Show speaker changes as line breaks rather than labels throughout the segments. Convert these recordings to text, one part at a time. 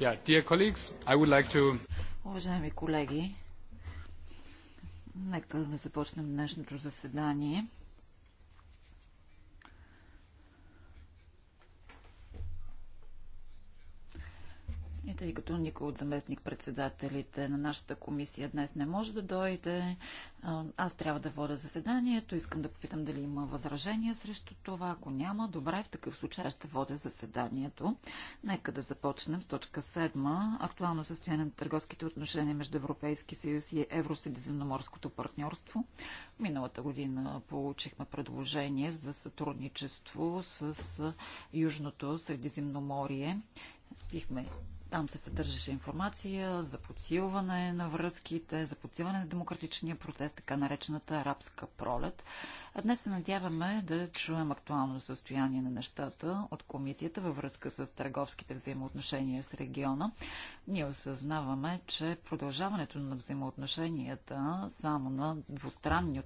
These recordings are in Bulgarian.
Yeah, like to...
Уважаеми колеги, нека да започнем днешното заседание. като никой от заместник-председателите на нашата комисия днес не може да дойде, аз трябва да водя заседанието. Искам да попитам дали има възражения срещу това. Ако няма, добре, в такъв случай ще водя заседанието. Нека да започнем с точка 7. Актуално състояние на търговските отношения между Европейски съюз и Евросредиземноморското партньорство. Миналата година получихме предложение за сътрудничество с Южното Средиземноморие. Бихме там се съдържаше информация за подсилване на връзките, за подсилване на демократичния процес, така наречената арабска пролет. А днес се надяваме да чуем актуално състояние на нещата от комисията във връзка с търговските взаимоотношения с региона. Ние осъзнаваме, че продължаването на взаимоотношенията само на двустранни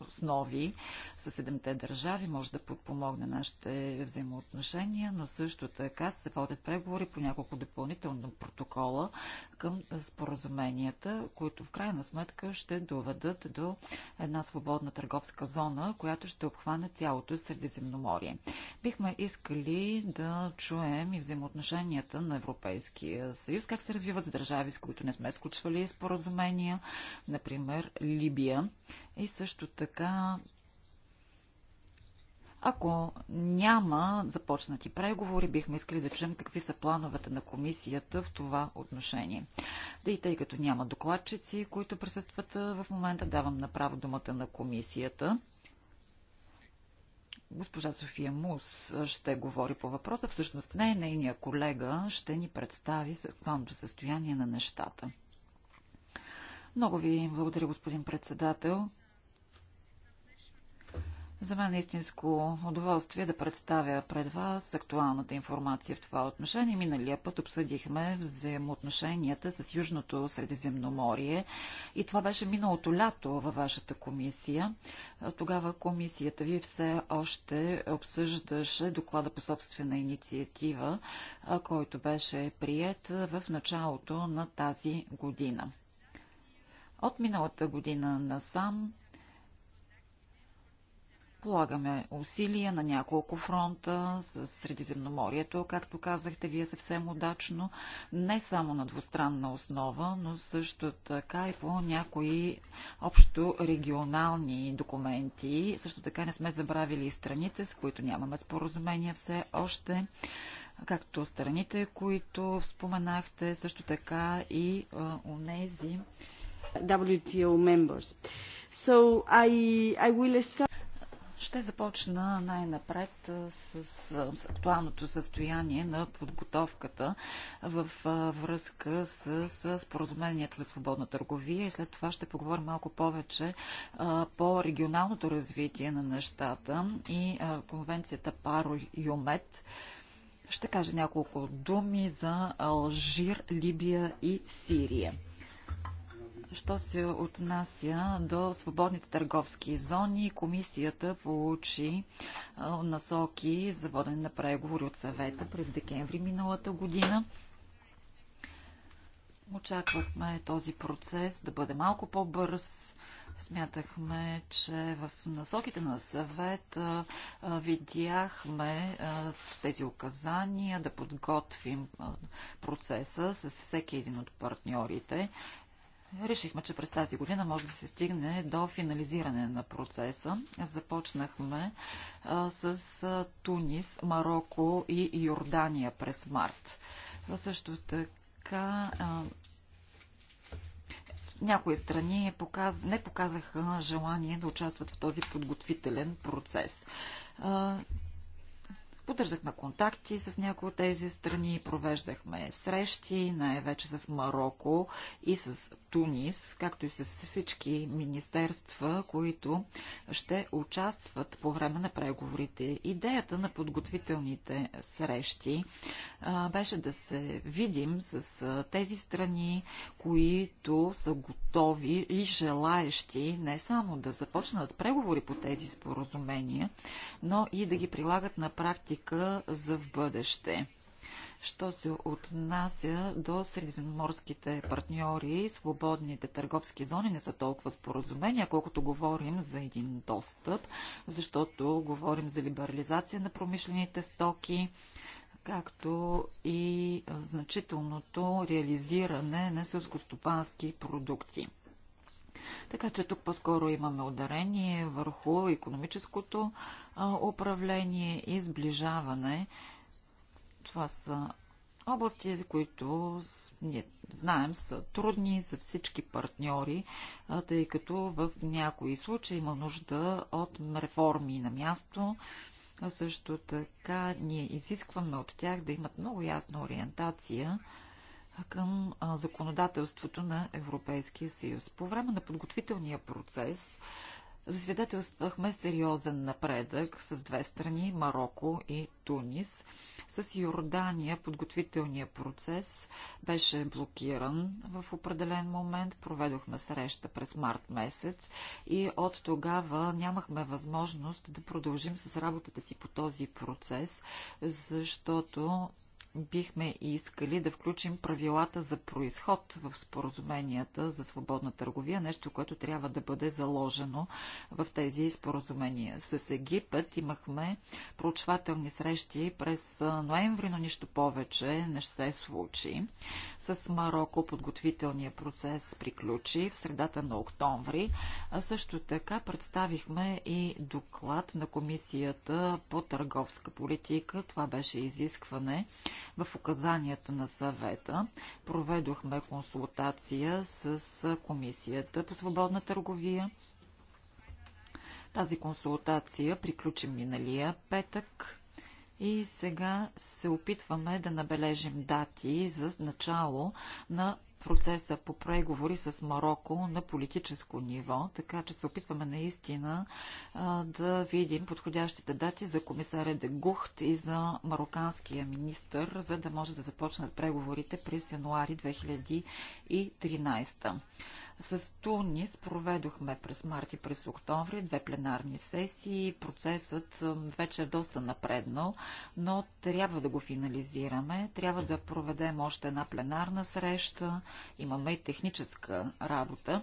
основи с седемте държави, може да подпомогне нашите взаимоотношения, но също така се водят преговори по няколко допълнителни протокола към споразуменията, които в крайна сметка ще доведат до една свободна търговска зона, която ще обхване цялото Средиземноморие. Бихме искали да чуем и взаимоотношенията на Европейския съюз, как се развиват с държави, с които не сме сключвали споразумения, например Либия и също така така, ако няма започнати преговори, бихме искали да чуем какви са плановете на комисията в това отношение. Да и тъй като няма докладчици, които присъстват в момента, давам направо думата на комисията. Госпожа София Мус ще говори по въпроса. Всъщност не, нейния колега ще ни представи актуалното състояние на нещата. Много ви благодаря, господин председател. За мен е истинско удоволствие да представя пред вас актуалната информация в това отношение. Миналия път обсъдихме взаимоотношенията с Южното Средиземноморие и това беше миналото лято във вашата комисия. Тогава комисията ви все още обсъждаше доклада по собствена инициатива, който беше прият в началото на тази година. От миналата година насам Полагаме усилия на няколко фронта с Средиземноморието, както казахте вие съвсем удачно, не само на двустранна основа, но също така и по някои общо регионални документи. Също така не сме забравили и страните, с които нямаме споразумения все още както страните, които споменахте, също така и нези. WTO members. So I, I will start ще започна най-напред с, с актуалното състояние на подготовката в връзка с, с споразуменията за свободна търговия и след това ще поговорим малко повече а, по регионалното развитие на нещата и а, конвенцията Паро Юмет. Ще кажа няколко думи за Алжир, Либия и Сирия. Що се отнася до свободните търговски зони, комисията получи насоки за водене на преговори от съвета през декември миналата година. Очаквахме този процес да бъде малко по-бърз. Смятахме, че в насоките на съвет видяхме тези указания да подготвим процеса с всеки един от партньорите. Решихме, че през тази година може да се стигне до финализиране на процеса. Започнахме а, с а, Тунис, Марокко и Йордания през март. А също така някои страни показ... не показаха желание да участват в този подготвителен процес. Поддържахме контакти с някои от тези страни, провеждахме срещи, най-вече с Марокко и с Тунис, както и с всички министерства, които ще участват по време на преговорите. Идеята на подготвителните срещи а, беше да се видим с а, тези страни, които са готови и желаещи не само да започнат преговори по тези споразумения, но и да ги прилагат на практика политика за в бъдеще. Що се отнася до средиземноморските партньори, свободните търговски зони не са толкова споразумения, колкото говорим за един достъп, защото говорим за либерализация на промишлените стоки, както и значителното реализиране на селскостопански продукти. Така че тук по-скоро имаме ударение върху економическото управление и сближаване. Това са области, за които ние знаем са трудни за всички партньори, тъй като в някои случаи има нужда от реформи на място. А също така ние изискваме от тях да имат много ясна ориентация към законодателството на Европейския съюз. По време на подготвителния процес засвидетелствахме сериозен напредък с две страни Марокко и Тунис. С Йордания подготвителния процес беше блокиран в определен момент. Проведохме среща през март месец и от тогава нямахме възможност да продължим с работата си по този процес, защото бихме искали да включим правилата за происход в споразуменията за свободна търговия, нещо, което трябва да бъде заложено в тези споразумения. С Египет имахме проучвателни срещи през ноември, но нищо повече не ще се случи. С Марокко подготвителният процес приключи в средата на октомври, а също така представихме и доклад на комисията по търговска политика. Това беше изискване в указанията на съвета. Проведохме консултация с Комисията по свободна търговия. Тази консултация приключи миналия петък. И сега се опитваме да набележим дати за начало на процеса по преговори с Марокко на политическо ниво, така че се опитваме наистина а, да видим подходящите дати за комисаря Дегухт и за мароканския министр, за да може да започнат преговорите през януари 2013. С Тунис проведохме през март и през октомври две пленарни сесии. Процесът вече е доста напреднал, но трябва да го финализираме. Трябва да проведем още една пленарна среща. Имаме и техническа работа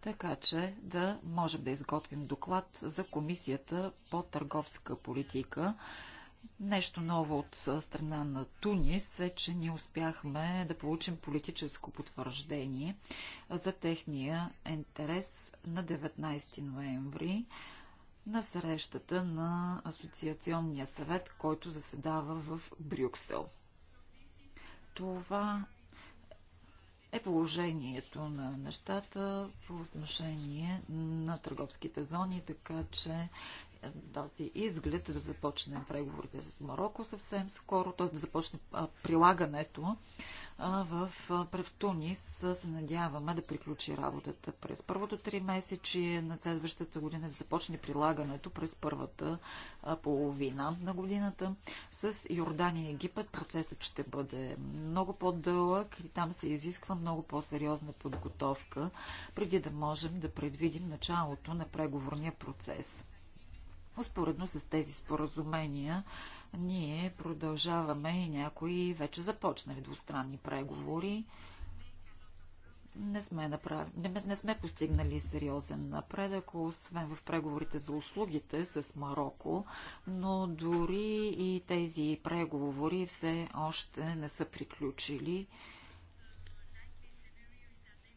така че да можем да изготвим доклад за Комисията по търговска политика Нещо ново от страна на Тунис е, че ние успяхме да получим политическо потвърждение за техния интерес на 19 ноември на срещата на Асоциационния съвет, който заседава в Брюксел. Това е положението на нещата по отношение на търговските зони, така че този изглед да започнем преговорите с Марокко съвсем скоро, т.е. да започне прилагането в Превтунис. Се надяваме да приключи работата през първото три месечи на следващата година, да започне прилагането през първата половина на годината. С Йордания и Египет процесът ще бъде много по-дълъг и там се изисква много по-сериозна подготовка, преди да можем да предвидим началото на преговорния процес. Успоредно с тези споразумения ние продължаваме и някои вече започнали двустранни преговори. Не сме, направ... не, не сме постигнали сериозен напредък, освен в преговорите за услугите с Марокко, но дори и тези преговори все още не са приключили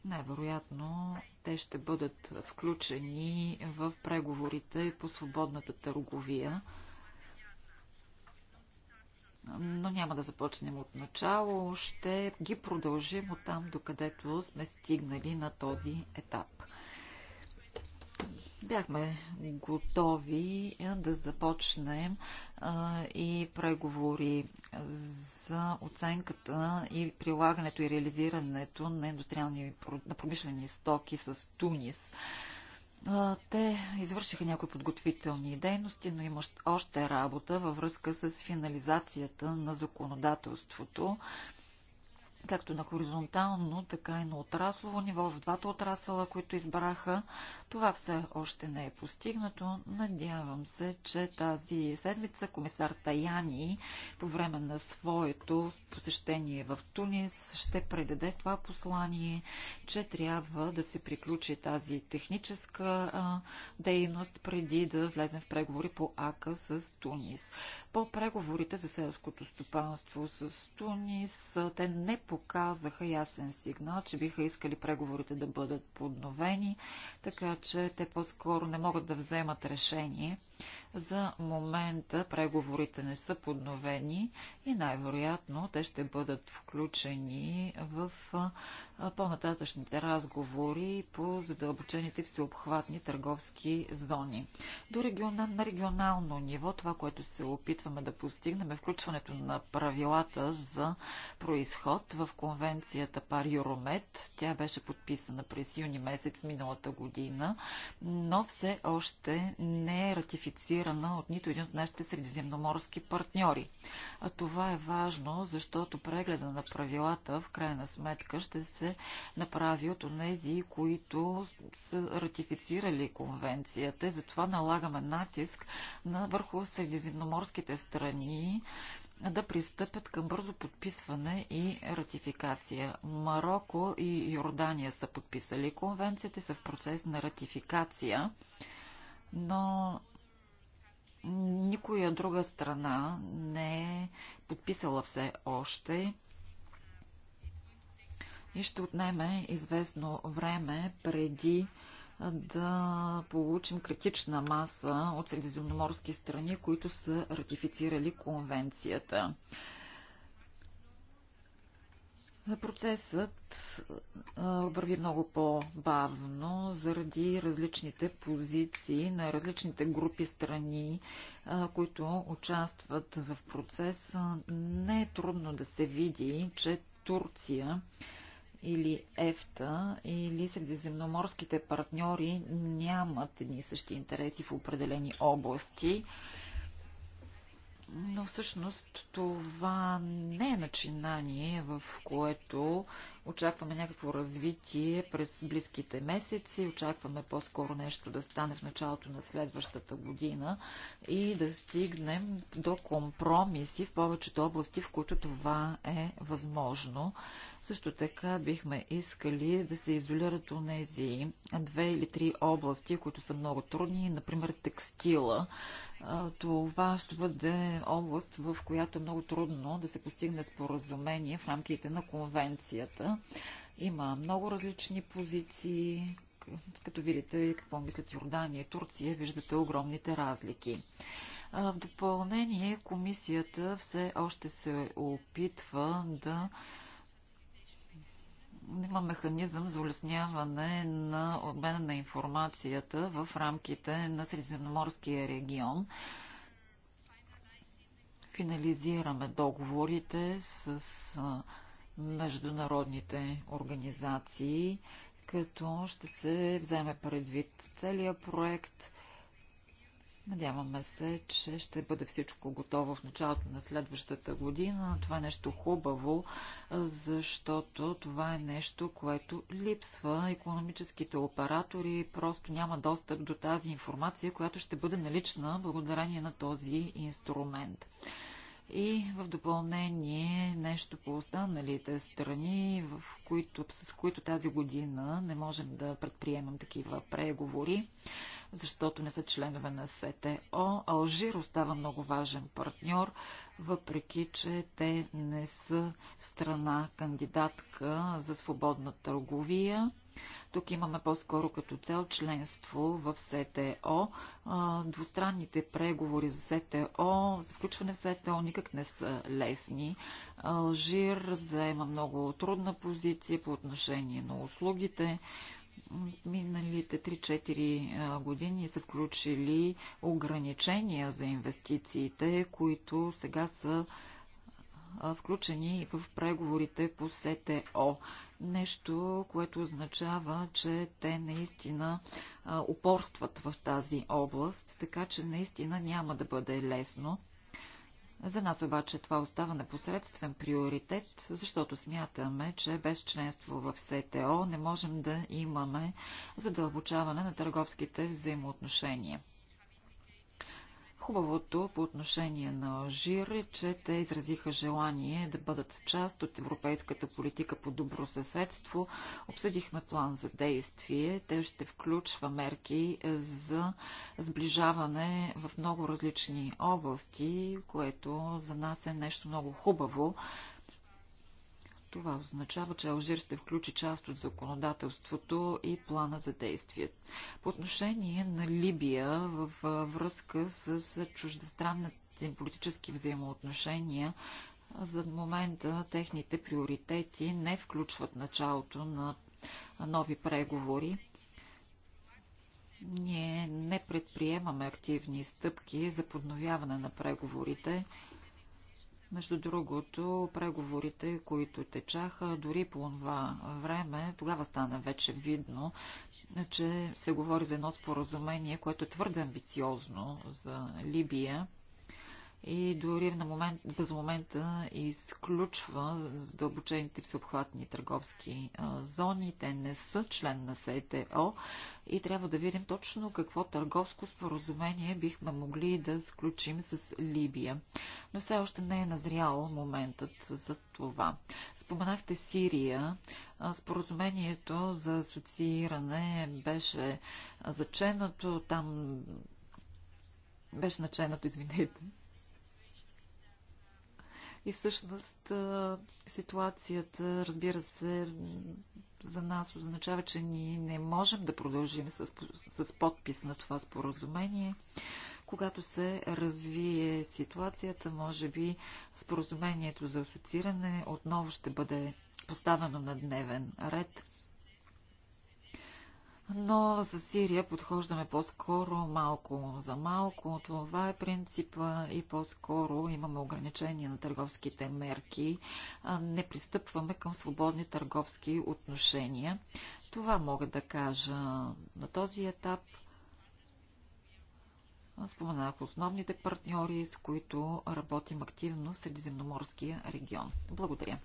най-вероятно те ще бъдат включени в преговорите по свободната търговия. Но няма да започнем от начало, ще ги продължим от там, докъдето сме стигнали на този етап бяхме готови е, да започнем а, е, и преговори за оценката и прилагането и реализирането на индустриални на промишлени стоки с Тунис. А, е, те извършиха някои подготвителни дейности, но има още работа във връзка с финализацията на законодателството както на хоризонтално, така и на отраслово ниво в двата отрасъла, които избраха това все още не е постигнато. Надявам се, че тази седмица комисар Таяни по време на своето посещение в Тунис ще предаде това послание, че трябва да се приключи тази техническа а, дейност преди да влезем в преговори по АКА с Тунис. По преговорите за селското стопанство с Тунис те не показаха ясен сигнал, че биха искали преговорите да бъдат подновени, така че те по-скоро не могат да вземат решение – за момента преговорите не са подновени и най-вероятно те ще бъдат включени в по-нататъчните разговори по задълбочените всеобхватни търговски зони. До региона, на регионално ниво това, което се опитваме да постигнем е включването на правилата за происход в конвенцията Пар Юромет. Тя беше подписана през юни месец миналата година, но все още не е ратифицирана ратифицирана от нито един от нашите средиземноморски партньори. А това е важно, защото прегледа на правилата в крайна сметка ще се направи от онези, които са ратифицирали конвенцията и затова налагаме натиск на върху средиземноморските страни, да пристъпят към бързо подписване и ратификация. Марокко и Йордания са подписали конвенцията и са в процес на ратификация, но никоя друга страна не е подписала все още и ще отнеме известно време преди да получим критична маса от средиземноморски страни, които са ратифицирали конвенцията. Процесът върви много по-бавно заради различните позиции на различните групи страни, които участват в процеса. Не е трудно да се види, че Турция или ЕФТА или средиземноморските партньори нямат едни и същи интереси в определени области но всъщност това не е начинание, в което очакваме някакво развитие през близките месеци, очакваме по-скоро нещо да стане в началото на следващата година и да стигнем до компромиси в повечето области, в които това е възможно. Също така бихме искали да се изолират от тези две или три области, които са много трудни, например текстила това ще бъде област, в която е много трудно да се постигне споразумение в рамките на конвенцията. Има много различни позиции. Като видите какво мислят Йордания и Турция, виждате огромните разлики. В допълнение, комисията все още се опитва да има механизъм за улесняване на обмена на информацията в рамките на Средиземноморския регион. Финализираме договорите с международните организации, като ще се вземе предвид целият проект – Надяваме се, че ще бъде всичко готово в началото на следващата година. Това е нещо хубаво, защото това е нещо, което липсва. Економическите оператори просто няма достъп до тази информация, която ще бъде налична благодарение на този инструмент. И в допълнение нещо по останалите страни, в които, с които тази година не можем да предприемем такива преговори защото не са членове на СТО. Алжир остава много важен партньор, въпреки че те не са в страна кандидатка за свободна търговия. Тук имаме по-скоро като цел членство в СТО. Двустранните преговори за СТО, за включване в СТО никак не са лесни. Алжир заема много трудна позиция по отношение на услугите миналите 3-4 години са включили ограничения за инвестициите, които сега са включени в преговорите по СТО. Нещо, което означава, че те наистина упорстват в тази област, така че наистина няма да бъде лесно. За нас обаче това остава непосредствен приоритет, защото смятаме, че без членство в СТО не можем да имаме задълбочаване на търговските взаимоотношения. Хубавото по отношение на Алжир е, че те изразиха желание да бъдат част от европейската политика по добро съседство. Обсъдихме план за действие. Те ще включва мерки за сближаване в много различни области, което за нас е нещо много хубаво това означава, че Алжир ще включи част от законодателството и плана за действие. По отношение на Либия в връзка с чуждестранните политически взаимоотношения, за момента техните приоритети не включват началото на нови преговори. Ние не предприемаме активни стъпки за подновяване на преговорите, между другото, преговорите, които течаха, дори по това време, тогава стана вече видно, че се говори за едно споразумение, което е твърде амбициозно за Либия и дори на момент, без момента изключва задълбочените всеобхватни търговски а, зони. Те не са член на СТО и трябва да видим точно какво търговско споразумение бихме могли да сключим с Либия. Но все още не е назрял моментът за това. Споменахте Сирия. Споразумението за асоцииране беше заченато. Там беше наченато, извинете, и всъщност ситуацията, разбира се, за нас означава, че ние не можем да продължим с, с подпис на това споразумение. Когато се развие ситуацията, може би споразумението за асоцииране отново ще бъде поставено на дневен ред но за Сирия подхождаме по-скоро малко за малко. Това е принципа и по-скоро имаме ограничения на търговските мерки. Не пристъпваме към свободни търговски отношения. Това мога да кажа на този етап. Споменах основните партньори, с които работим активно в Средиземноморския регион. Благодаря.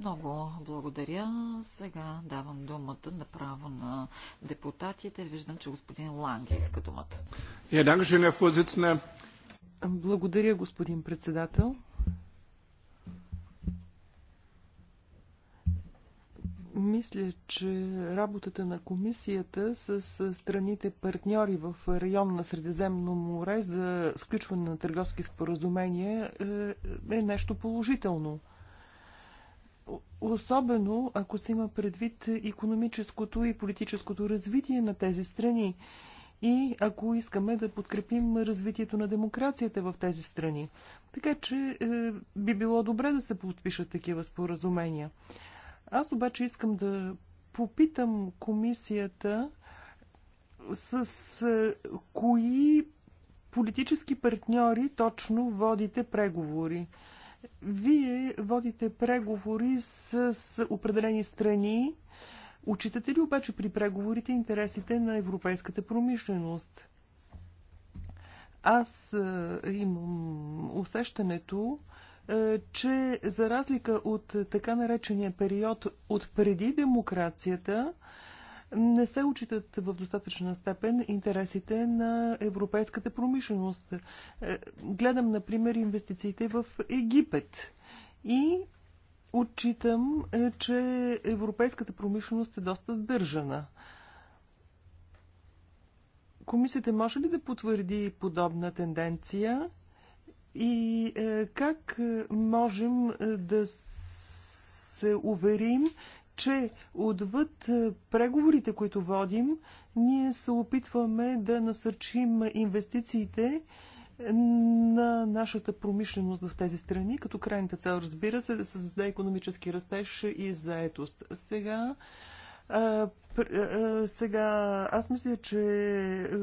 Много благодаря. Сега давам думата направо на депутатите. Виждам, че господин Ланге иска думата.
Благодаря, господин председател. Мисля, че работата на комисията с страните партньори в район на Средиземно море за сключване на търговски споразумения е, е нещо положително. Особено ако се има предвид економическото и политическото развитие на тези страни и ако искаме да подкрепим развитието на демокрацията в тези страни. Така че е, би било добре да се подпишат такива споразумения. Аз обаче искам да попитам комисията с е, кои политически партньори точно водите преговори. Вие водите преговори с определени страни. Учитате ли обаче при преговорите интересите на европейската промишленост? Аз е, имам усещането, е, че за разлика от така наречения период от преди демокрацията, не се учитат в достатъчна степен интересите на европейската промишленост. Е, гледам, например, инвестициите в Египет и отчитам, е, че европейската промишленост е доста сдържана. Комисията може ли да потвърди подобна тенденция и е, как можем да се уверим, че отвъд е, преговорите, които водим, ние се опитваме да насърчим инвестициите е, на нашата промишленост в тези страни, като крайната цел, разбира се, да създаде економически растеж и заетост. Сега е, е, е, сега, аз мисля, че е,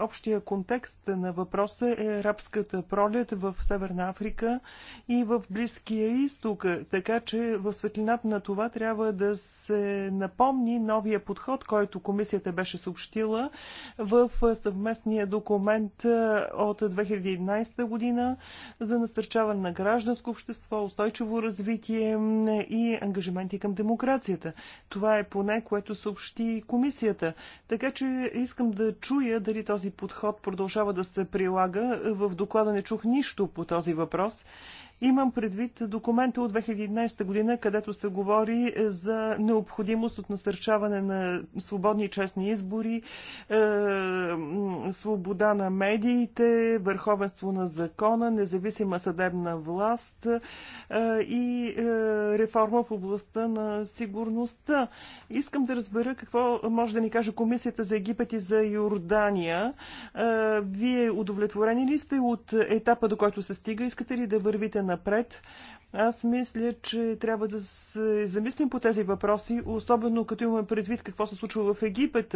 общия контекст на въпроса е арабската пролет в Северна Африка и в Близкия изток, така че в светлината на това трябва да се напомни новия подход, който комисията беше съобщила в съвместния документ от 2011 година за насърчаване на гражданско общество, устойчиво развитие и ангажименти към демокрацията. Това е поне, което се съобщи комисията. Така че искам да чуя дали този подход продължава да се прилага. В доклада не чух нищо по този въпрос. Имам предвид документа от 2011 година, където се говори е, за необходимост от насърчаване на свободни и честни избори, е, свобода на медиите, върховенство на закона, независима съдебна власт е, и реформа в областта на сигурността. Искам да разбера какво може да ни каже Комисията за Египет и за Йордания. Вие удовлетворени ли сте от етапа, до който се стига? Искате ли да вървите напред аз мисля, че трябва да се замислим по тези въпроси, особено като имаме предвид какво се случва в Египет.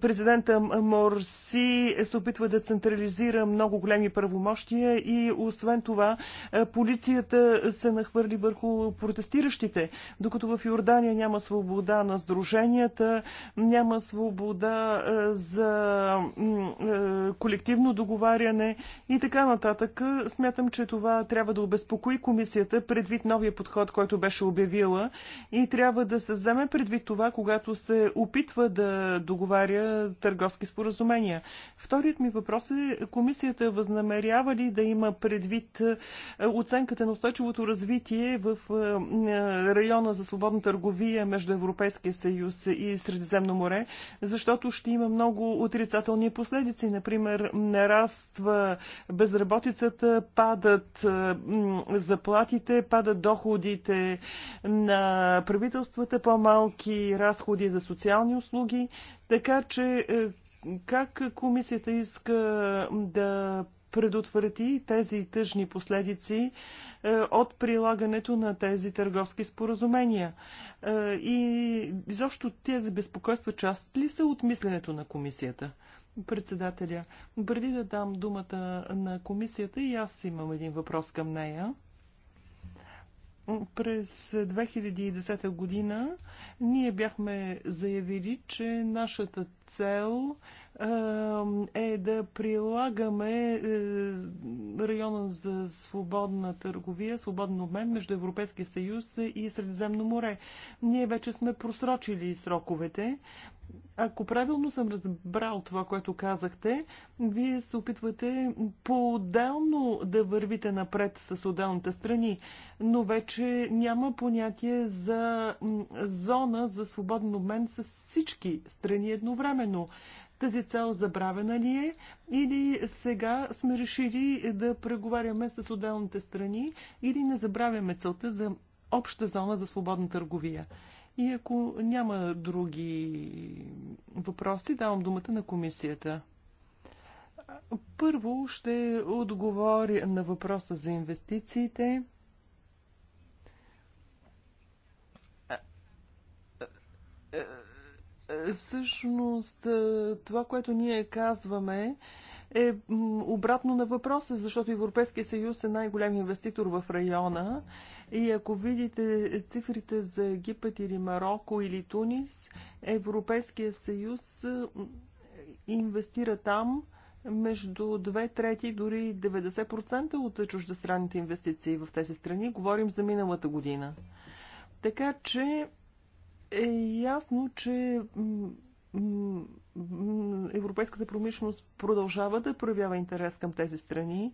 Президента Морси се опитва да централизира много големи правомощия и освен това е, полицията се нахвърли върху протестиращите. Докато в Йордания няма свобода на сдруженията, няма свобода е, за е, колективно договаряне и така нататък, смятам, че това трябва да обезпокои комисията предвид новия подход, който беше обявила и трябва да се вземе предвид това, когато се опитва да договаря търговски споразумения. Вторият ми въпрос е, комисията възнамерява ли да има предвид е, оценката на устойчивото развитие в е, е, района за свободна търговия между Европейския съюз и Средиземно море, защото ще има много отрицателни последици. Например, нараства безработицата, падат заплатите, фирмите, падат доходите на правителствата, по-малки разходи за социални услуги. Така че е, как комисията иска да предотврати тези тъжни последици е, от прилагането на тези търговски споразумения. Е, и изобщо тези безпокойства част ли са от мисленето на комисията? Председателя, преди да дам думата на комисията, и аз имам един въпрос към нея. През 2010 година ние бяхме заявили, че нашата цел е да прилагаме е, района за свободна търговия, свободен обмен между Европейския съюз и Средиземно море. Ние вече сме просрочили сроковете. Ако правилно съм разбрал това, което казахте, вие се опитвате по-отделно да вървите напред с отделните страни, но вече няма понятие за зона за свободен обмен с всички страни едновременно. Тази цел забравена ли е или сега сме решили да преговаряме с отделните страни или не забравяме целта за обща зона за свободна търговия? И ако няма други въпроси, давам думата на комисията. Първо ще отговоря на въпроса за инвестициите. Всъщност, това, което ние казваме, е обратно на въпроса, защото Европейския съюз е най-голям инвеститор в района. И ако видите цифрите за Египет или Марокко или Тунис, Европейския съюз е, инвестира там между 2 трети, дори 90% от чуждестранните инвестиции в тези страни. Говорим за миналата година. Така че е ясно, че европейската промишленост продължава да проявява интерес към тези страни.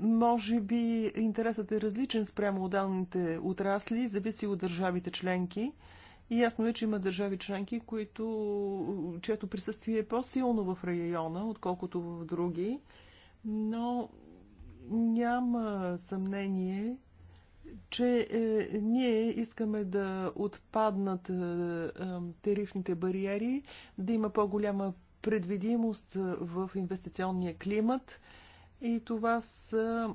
Може би интересът е различен спрямо отделните отрасли, зависи от държавите членки. И ясно е, че има държави членки, които, чието присъствие е по-силно в района, отколкото в други. Но няма съмнение, че е, ние искаме да отпаднат е, е, тарифните бариери, да има по-голяма предвидимост е, в инвестиционния климат и това са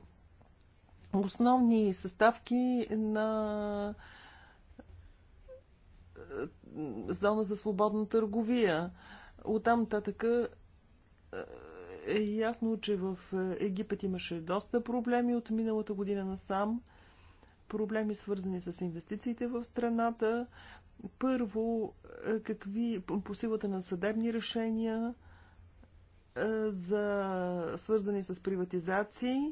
основни съставки на е, зона за свободна търговия. Оттам татъка е, е ясно, че в Египет имаше доста проблеми от миналата година насам. сам проблеми свързани с инвестициите в страната. Първо, е, какви по силата на съдебни решения е, за свързани с приватизации,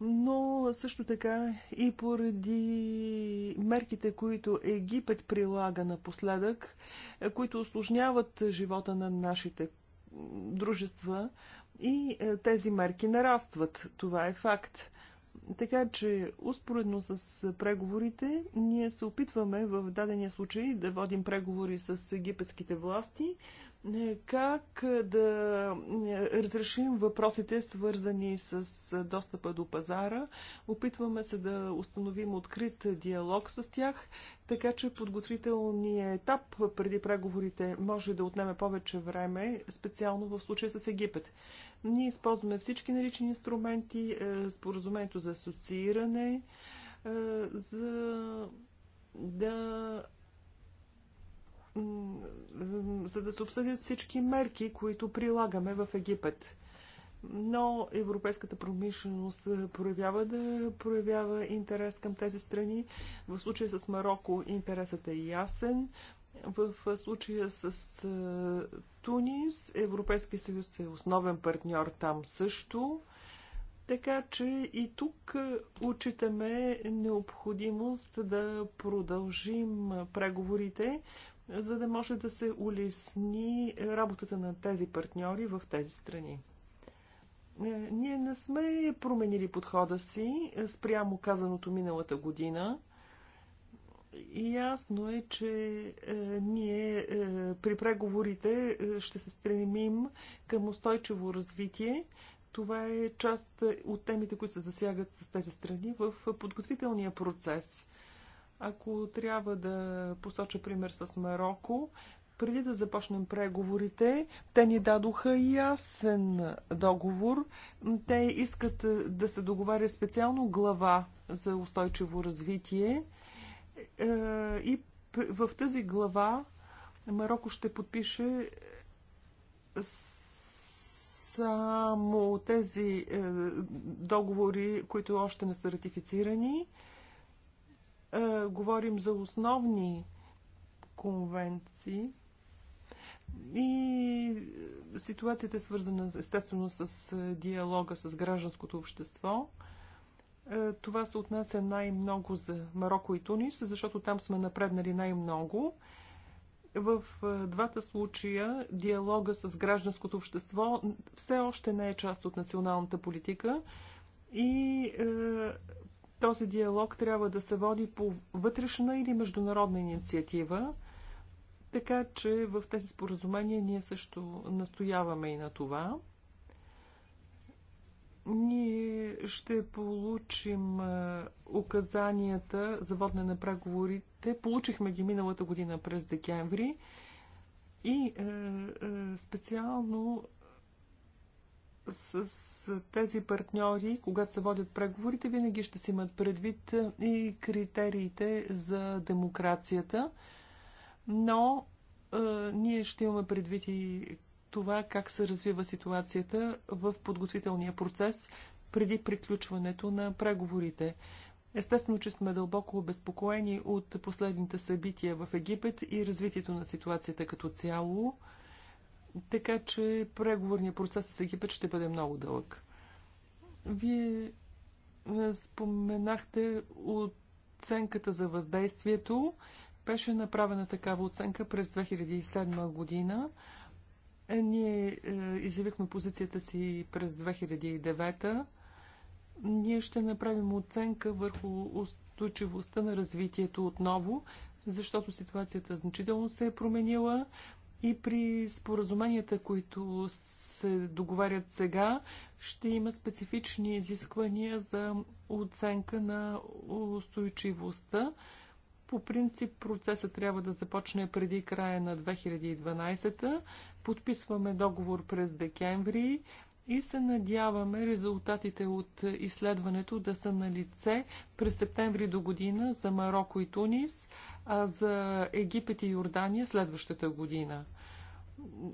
но също така и поради мерките, които Египет прилага напоследък, е, които осложняват живота на нашите дружества и тези мерки нарастват. Това е факт. Така че, успоредно с преговорите, ние се опитваме в дадения случай да водим преговори с египетските власти, е, как да е, разрешим въпросите, свързани с достъпа до пазара. Опитваме се да установим открит диалог с тях, така че подготвителният етап преди преговорите може да отнеме повече време, специално в случая с Египет. Ние използваме всички налични инструменти, е, споразумението за асоцииране, е, за да за да се обсъдят всички мерки, които прилагаме в Египет. Но европейската промишленост проявява да проявява интерес към тези страни. В случая с Марокко интересът е ясен. В случая с е, Тунис. Европейския съюз е основен партньор там също. Така че и тук е, учитаме необходимост да продължим е, преговорите, за да може да се улесни работата на тези партньори в тези страни. Е, ние не сме променили подхода си спрямо казаното миналата година – Ясно е, че е, ние е, при преговорите е, ще се стремим към устойчиво развитие. Това е част от темите, които се засягат с тези страни в подготвителния процес. Ако трябва да посоча пример с Марокко, преди да започнем преговорите, те ни дадоха ясен договор. Те искат да се договаря специално глава за устойчиво развитие е, и в тази глава Марокко ще подпише само тези е, договори, които още не са ратифицирани. Е, говорим за основни конвенции и ситуацията е свързана естествено с диалога с гражданското общество. Е, това се отнася най-много за Марокко и Тунис, защото там сме напреднали най-много. В е, двата случая диалога с гражданското общество все още не е част от националната политика и е, този диалог трябва да се води по вътрешна или международна инициатива. Така че в тези споразумения ние също настояваме и на това. Ние ще получим указанията за водне на преговорите. Получихме ги миналата година през декември и специално с тези партньори, когато се водят преговорите, винаги ще си имат предвид и критериите за демокрацията. Но ние ще имаме предвид и това как се развива ситуацията в подготвителния процес преди приключването на преговорите. Естествено, че сме дълбоко обезпокоени от последните събития в Египет и развитието на ситуацията като цяло, така че преговорният процес с Египет ще бъде много дълъг. Вие е, споменахте оценката за въздействието. Беше направена такава оценка през 2007 година. Е, ние е, изявихме позицията си през 2009. Ние ще направим оценка върху устойчивостта на развитието отново, защото ситуацията значително се е променила и при споразуменията, които се договарят сега, ще има специфични изисквания за оценка на устойчивостта по принцип процесът трябва да започне преди края на 2012. Подписваме договор през декември и се надяваме резултатите от изследването да са на лице през септември до година за Марокко и Тунис, а за Египет и Йордания следващата година.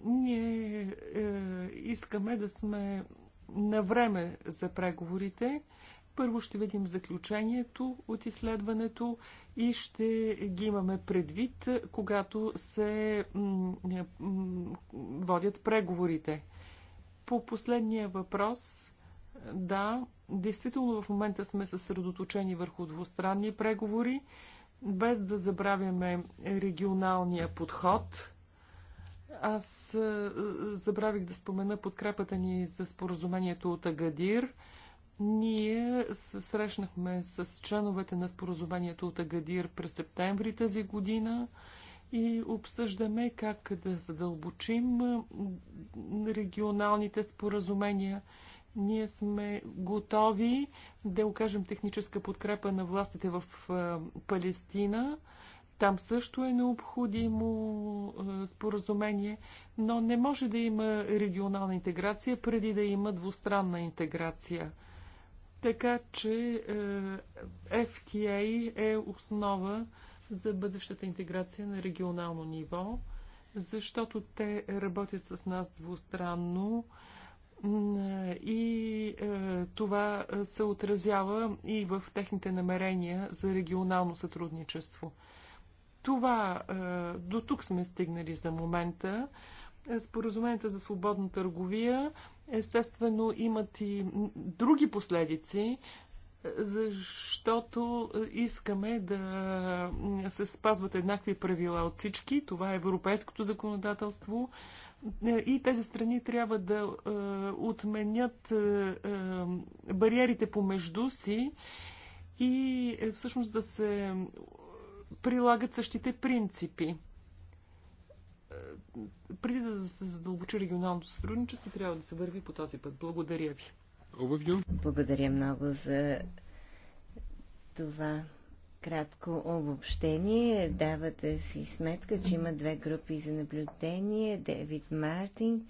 Ние е, искаме да сме на време за преговорите. Първо ще видим заключението от изследването и ще ги имаме предвид, когато се водят преговорите. По последния въпрос, да, действително в момента сме съсредоточени върху двустранни преговори, без да забравяме регионалния подход. Аз е, забравих да спомена подкрепата ни за споразумението от Агадир – ние се срещнахме с членовете на споразумението от Агадир през септември тази година и обсъждаме как да задълбочим регионалните споразумения. Ние сме готови да окажем техническа подкрепа на властите в Палестина. Там също е необходимо споразумение, но не може да има регионална интеграция преди да има двустранна интеграция. Така че е, FTA е основа за бъдещата интеграция на регионално ниво, защото те работят с нас двустранно и е, това се отразява и в техните намерения за регионално сътрудничество. Това е, до тук сме стигнали за момента. Споразумението за свободна търговия естествено имат и други последици, защото искаме да се спазват еднакви правила от всички. Това е европейското законодателство. И тези страни трябва да е, отменят е, е, бариерите помежду си и всъщност да се прилагат същите принципи преди да се задълбочи регионалното сътрудничество, трябва да се върви по този път. Благодаря ви.
Благодаря много за това кратко обобщение. Давате си сметка, че има две групи за наблюдение. Девид Мартин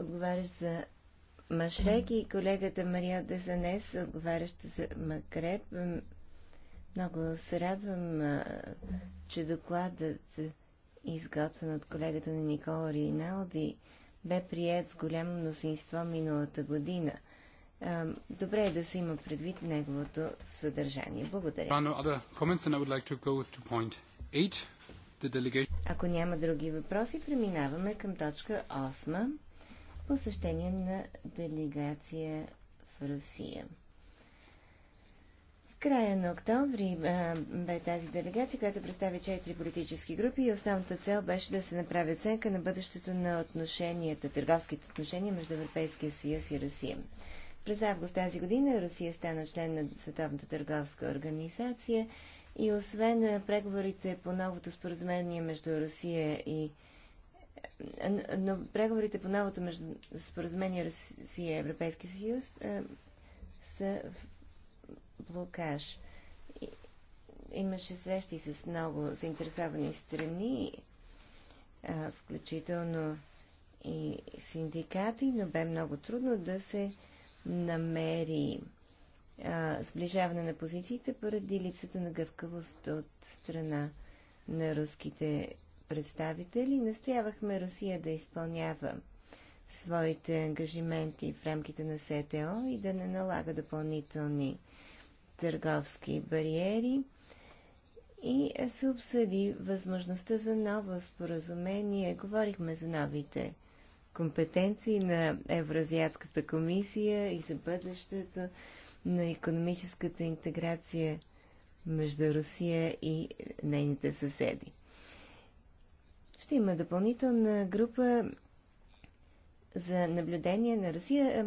отговарящ за Машрек и колегата Мария Дезанес, отговаряща за Макреп. Много се радвам, че докладът, изготвен от колегата на Никола Риналди, бе прият с голямо мнозинство миналата година. Добре е да се има предвид неговото съдържание. Благодаря. Ако няма други въпроси, преминаваме към точка 8. Посещение на делегация в Русия края на октомври а, бе тази делегация, която представи четири политически групи и основната цел беше да се направи оценка на бъдещето на отношенията, търговските отношения между Европейския съюз и Русия. През август тази година Русия стана член на Световната търговска организация и освен преговорите по новото споразумение между Русия и но преговорите по новото между споразумение Русия и Европейския съюз са в блокаж. Имаше срещи с много заинтересовани страни, включително и синдикати, но бе много трудно да се намери сближаване на позициите поради липсата на гъвкавост от страна на руските представители. Настоявахме Русия да изпълнява своите ангажименти в рамките на СТО и да не налага допълнителни търговски бариери и се обсъди възможността за ново споразумение. Говорихме за новите компетенции на Евразиатската комисия и за бъдещето на економическата интеграция между Русия и нейните съседи. Ще има допълнителна група за наблюдение на Русия,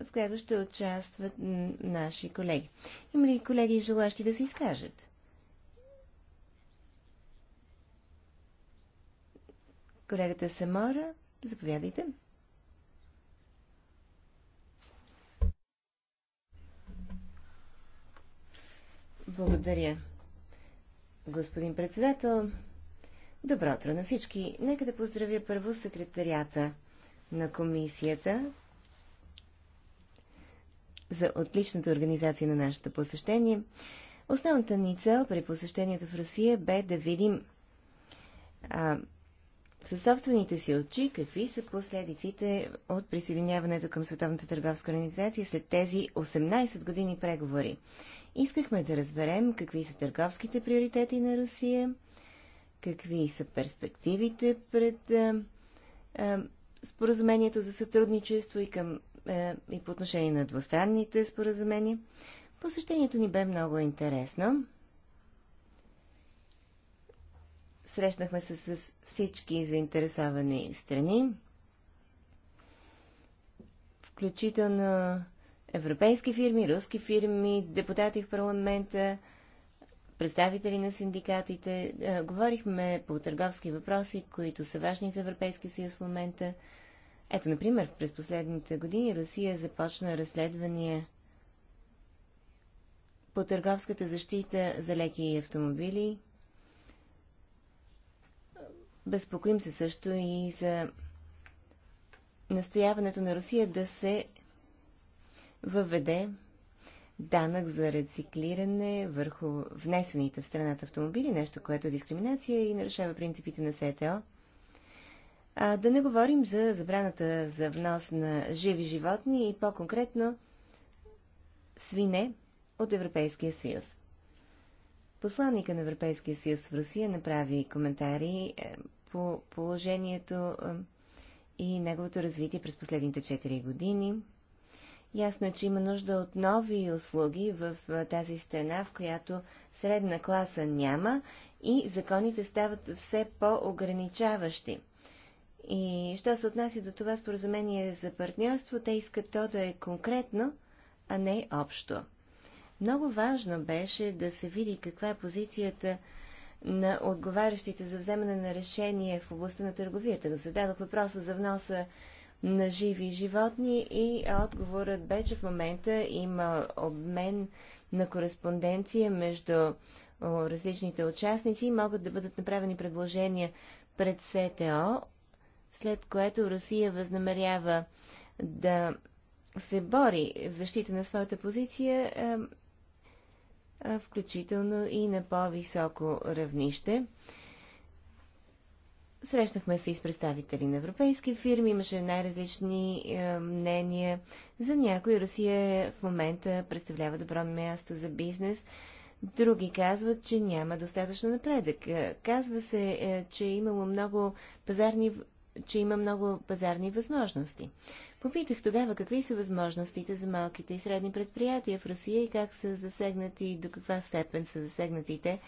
в която ще участват наши колеги. Има ли колеги желащи да се изкажат? Колегата Самора, заповядайте. Благодаря. Господин председател, добро утро на всички. Нека да поздравя първо секретарията на комисията за отличната организация на нашето посещение. Основната ни цел при посещението в Русия бе да видим а, със собствените си очи какви са последиците от присъединяването към Световната търговска организация след тези 18 години преговори. Искахме да разберем какви са търговските приоритети на Русия, какви са перспективите пред а, а, споразумението за сътрудничество и, към, е, и по отношение на двустранните споразумения. Посещението ни бе много интересно. Срещнахме се с всички заинтересовани страни, включително европейски фирми, руски фирми, депутати в парламента, представители на синдикатите. Е, говорихме по търговски въпроси, които са важни за Европейския съюз в момента. Ето, например, през последните години Русия започна разследвания по търговската защита за леки автомобили. Безпокоим се също и за настояването на Русия да се въведе данък за рециклиране върху внесените в страната автомобили, нещо, което е дискриминация и нарушава принципите на СТО. А, да не говорим за забраната за внос на живи животни и по-конкретно свине от Европейския съюз. Посланника на Европейския съюз в Русия направи коментари е, по положението е, и неговото развитие през последните 4 години – Ясно е, че има нужда от нови услуги в тази страна, в която средна класа няма и законите стават все по-ограничаващи. И що се отнася до това споразумение за партньорство, те искат то да е конкретно, а не общо. Много важно беше да се види каква е позицията на отговарящите за вземане на решение в областта на търговията. Зададох въпроса за вноса на живи животни и отговорът бе, че в момента има обмен на кореспонденция между различните участници и могат да бъдат направени предложения пред СТО, след което Русия възнамерява да се бори в защита на своята позиция, е, е, включително и на по-високо равнище. Срещнахме се и с представители на европейски фирми, имаше най-различни е, мнения. За някои Русия в момента представлява добро място за бизнес, други казват, че няма достатъчно напредък. Е, казва се, е, че, имало много пазарни, че има много пазарни възможности. Попитах тогава какви са възможностите за малките и средни предприятия в Русия и как са засегнати, и до каква степен са засегнатите. те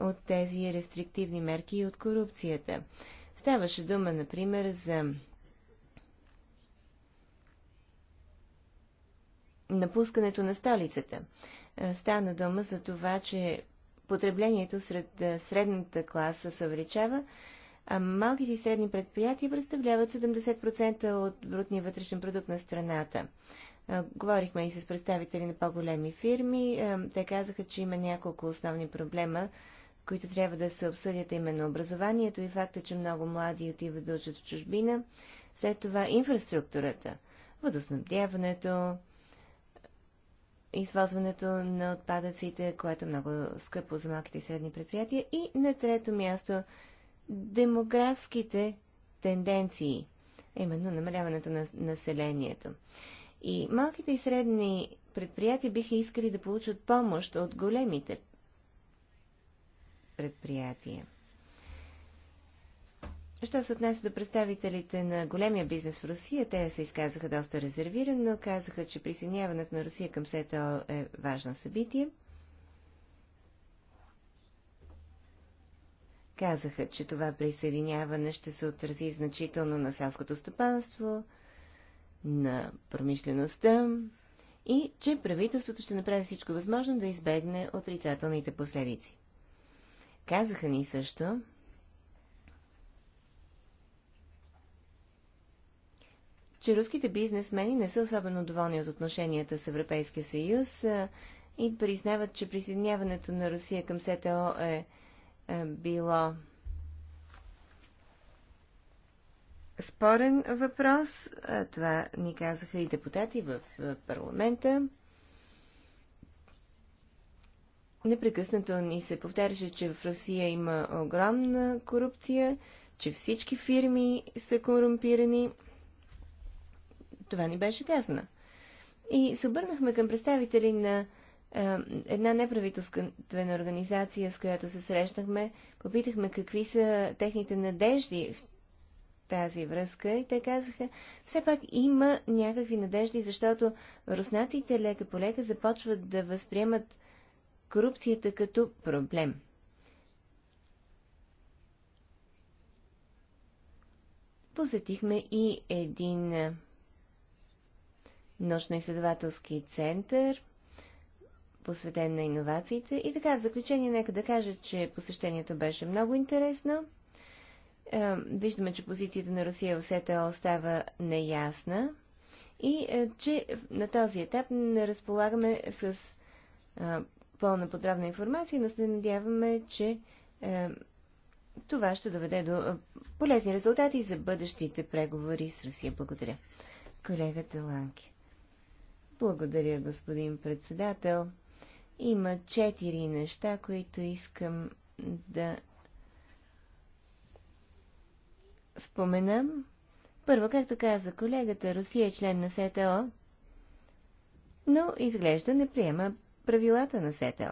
от тези рестриктивни мерки и от корупцията. Ставаше дума, например, за напускането на столицата. Е, стана дума за това, че потреблението сред е, средната класа се увеличава, а малките и средни предприятия представляват 70% от брутния вътрешен продукт на страната. Е, говорихме и с представители на по-големи фирми. Те казаха, че има няколко основни проблема които трябва да се обсъдят именно образованието и факта, че много млади отиват да учат в чужбина. След това инфраструктурата, водоснабдяването, извозването на отпадъците, което е много скъпо за малките и средни предприятия. И на трето място демографските тенденции, именно намаляването на населението. И малките и средни предприятия биха искали да получат помощ от големите предприятие. Що се отнася до представителите на големия бизнес в Русия, те се изказаха доста резервирано, казаха, че присъединяването на Русия към СЕТО е важно събитие. Казаха, че това присъединяване ще се отрази значително на селското стопанство, на промишлеността и че правителството ще направи всичко възможно да избегне отрицателните последици. Казаха ни също, че руските бизнесмени не са особено доволни от отношенията с Европейския съюз и признават, че присъединяването на Русия към СТО е, е било спорен въпрос. това ни казаха и депутати в парламента. Непрекъснато ни се повтаряше, че в Русия има огромна корупция, че всички фирми са корумпирани. Това ни беше казано. И се обърнахме към представители на е, една неправителствена организация, с която се срещнахме. Попитахме какви са техните надежди в тази връзка и те казаха, все пак има някакви надежди, защото руснаците лека по лека започват да възприемат корупцията като проблем. Посетихме и един научно-изследователски център, посветен на иновациите. И така, в заключение, нека да кажа, че посещението беше много интересно. Виждаме, че позицията на Русия в СЕТА остава неясна и че на този етап не разполагаме с пълна подробна информация, но се надяваме, че е, това ще доведе до е, полезни резултати за бъдещите преговори с Русия. Благодаря. Колегата Ланки. Благодаря, господин председател. Има четири неща, които искам да споменам. Първо, както каза колегата, Русия е член на СТО, но изглежда не приема правилата на СЕТЕЛ.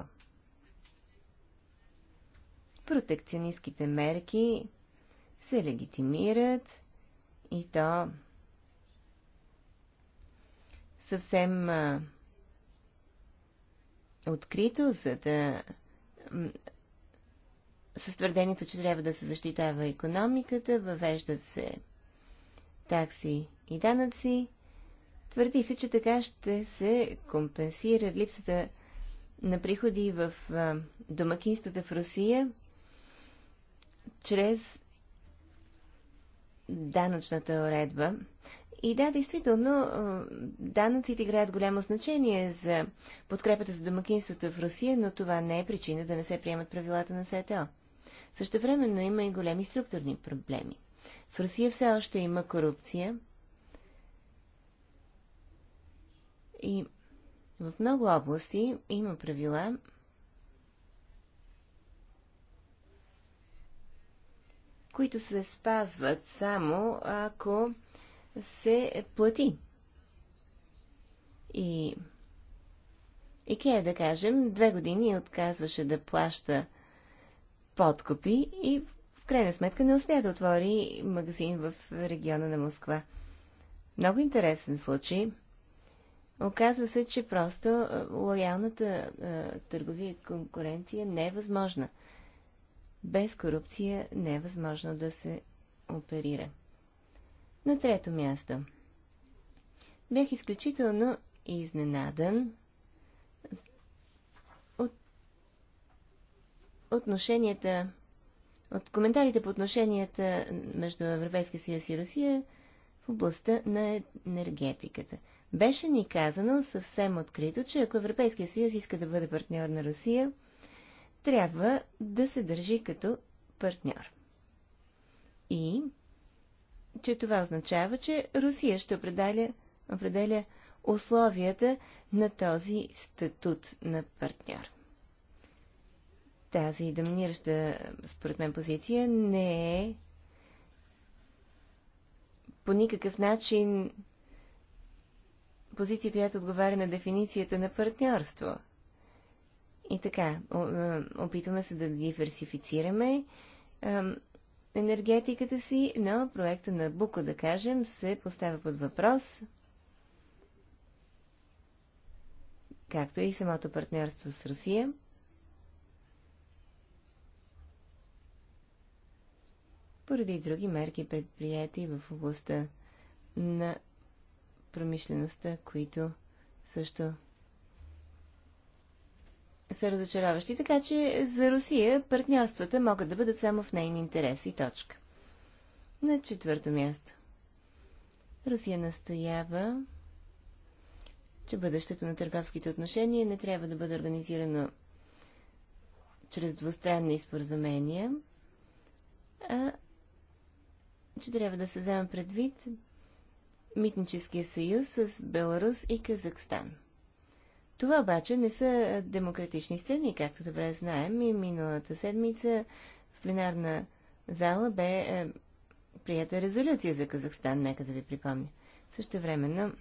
Протекционистските мерки се легитимират и то съвсем а, открито, за да със твърдението, че трябва да се защитава економиката, въвеждат се такси и данъци. Твърди се, че така ще се компенсира липсата на приходи в домакинствата в Русия чрез данъчната уредба. И да, действително, данъците играят голямо значение за подкрепата за домакинствата в Русия, но това не е причина да не се приемат правилата на СТО. времено има и големи структурни проблеми. В Русия все още има корупция и в много области има правила, които се спазват само ако се плати. И Икея, да кажем, две години отказваше да плаща подкопи и в крайна сметка не успя да отвори магазин в региона на Москва. Много интересен случай – Оказва се, че просто лоялната търговия и конкуренция не е възможна. Без корупция не е възможно да се оперира. На трето място. Бях изключително изненадан от отношенията, от коментарите по отношенията между Европейския съюз и Русия в областта на енергетиката – беше ни казано съвсем открито, че ако Европейския съюз иска да бъде партньор на Русия, трябва да се държи като партньор. И че това означава, че Русия ще определя, определя условията на този статут на партньор. Тази доминираща, според мен, позиция не е по никакъв начин позиция, която отговаря на дефиницията на партньорство. И така, е, опитваме се да диверсифицираме енергетиката си, но проекта на Буко, да кажем, се поставя под въпрос, както и самото партньорство с Русия. поради други мерки предприяти в областта на промишлеността, които също са разочароващи. Така че за Русия партньорствата могат да бъдат само в нейни интерес и точка. На четвърто място. Русия настоява, че бъдещето на търговските отношения не трябва да бъде организирано чрез двустранни споразумения, а че трябва да се вземе предвид митническия съюз с Беларус и Казахстан. Това обаче не са демократични страни, както добре знаем и миналата седмица в пленарна зала бе е, прията резолюция за Казахстан, нека да ви припомня. Също времено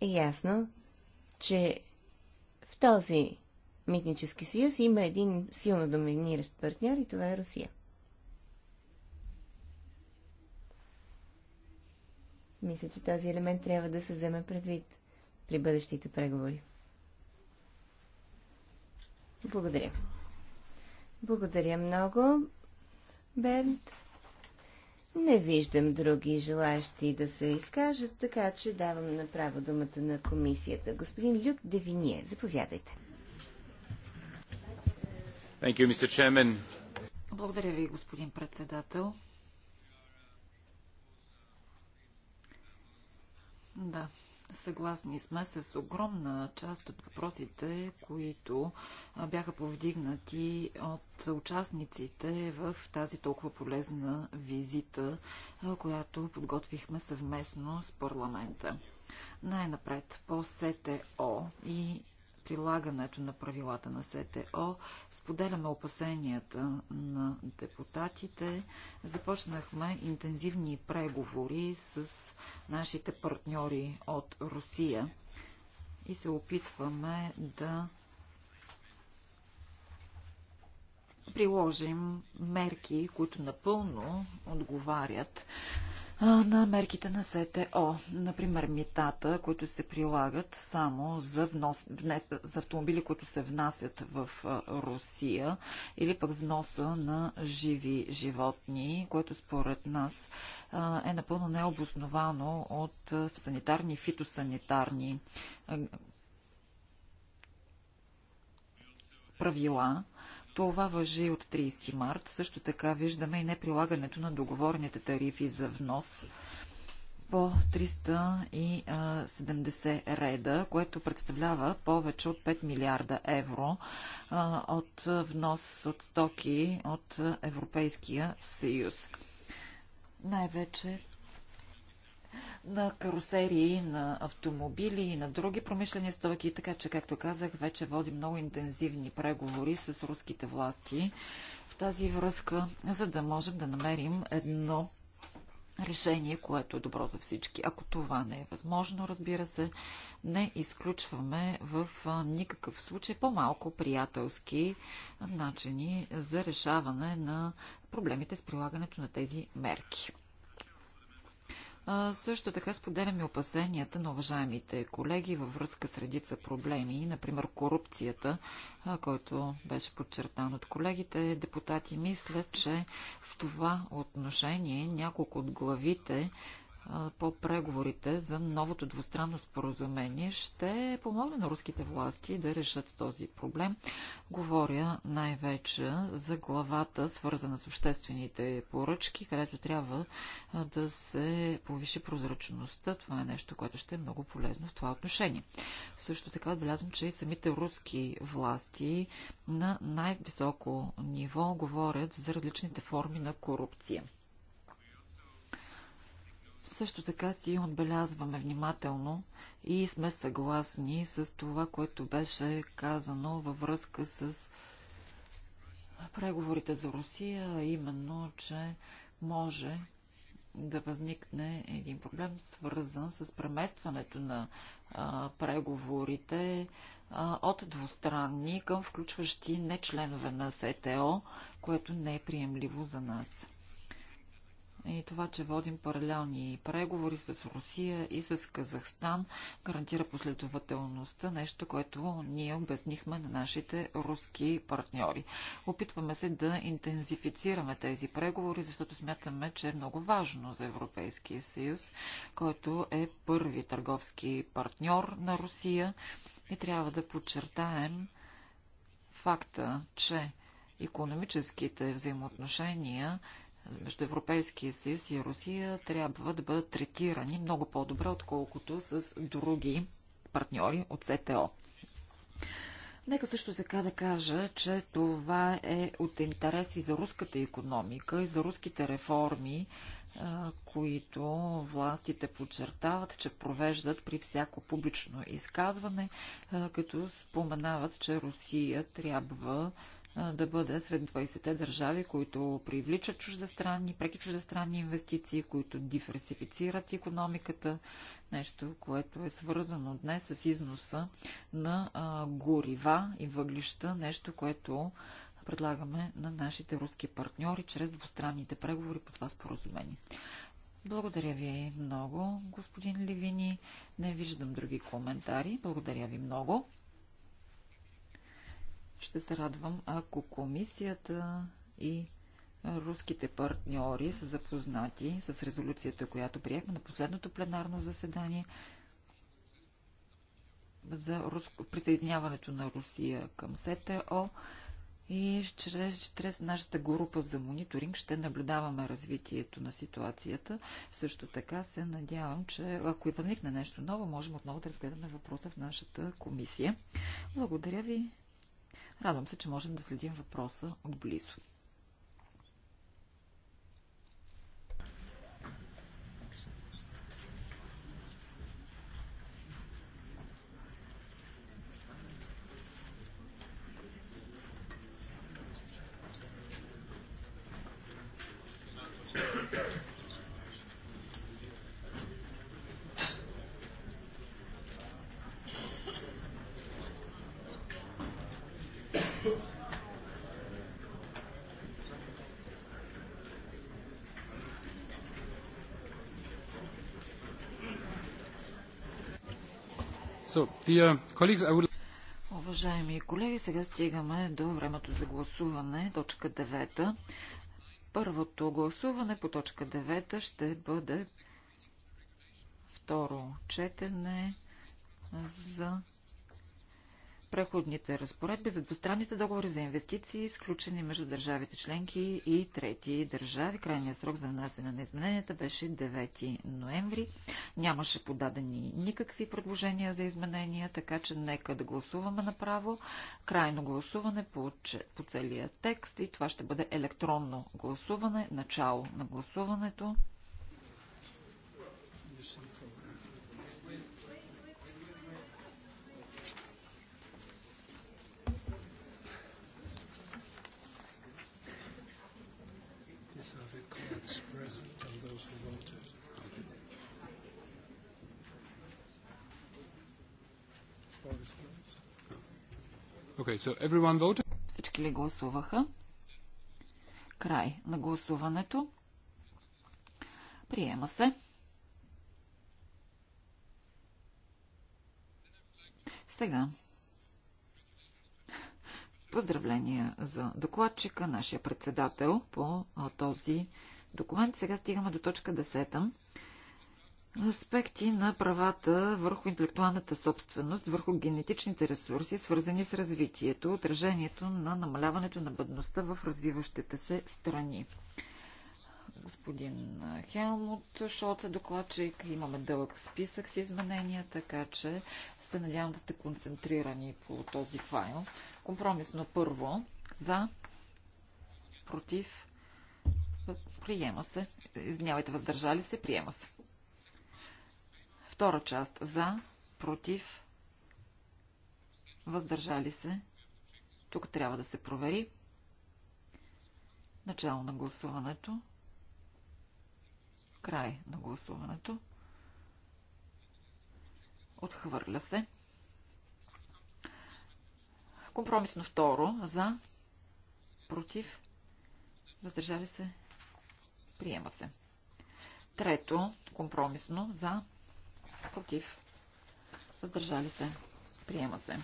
е ясно, че в този митнически съюз има един силно доминиращ партньор и това е Русия. Мисля, че този елемент трябва да се вземе предвид при бъдещите преговори. Благодаря. Благодаря много, Бернт. Не виждам други желаящи да се изкажат, така че давам направо думата на комисията. Господин Люк Девиние, заповядайте.
Thank you, Mr. Chairman. Благодаря ви, господин председател. Да, съгласни сме с огромна част от въпросите, които бяха повдигнати от участниците в тази толкова полезна визита, която подготвихме съвместно с парламента. Най-напред по СТО и прилагането на правилата на СТО. Споделяме опасенията на депутатите. Започнахме интензивни преговори с нашите партньори от Русия и се опитваме да приложим мерки, които напълно отговарят на мерките на СТО. Например, митата, които се прилагат само за, внос, внес, за автомобили, които се внасят в Русия или пък вноса на живи животни, което според нас е напълно необосновано от санитарни и фитосанитарни правила. Това въжи от 30 март. Също така виждаме и неприлагането на договорните тарифи за внос по 370 реда, което представлява повече от 5 милиарда евро от внос от стоки от Европейския съюз. Най-вече на карусерии, на автомобили и на други промишлени стоки, така че, както казах, вече води много интензивни преговори с руските власти в тази връзка, за да можем да намерим едно решение, което е добро за всички. Ако това не е възможно, разбира се, не изключваме в никакъв случай по-малко приятелски начини за решаване на проблемите с прилагането на тези мерки. А, също така споделяме опасенията на уважаемите колеги във връзка с редица проблеми, например корупцията, а, който беше подчертан от колегите депутати. Мисля, че в това отношение няколко от главите по преговорите за новото двустранно споразумение ще помогне на руските власти да решат този проблем. Говоря най-вече за главата, свързана с обществените поръчки, където трябва да се повиши прозрачността. Това е нещо, което ще е много полезно в това отношение. Също така отбелязвам, че и самите руски власти на най-високо ниво говорят за различните форми на корупция. Също така си отбелязваме внимателно и сме съгласни с това, което беше казано във връзка с преговорите за Русия, именно, че може да възникне един проблем, свързан с преместването на а, преговорите а, от двустранни към включващи не членове на СТО, което не е приемливо за нас. И това, че водим паралелни преговори с Русия и с Казахстан, гарантира последователността, нещо, което ние обяснихме на нашите руски партньори. Опитваме се да интензифицираме тези преговори, защото смятаме, че е много важно за Европейския съюз, който е първи търговски партньор на Русия и трябва да подчертаем факта, че економическите взаимоотношения между Европейския съюз и Русия трябва да бъдат третирани много по-добре, отколкото с други партньори от СТО. Нека също така да кажа, че това е от интерес и за руската економика, и за руските реформи, които властите подчертават, че провеждат при всяко публично изказване, като споменават, че Русия трябва да бъде сред 20-те държави, които привличат чуждестранни, преки чуждестранни инвестиции, които диверсифицират економиката, нещо, което е свързано днес с износа на горива и въглища, нещо, което предлагаме на нашите руски партньори чрез двустранните преговори по това споразумение. Благодаря ви много, господин Левини. Не виждам други коментари. Благодаря ви много. Ще се радвам, ако комисията и руските партньори са запознати с резолюцията, която приехме на последното пленарно заседание за присъединяването на Русия към СТО и чрез, чрез нашата група за мониторинг ще наблюдаваме развитието на ситуацията. Също така се надявам, че ако и възникне нещо ново, можем отново да разгледаме въпроса в нашата комисия. Благодаря ви. Радвам се, че можем да следим въпроса отблизо. Уважаеми колеги, сега стигаме до времето за гласуване, точка 9. Първото гласуване по точка 9 ще бъде второ четене за преходните разпоредби за двустранните договори за инвестиции, изключени между държавите членки и трети държави. Крайният срок за внасяне на измененията беше 9 ноември. Нямаше подадени никакви предложения за изменения, така че нека да гласуваме направо. Крайно гласуване по, по целия текст и това ще бъде електронно гласуване, начало на гласуването. Okay, so everyone voted? Всички ли гласуваха? Край на гласуването. Приема се. Сега. Поздравления за докладчика, нашия председател по този документ. Сега стигаме до точка 10 аспекти на правата върху интелектуалната собственост, върху генетичните ресурси, свързани с развитието, отражението на намаляването на бъдността в развиващите се страни. Господин Хелмут Шолц е докладчик. Имаме дълъг списък с изменения, така че се надявам да сте концентрирани по този файл. Компромисно първо за, против, приема се. Извинявайте, въздържали се, приема се. Втора част за, против, въздържали се. Тук трябва да се провери. Начало на гласуването. Край на гласуването. Отхвърля се. Компромисно второ. За. Против. Въздържали се. Приема се. Трето. Компромисно. За. Против. Въздържали се. Приема се.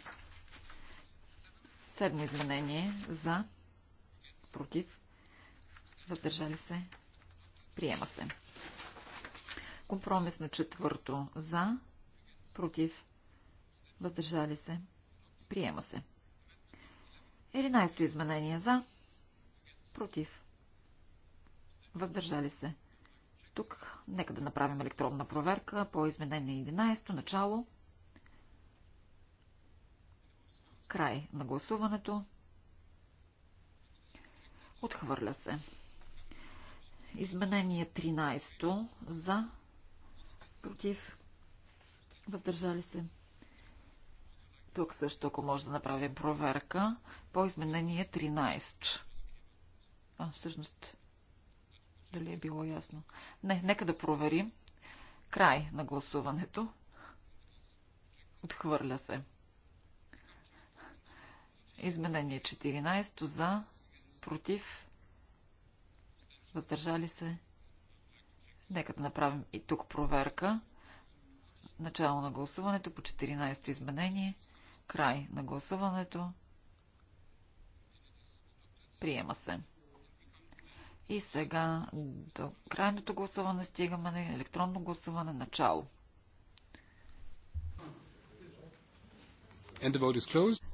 Седмо изменение за. Против. Въздържали се. Приема се. Компромисно четвърто за. Против. Въздържали се. Приема се. Единайсто изменение за. Против. Въздържали се. Тук нека да направим електронна проверка по изменение 11 начало. Край на гласуването. Отхвърля се. Изменение 13 за против въздържали се. Тук също, ако може да направим проверка по изменение 13. А, всъщност дали е било ясно? Не, нека да проверим. Край на гласуването. Отхвърля се. Изменение 14 за, против, въздържали се. Нека да направим и тук проверка. Начало на гласуването по 14-то изменение. Край на гласуването. Приема се. И сега до крайното гласуване стигаме на електронно гласуване начало.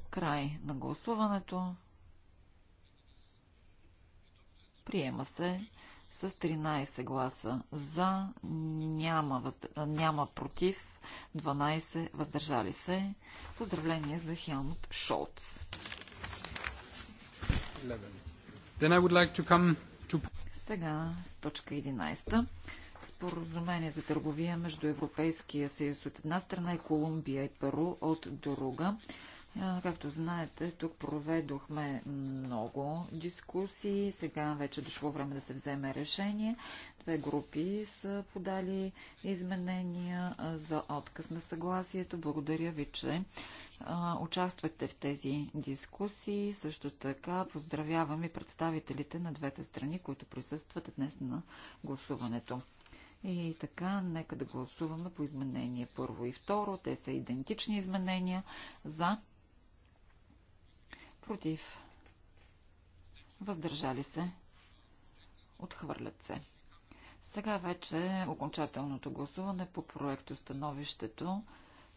Край на гласуването. Приема се с 13 гласа за, няма, въздър... няма против, 12 въздържали се. Поздравление за Хелмут Шолц. Like сега с точка 11. Споразумение за търговия между Европейския съюз от една страна и Колумбия и Перу от друга. Както знаете, тук проведохме много дискусии. Сега вече дошло време да се вземе решение. Две групи са подали изменения за отказ на съгласието. Благодаря ви, че а, участвахте в тези дискусии. Също така поздравявам и представителите на двете страни, които присъстват днес на гласуването. И така, нека да гласуваме по изменение първо и второ. Те са идентични изменения за, против, въздържали се, отхвърлят се. Сега вече окончателното гласуване по проекто становището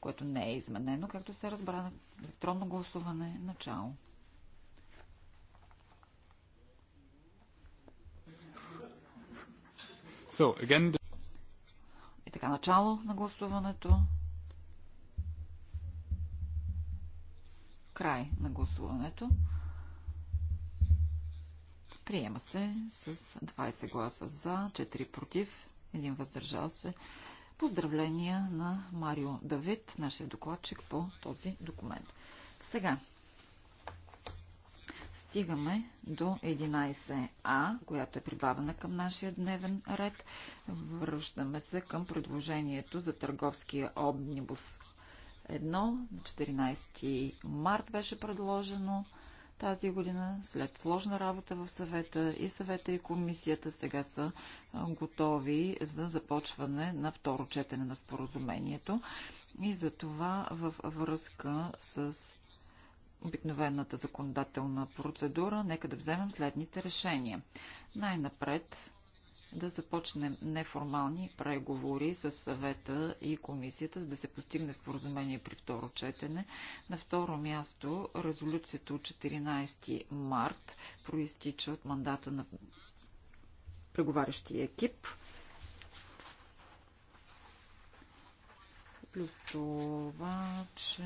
което не е изменено, както се разбра на електронно гласуване начало. So, again... The... И така, начало на гласуването. Край на гласуването. Приема се с 20 гласа за, 4 против, 1 въздържал се. Поздравления на Марио Давид, нашия докладчик по този документ. Сега стигаме до 11А, която е прибавена към нашия дневен ред. Връщаме се към предложението за търговския обнибус 1. На 14 март беше предложено тази година, след сложна работа в съвета и съвета и комисията сега са готови за започване на второ четене на споразумението. И за това във връзка с обикновената законодателна процедура, нека да вземем следните решения. Най-напред да започнем неформални преговори с съвета и комисията, за да се постигне споразумение при второ четене. На второ място, резолюцията от 14 март проистича от мандата на преговарящия екип. Плюс това, че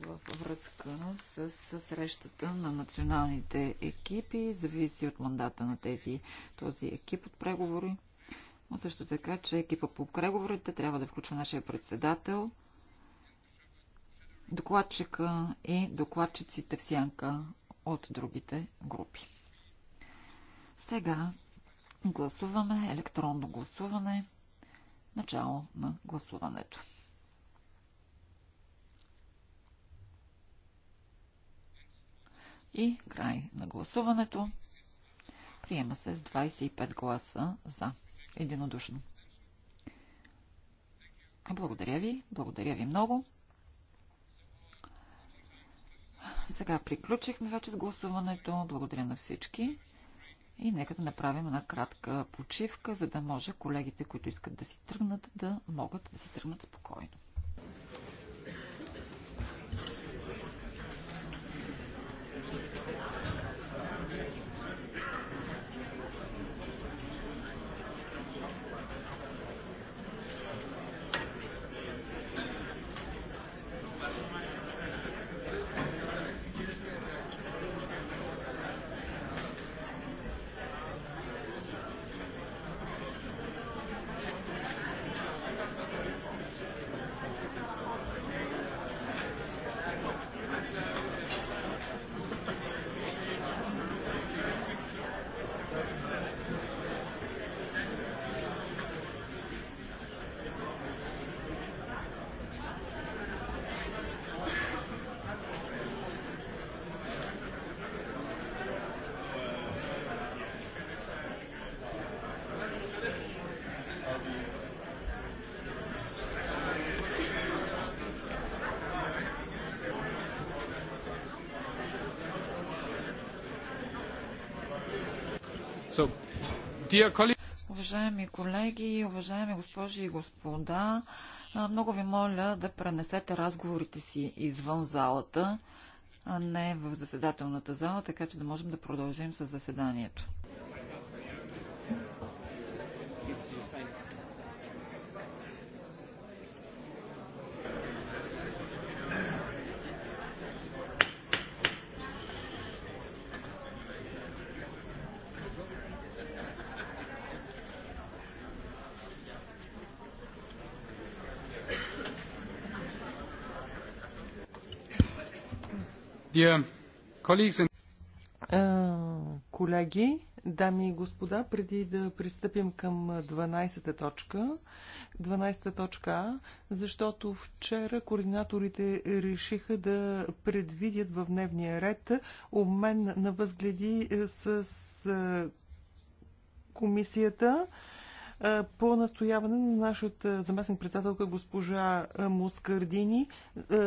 във връзка с, срещата на националните екипи, зависи от мандата на тези, този екип от преговори. Но също така, че екипа по преговорите трябва да включва нашия председател, докладчика и докладчиците в сянка от другите групи. Сега гласуваме електронно гласуване, начало на гласуването. И край на гласуването. Приема се с 25 гласа за. Единодушно. Благодаря ви. Благодаря ви много. Сега приключихме вече с гласуването. Благодаря на всички. И нека да направим една кратка почивка, за да може колегите, които искат да си тръгнат, да могат да си тръгнат спокойно. Уважаеми колеги, уважаеми госпожи и господа, много ви моля да пренесете разговорите си извън залата, а не в заседателната зала, така че да можем да продължим с заседанието.
колеги, дами и господа, преди да пристъпим към 12-та точка, 12-та точка А, защото вчера координаторите решиха да предвидят в дневния ред обмен на възгледи с комисията по настояване на нашата заместник председателка госпожа Москардини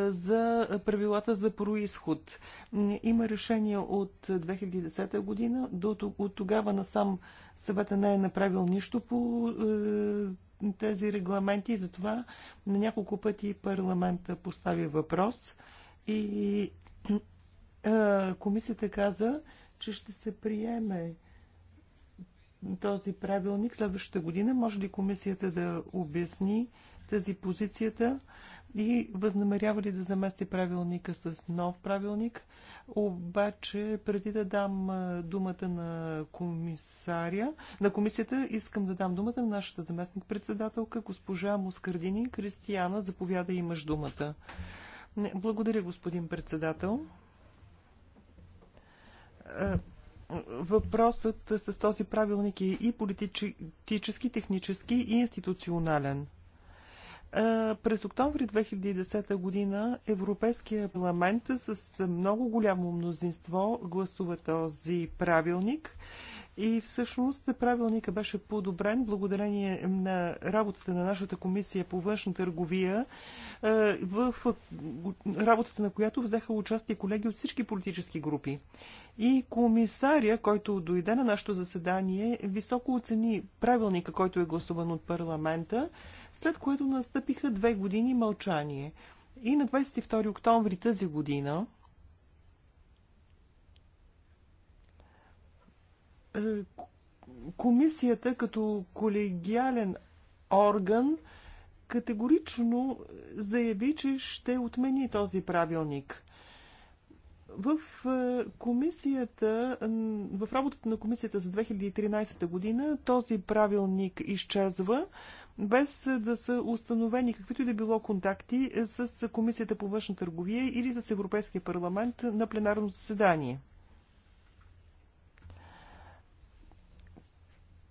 за правилата за происход. Има решение от 2010 година. До, от тогава насам съвета не е направил нищо по тези регламенти и затова на няколко пъти парламента постави въпрос и комисията каза, че ще се приеме този правилник следващата година. Може ли комисията да обясни тази позицията и възнамерява ли да замести правилника с нов правилник? Обаче, преди да дам думата на комисаря, на комисията, искам да дам думата на нашата заместник-председателка, госпожа Москардини. Кристияна, заповяда имаш думата. Благодаря, господин председател. Въпросът с този правилник е и политически, технически и институционален. През октомври 2010 година Европейския парламент с много голямо мнозинство гласува този правилник и всъщност правилника беше подобрен благодарение на работата на нашата комисия по външна търговия, е, в работата на която взеха участие колеги от всички политически групи. И комисаря, който дойде на нашето заседание, високо оцени правилника, който е гласуван от парламента, след което настъпиха две години мълчание. И на 22 октомври тази година Е, комисията като колегиален орган категорично заяви, че ще отмени този правилник. В е, комисията, в работата на комисията за 2013 година този правилник изчезва, без да са установени каквито и да било контакти с Комисията по външна търговия или с Европейския парламент на пленарно заседание.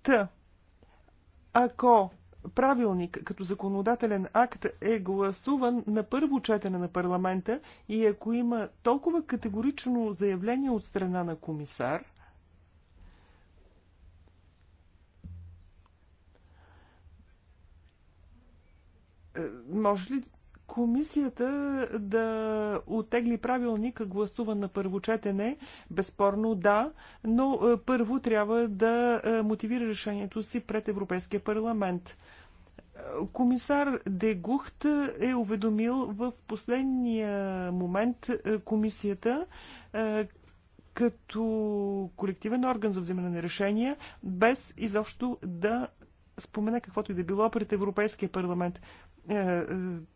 Та, ако правилник като законодателен акт е гласуван на първо четене на парламента и ако има толкова категорично заявление от страна на комисар, е, може ли комисията да отегли правилника гласува на първо четене? Безспорно да, но е, първо трябва да е, мотивира решението си пред Европейския парламент. Комисар Дегухт е уведомил в последния момент е, комисията като колективен орган за вземане на решения, без изобщо да спомена каквото и да било пред Европейския парламент. Е, е,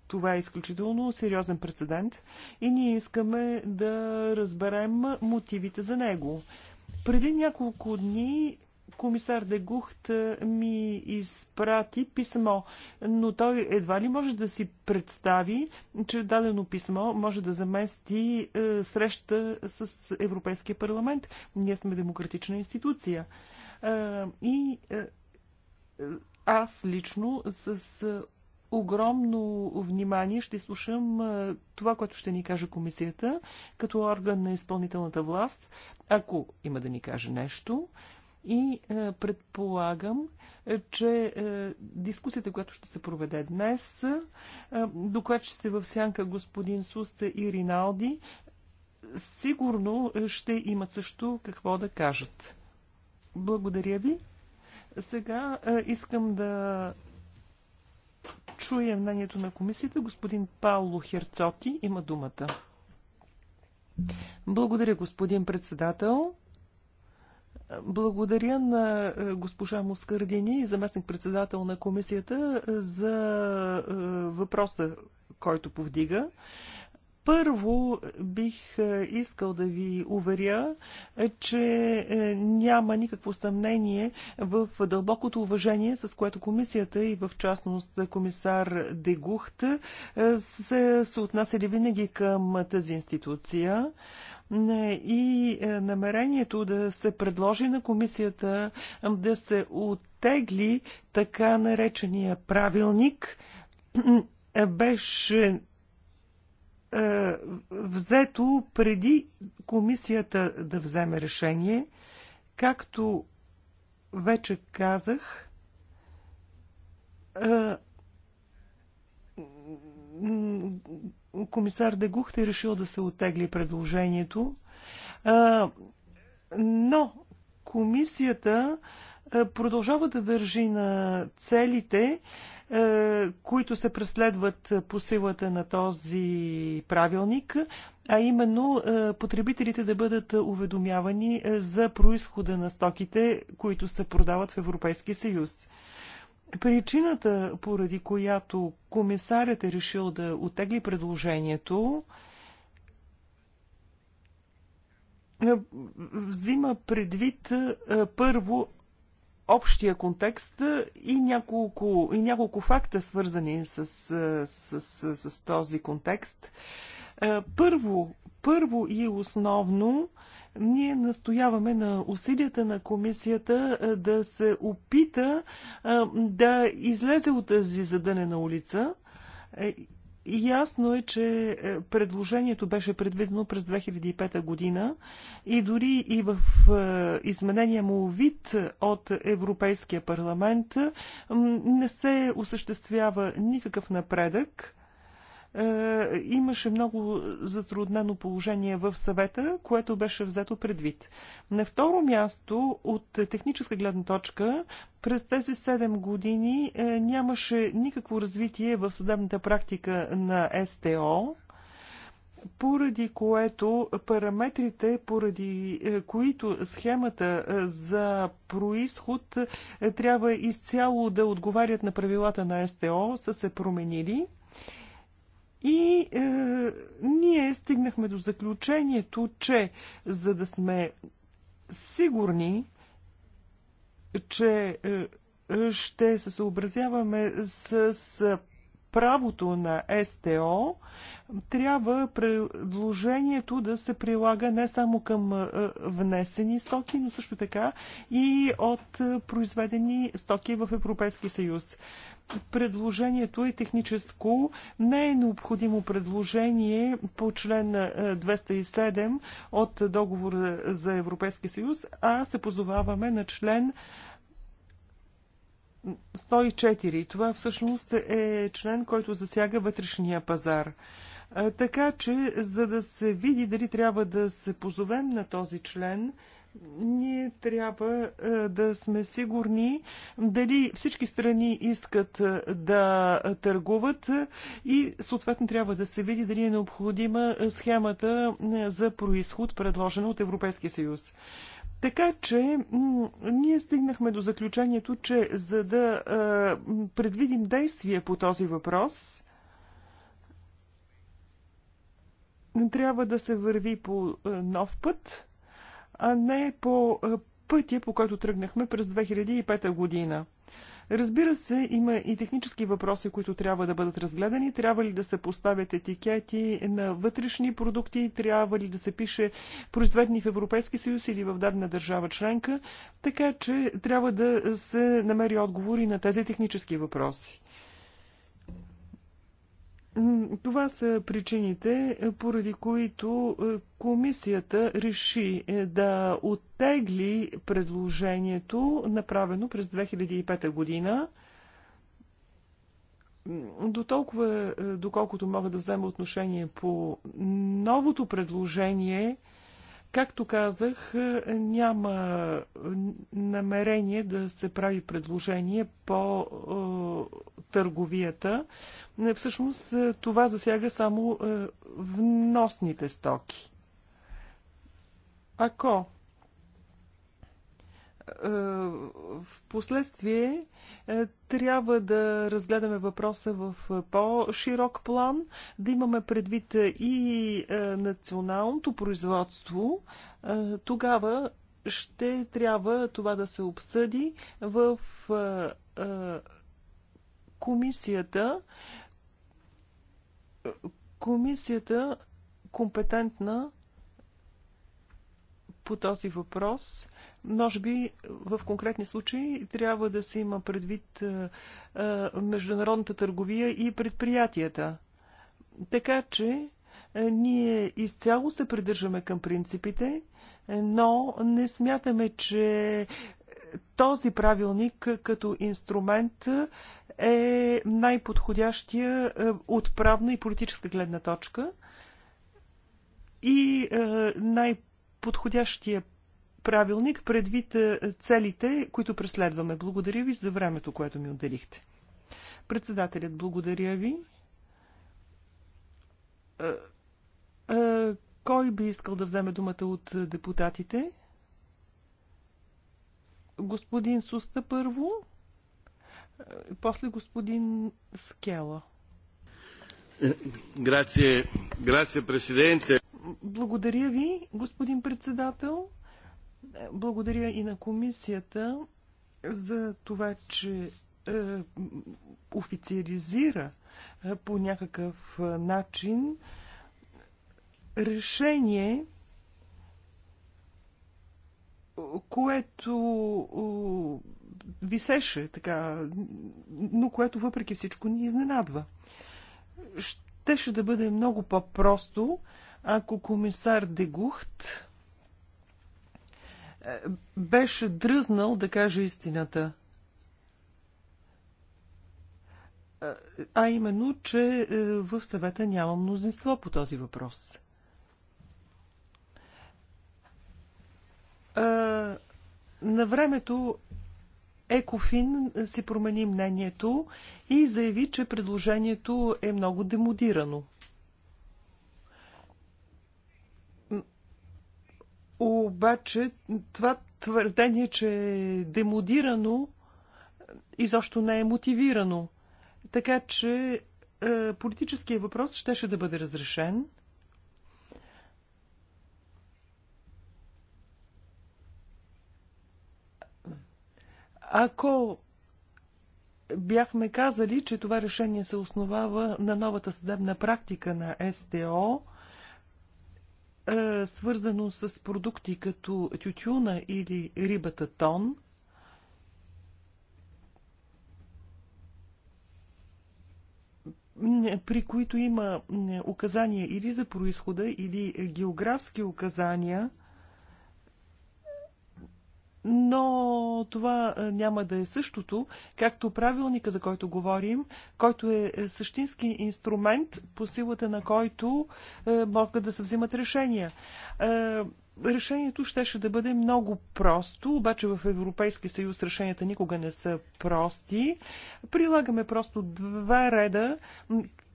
това е изключително сериозен прецедент и ние искаме да разберем мотивите за него. Преди няколко дни комисар Дегухт е, ми изпрати писмо, но той едва ли може да си представи, че дадено писмо може да замести среща с Европейския парламент. Ние сме демократична институция. и аз лично с огромно внимание ще слушам това, което ще ни каже комисията като орган на изпълнителната власт, ако има да ни каже нещо. И предполагам, че дискусията, която ще се проведе днес, сте в сянка господин Суста и Риналди, сигурно ще имат също какво да кажат. Благодаря ви. Сега искам да Чуя мнението на комисията. Господин Пауло Херцоки има думата. Благодаря, господин председател. Благодаря на е, госпожа Москардини, заместник-председател на комисията, е, за е, въпроса, който повдига. Първо е, бих е, искал да ви уверя, е, че няма никакво съмнение в дълбокото уважение, с което комисията и в частност комисар Дегухт се, се отнасяли винаги към тази институция и намерението да се предложи на комисията да се оттегли така наречения правилник беше е, взето преди комисията да вземе решение. Както вече казах, е, комисар Дегухт е решил да се отегли предложението, е, но комисията продължава да държи на целите, е, които се преследват по силата на този правилник, а именно е, потребителите да бъдат уведомявани е, за происхода на стоките, които се продават в Европейския съюз. Причината, поради която комисарят е решил да отегли предложението, взима предвид първо общия контекст и няколко, и няколко факта, свързани с, с, с, с този контекст. Първо, първо и основно, ние настояваме на усилията на комисията да се опита да излезе от тази задънена улица е, Ясно е, че е, предложението беше предвидено през 2005 година и дори и в е, изменения му вид от Европейския парламент не се осъществява никакъв напредък. Е, имаше много затруднено положение в съвета, което беше взето предвид. На второ място, от техническа гледна точка, през тези 7 години е, нямаше никакво развитие в съдебната практика на СТО, поради което параметрите, поради е, които схемата за происход трябва изцяло да отговарят на правилата на СТО, са се променили. И е, ние стигнахме до заключението, че за да сме сигурни, че е, ще се съобразяваме с, с правото на СТО, трябва предложението да се прилага не само към е, внесени стоки, но също така и от е, произведени стоки в Европейски съюз. Предложението е техническо. Не е необходимо предложение по член 207 от договора за Европейския съюз, а се позоваваме на член 104. Това всъщност е член, който засяга вътрешния пазар. Така че, за да се види дали трябва да се позовем на този член, ние трябва е, да сме сигурни дали всички страни искат е, да търгуват и съответно трябва да се види дали е необходима схемата е, за происход, предложена от Европейския съюз. Така че ние стигнахме до заключението, че за да предвидим действие по този въпрос, трябва да се върви по нов път а не по пътя, по който тръгнахме през 2005 година. Разбира се, има и технически въпроси, които трябва да бъдат разгледани. Трябва ли да се поставят етикети на вътрешни продукти? Трябва ли да се пише произведени в Европейски съюз или в дадена държава членка? Така че трябва да се намери отговори на тези технически въпроси. Това са причините, поради които е, комисията реши е, да оттегли предложението, направено през 2005 година. До толкова, е, доколкото мога да взема отношение по новото предложение, Както казах, няма намерение да се прави предложение по търговията. Всъщност е, това засяга само е, вносните стоки. Ако е, в последствие трябва да разгледаме въпроса в по-широк план, да имаме предвид и националното производство, тогава ще трябва това да се обсъди в комисията Комисията компетентна по този въпрос. Може би в конкретни случаи трябва да се има предвид е, е, международната търговия и предприятията. Така че е, ние изцяло се придържаме към принципите, но не смятаме, че този правилник като инструмент е най-подходящия е, от правна и политическа гледна точка и е, най-подходящия правилник предвид е, целите, които преследваме. Благодаря ви за времето, което ми отделихте. Председателят, благодаря ви. Кой би искал да вземе думата от депутатите? господин Суста първо, после господин Скела. Грация, грация, президенте. Благодаря ви, господин председател. Благодаря и на комисията за това, че е, официализира е, по някакъв е, начин решение, което висеше така, но което въпреки всичко ни изненадва. Щеше да бъде много по-просто, ако комисар Дегухт е, беше дръзнал да каже истината. Е, а именно, че е, в съвета няма мнозинство по този въпрос. на времето Екофин си промени мнението и заяви, че предложението е много демодирано. Обаче това твърдение, че е демодирано, изобщо не е мотивирано. Така че е, политическия въпрос щеше да бъде разрешен. Ако бяхме казали, че това решение се основава на новата съдебна практика на СТО, е, свързано с продукти като тютюна или рибата тон, при които има указания или за происхода, или географски указания – но това е, няма да е същото, както правилника, за който говорим, който е, е същински инструмент, по силата на който е, могат да се взимат решения. Решението щеше да бъде много просто, обаче в Европейски съюз решенията никога не са прости. Прилагаме просто два реда,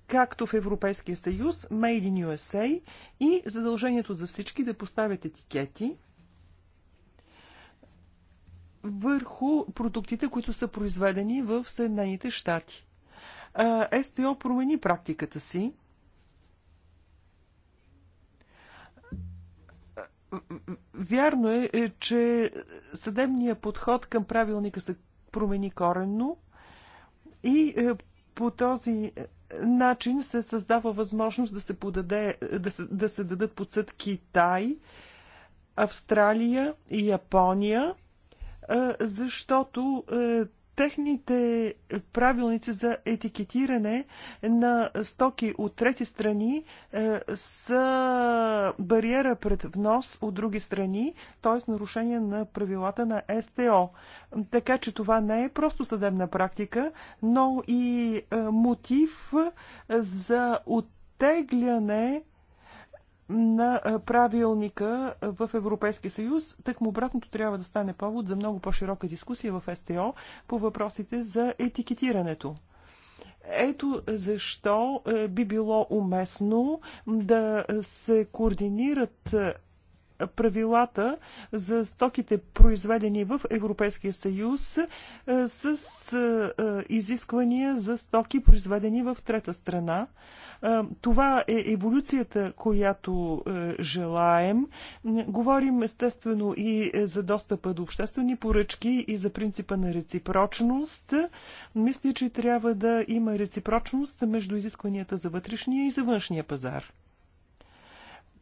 както в Европейския съюз, Made in USA и задължението за всички да поставят етикети, върху продуктите, които са произведени в Съединените щати. СТО промени практиката си. Вярно е, е, че съдебният подход към правилника се промени коренно и е, по този е, начин се създава възможност да се, подаде, да се, да се дадат подсъд Китай, Австралия и Япония защото техните правилници за етикетиране на стоки от трети страни са бариера пред внос от други страни, т.е. нарушение на правилата на СТО. Така че това не е просто съдебна практика, но и мотив за оттегляне на правилника в Европейския съюз. Тъкмо обратното трябва да стане повод за много по-широка дискусия в СТО по въпросите за етикетирането. Ето защо би било уместно да се координират правилата за стоките, произведени в Европейския съюз, с изисквания за стоки, произведени в трета страна. Е, това е еволюцията, която е, желаем. Говорим естествено и е, за достъпа до обществени поръчки и за принципа на реципрочност. Мисля, че трябва да има реципрочност между изискванията за вътрешния и за външния пазар.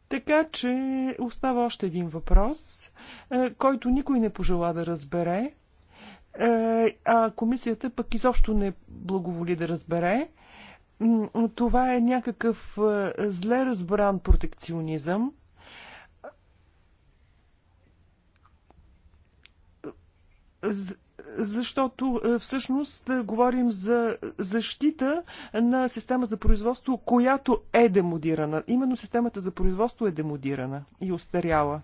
Така че остава още един въпрос, който никой не пожела да разбере, а комисията пък изобщо не благоволи да разбере това е някакъв е, зле разбран протекционизъм. Защото е, всъщност е, говорим за защита на система за производство, която е демодирана. Именно системата за производство е демодирана и устаряла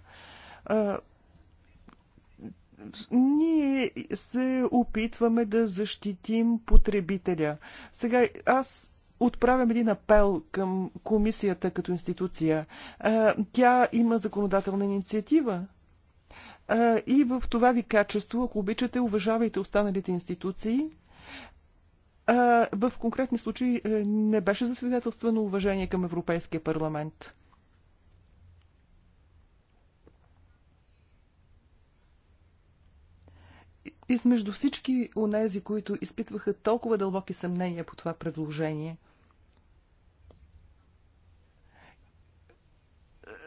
ние се опитваме да защитим потребителя. Сега аз отправям един апел към комисията като институция. Тя има законодателна инициатива. И в това ви качество, ако обичате, уважавайте останалите институции. В конкретни случаи не беше засвидетелствано уважение към Европейския парламент. измежду всички онези, които изпитваха толкова дълбоки съмнения по това предложение –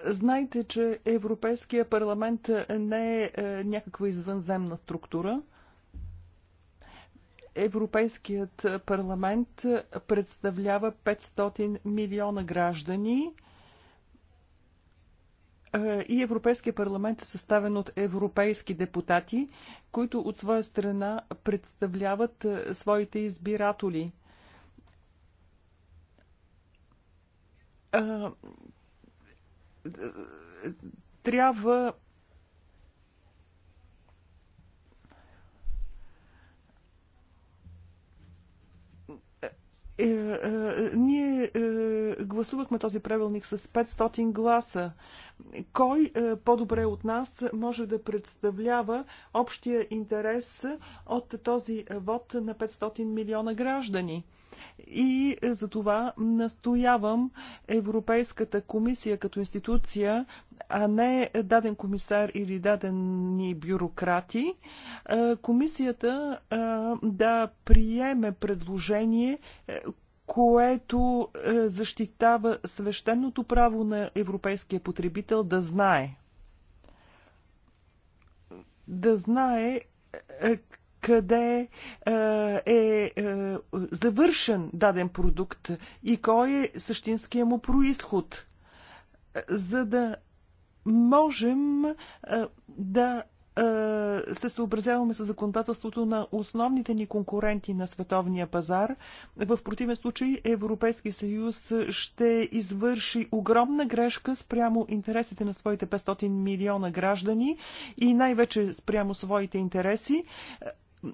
Знайте, че Европейския парламент не е, е някаква извънземна структура. Европейският парламент представлява 500 милиона граждани е, и Европейския парламент е съставен от европейски депутати, които от своя страна представляват е, своите избиратели трябва е, е, е, ние е, гласувахме този правилник с 500 гласа кой е, по-добре от нас може да представлява общия интерес от този вод на 500 милиона граждани. И е, за това настоявам Европейската комисия като институция, а не даден комисар или дадени бюрократи, е, комисията да приеме предложение, което е, защитава свещеното право на европейския потребител да знае. Да знае е, къде е, е, е, завършен даден продукт и кой е същинския му происход, за да можем да е, се съобразяваме с законодателството на основните ни конкуренти на световния пазар. В противен случай Европейски съюз ще извърши огромна грешка спрямо интересите на своите 500 милиона граждани и най-вече спрямо своите интереси е,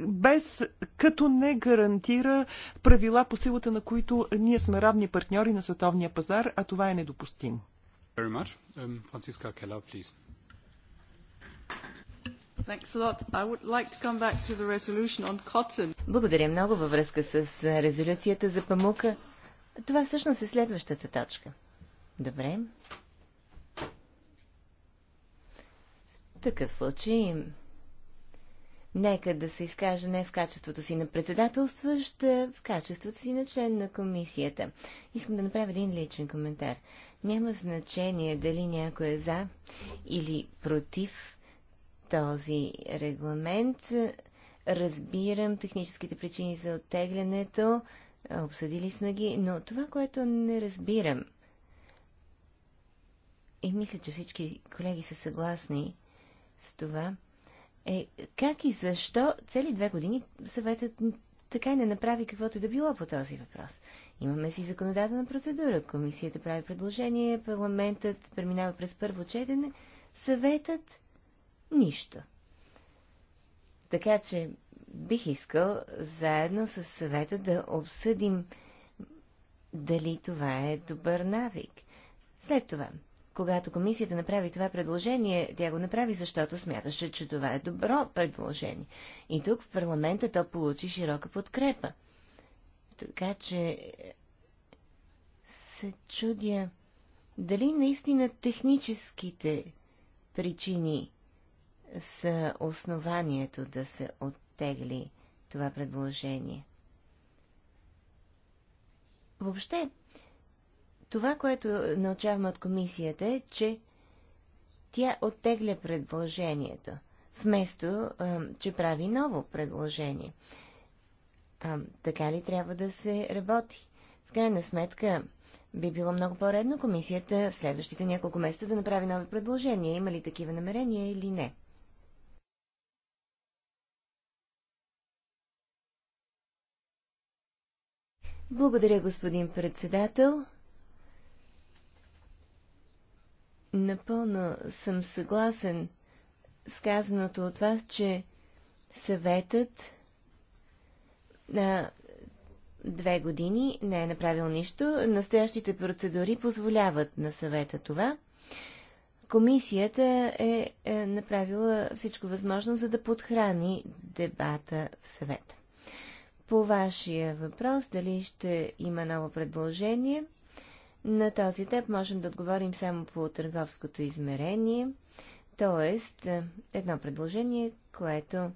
без като не гарантира правила по силата на които ние сме равни партньори на световния пазар, а това е недопустимо. Um, please.
Благодаря много във връзка с резолюцията за памука. Това всъщност е следващата точка. Добре. В такъв случай, нека да се изкаже не в качеството си на председателстващ, а в качеството си на член на комисията. Искам да направя един личен коментар. Няма значение дали някой е за или против този регламент. Разбирам техническите причини за оттеглянето, обсъдили сме ги, но това, което не разбирам, и мисля, че всички колеги са съгласни с това, е как и защо цели две години съветът така и не направи каквото и да било по този въпрос. Имаме си законодателна процедура. Комисията прави предложение, парламентът преминава през първо четене, съветът нищо. Така че бих искал заедно с съвета да обсъдим дали това е добър навик. След това, когато комисията направи това предложение, тя го направи, защото смяташе, че това е добро предложение. И тук в парламента то получи широка подкрепа. Така че се чудя дали наистина техническите причини са основанието да се оттегли това предложение. Въобще, това, което научавам от комисията е, че тя оттегля предложението, вместо, а, че прави ново предложение. А, така ли трябва да се работи? В крайна сметка, би било много по-редно комисията в следващите няколко месеца да направи нови предложения. Има ли такива намерения или не? Благодаря, господин председател. Напълно съм съгласен с казаното от вас, че съветът на две години не е направил нищо. Настоящите процедури позволяват на съвета това. Комисията е, е направила всичко възможно, за да подхрани дебата в съвета. По вашия въпрос, дали ще има ново предложение, на този етап можем да отговорим само по търговското измерение, т.е. едно предложение, което,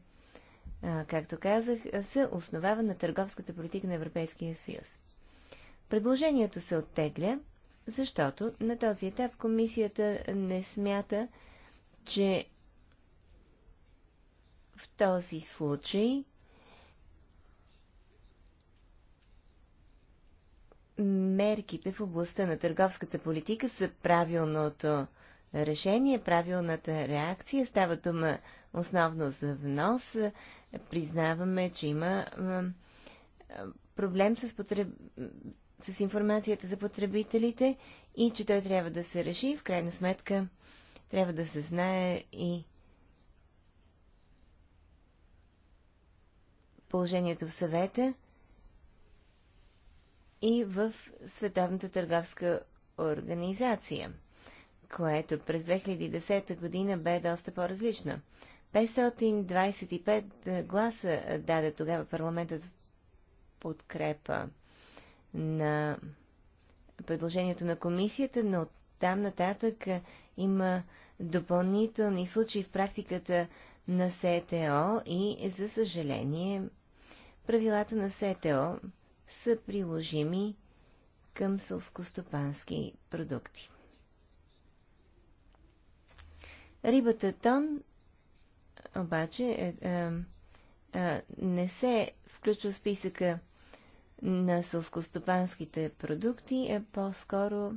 както казах, се основава на търговската политика на Европейския съюз. Предложението се оттегля, защото на този етап комисията не смята, че в този случай мерките в областта на търговската политика са правилното решение, правилната реакция. Става дума основно за внос. Признаваме, че има проблем с, потреб... с информацията за потребителите и че той трябва да се реши. В крайна сметка трябва да се знае и положението в съвета и в Световната търговска организация, което през 2010 година бе доста по-различно. 525 гласа даде тогава парламентът в подкрепа на предложението на комисията, но там нататък има допълнителни случаи в практиката на СТО и, за съжаление, правилата на СТО са приложими към сълскостопански продукти. Рибата тон обаче е, е, е не се включва в списъка на сълскостопанските продукти, а е по-скоро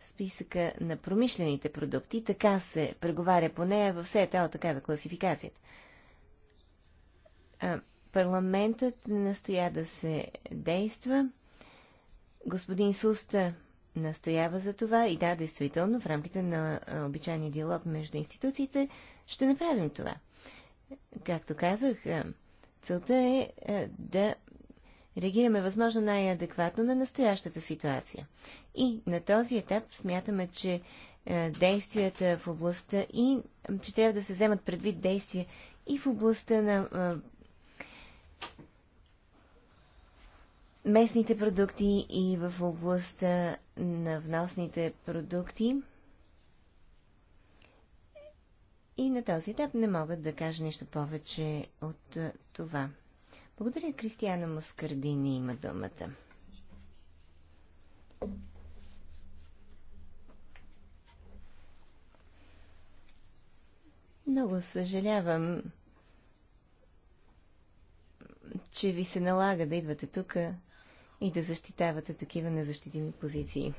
списъка на промишлените продукти. Така се преговаря по нея в СЕТАО, е такава класификацията. Парламентът настоя да се действа. Господин Суста настоява за това и да, действително, в рамките на обичайния диалог между институциите ще направим това. Както казах, целта е да реагираме възможно най-адекватно на настоящата ситуация. И на този етап смятаме, че действията в областта и че трябва да се вземат предвид действия и в областта на местните продукти и в областта на вносните продукти. И на този етап не мога да кажа нищо повече от това. Благодаря, Кристияна Москардини има думата. Много съжалявам, че ви се налага да идвате тук и да защитавате такива незащитими позиции.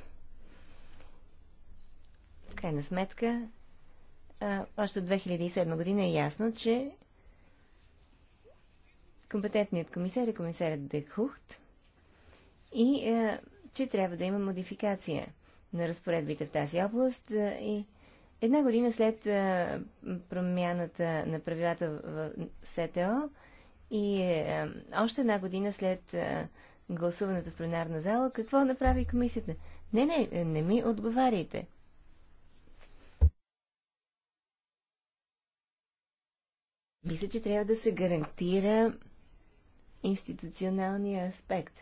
В крайна сметка, а, още от 2007 година е ясно, че компетентният комисар е комисарят Декхухт и а, че трябва да има модификация на разпоредбите в тази област а, и една година след а, промяната на правилата в, в СТО, и е, още една година след е, гласуването в пленарна зала, какво направи комисията? Не, не, не ми отговаряйте. Мисля, че трябва да се гарантира институционалния аспект.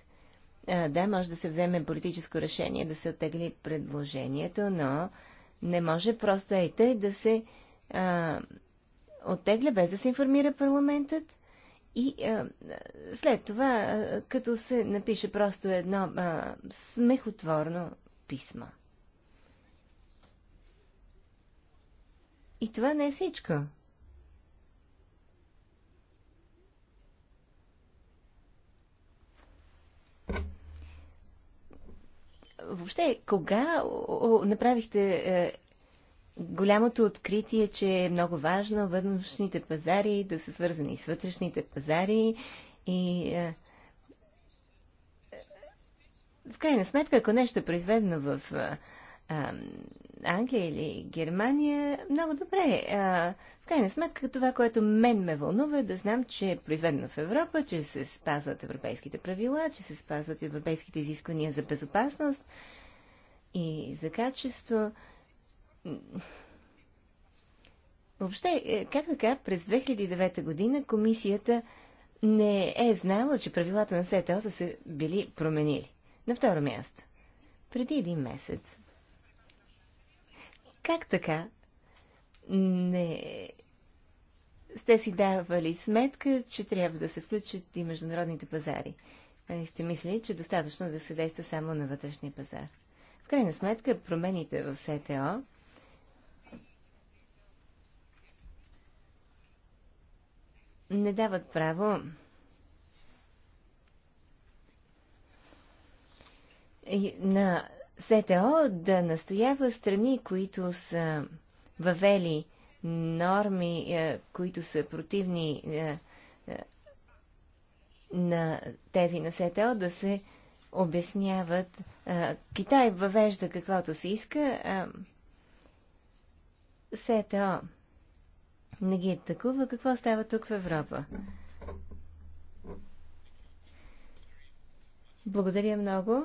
А, да, може да се вземе политическо решение да се оттегли предложението, но не може просто ей тъй да се а, оттегля без да се информира парламентът и а, е, след това, а, е, като се напише просто едно а, е, смехотворно писмо. И това не е всичко. Въобще, кога направихте голямото откритие, че е много важно външните пазари да са свързани с вътрешните пазари и е, в крайна сметка, ако нещо е произведено в е, е, Англия или Германия, много добре. В крайна сметка, това, което мен ме вълнува е да знам, че е произведено в Европа, че се спазват европейските правила, че се спазват европейските изисквания за безопасност и за качество. Въобще, е, как така през 2009 година комисията не е знаела, че правилата на СТО са се били променили? На второ място. Преди един месец. Как така не сте си давали сметка, че трябва да се включат и международните пазари? И сте мислили, че е достатъчно да се действа само на вътрешния пазар? В крайна сметка, промените в СТО не дават право на СТО да настоява страни, които са въвели норми, е, които са противни е, е, на тези на СТО, да се обясняват. Китай въвежда каквото се иска. СТО не ги такова, какво става тук в Европа? Благодаря много.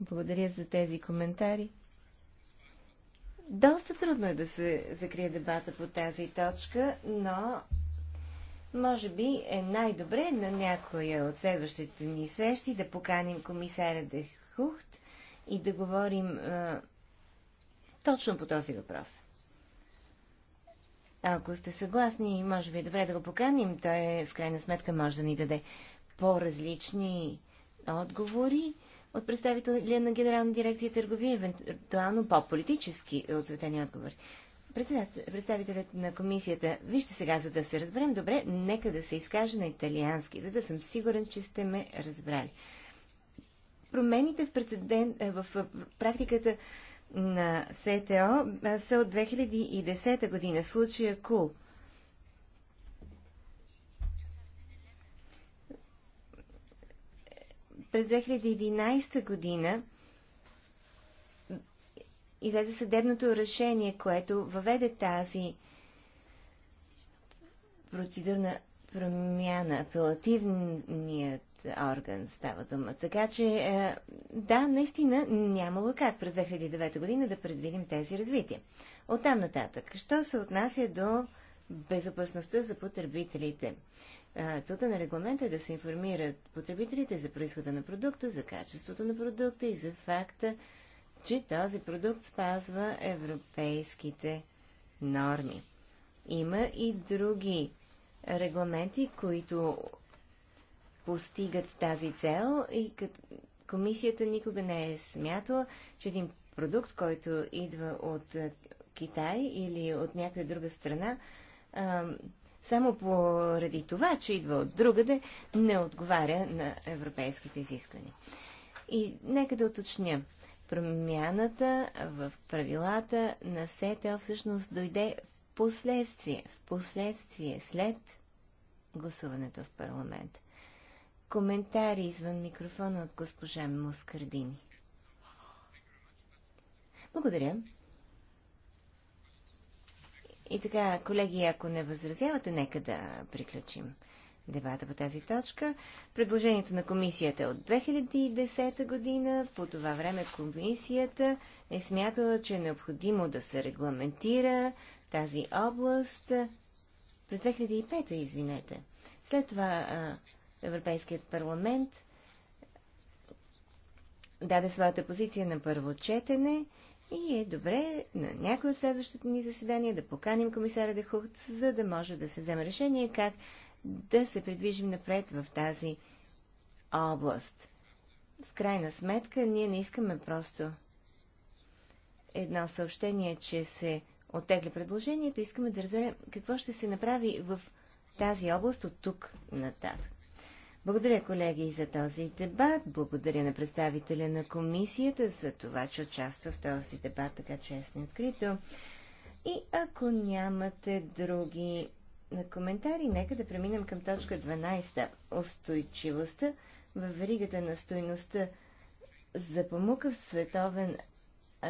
Благодаря за тези коментари. Доста трудно е да се закрие дебата по тази точка, но може би е най-добре на някоя от следващите ни срещи да поканим комисаря Дехухт и да говорим а, точно по този въпрос. Ако сте съгласни, може би е добре да го поканим. Той в крайна сметка може да ни даде по-различни отговори от представителя на Генерална дирекция търговия, евентуално по-политически отсветени отговори. Представителят на комисията, вижте сега, за да се разберем добре, нека да се изкаже на италиански, за да съм сигурен, че сте ме разбрали. Промените в, прецедент, в практиката на СТО са от 2010 година, случая КУЛ. Cool. През 2011 година излезе съдебното решение, което въведе тази процедурна промяна. Апелативният орган става дума. Така че, е, да, наистина нямало как през 2009 година да предвидим тези развития. От там нататък, що се отнася до безопасността за потребителите? Е, целта на регламента е да се информират потребителите за происхода на продукта, за качеството на продукта и за факта, че този продукт спазва европейските норми. Има и други регламенти, които постигат тази цел и като комисията никога не е смятала, че един продукт, който идва от Китай или от някоя друга страна, само поради това, че идва от другаде, не отговаря на европейските изисквания. И нека да уточня. Промяната в правилата на СЕТЕЛ всъщност дойде в последствие, в последствие след гласуването в парламент коментари извън микрофона от госпожа Москардини. Благодаря. И така, колеги, ако не възразявате, нека да приключим дебата по тази точка. Предложението на комисията е от 2010 година. По това време комисията е смятала, че е необходимо да се регламентира тази област през 2005, извинете. След това а, Европейският парламент даде своята позиция на първо четене и е добре на някои от следващите ни заседания да поканим комисаря Дехухт, за да може да се вземе решение как да се придвижим напред в тази област. В крайна сметка, ние не искаме просто едно съобщение, че се оттегля предложението, искаме да разберем какво ще се направи в тази област от тук нататък. Благодаря, колеги, за този дебат. Благодаря на представителя на комисията за това, че участва в този дебат така честно и открито. И ако нямате други на коментари, нека да преминем към точка 12. Устойчивостта в ригата на стойността за помука в световен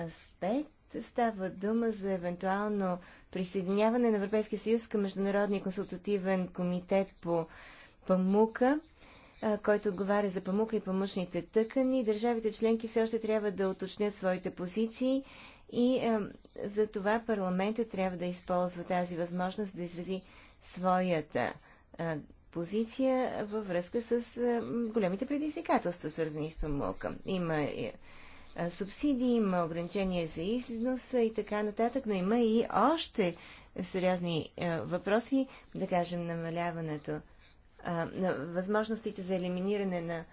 аспект става дума за евентуално присъединяване на Европейския съюз към Международния консултативен комитет по памука който отговаря за памука и памъчните тъкани. Държавите членки все още трябва да уточнят своите позиции и а, за това парламента трябва да използва тази възможност да изрази своята а, позиция във връзка с а, големите предизвикателства, свързани с памука. Има а, субсидии, има ограничения за износа и така нататък, но има и още сериозни а, въпроси, да кажем намаляването на възможностите за елиминиране на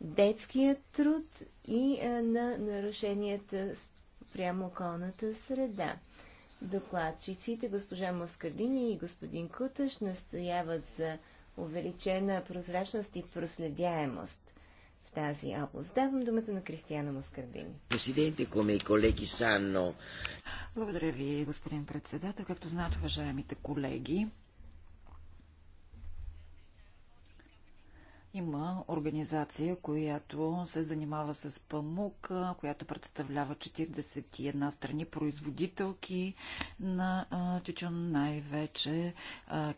детския труд и на нарушенията прямо околната среда. Докладчиците, госпожа Москардини и господин Куташ, настояват за увеличена прозрачност и проследяемост в тази област. Давам думата на Кристияна Москардини.
Президенте, коме и колеги Санно. Благодаря ви, господин председател. Както знаят, уважаемите колеги, Има организация, която се занимава с памук, която представлява 41 страни производителки на тютюн, най-вече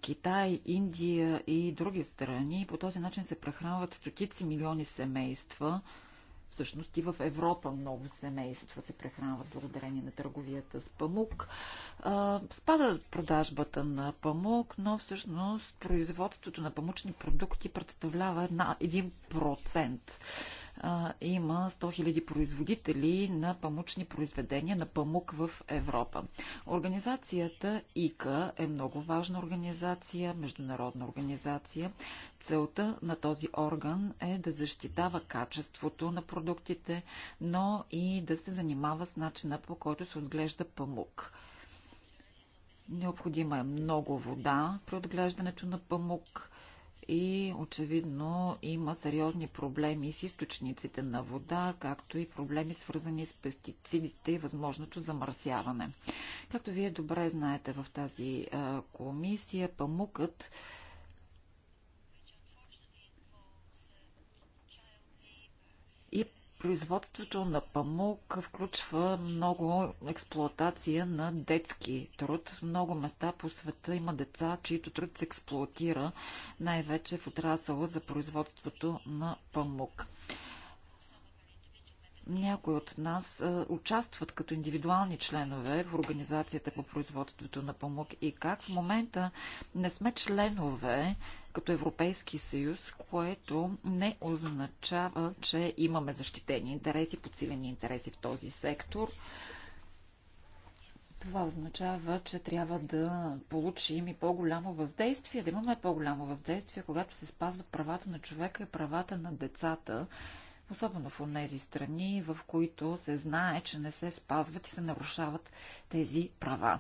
Китай, Индия и други страни. По този начин се прехранват стотици милиони семейства Всъщност и в Европа много семейства се прехранват благодарение на търговията с памук. Спада продажбата на памук, но всъщност производството на памучни продукти представлява една, 1% има 100 000 производители на памучни произведения на памук в Европа. Организацията ИКА е много важна организация, международна организация. Целта на този орган е да защитава качеството на продуктите, но и да се занимава с начина по който се отглежда памук. Необходима е много вода при отглеждането на памук и очевидно има сериозни проблеми с източниците на вода, както и проблеми свързани с пестицидите и възможното замърсяване. Както вие добре знаете в тази комисия, памукът Производството на памук включва много експлоатация на детски труд. Много места по света има деца, чието труд се експлоатира най-вече в отрасъла за производството на памук. Някои от нас а, участват като индивидуални членове в Организацията по производството на памук и как в момента не сме членове като Европейски съюз, което не означава, че имаме защитени интереси, подсилени интереси в този сектор. Това означава, че трябва да получим и по-голямо въздействие, да имаме по-голямо въздействие, когато се спазват правата на човека и правата на децата, особено в тези страни, в които се знае, че не се спазват и се нарушават тези права.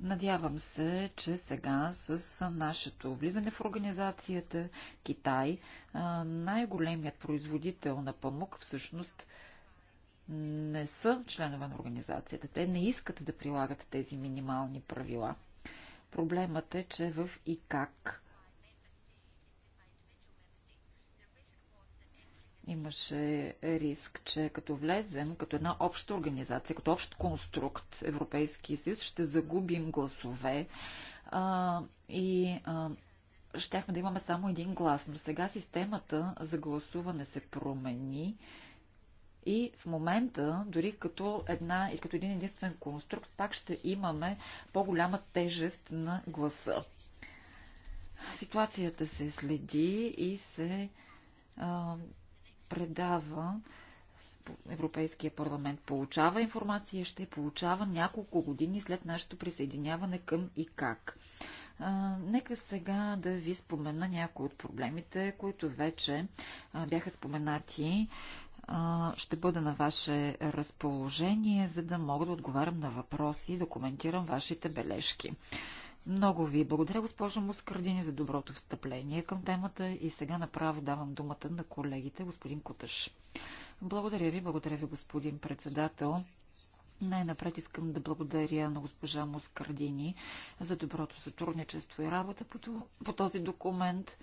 Надявам се, че сега с нашето влизане в организацията Китай, най-големият производител на памук всъщност не са членове на организацията. Те не искат да прилагат тези минимални правила. Проблемът е, че в ИКАК Имаше риск, че като влезем, като една обща организация, като общ конструкт Европейски съюз, ще загубим гласове а, и а, щяхме да имаме само един глас. Но сега системата за гласуване се промени. И в момента, дори като една и като един единствен конструкт, пак ще имаме по-голяма тежест на гласа. Ситуацията се следи и се а, предава Европейския парламент получава информация и ще получава няколко години след нашето присъединяване към и как. А, нека сега да ви спомена някои от проблемите, които вече а, бяха споменати. А, ще бъда на ваше разположение, за да мога да отговарям на въпроси и да коментирам вашите бележки. Много ви благодаря, госпожо Мускардини, за доброто встъпление към темата и сега направо давам думата на колегите, господин Куташ. Благодаря ви, благодаря ви, господин председател. Най-напред искам да благодаря на госпожа Мускардини за доброто сътрудничество и работа по, по този документ.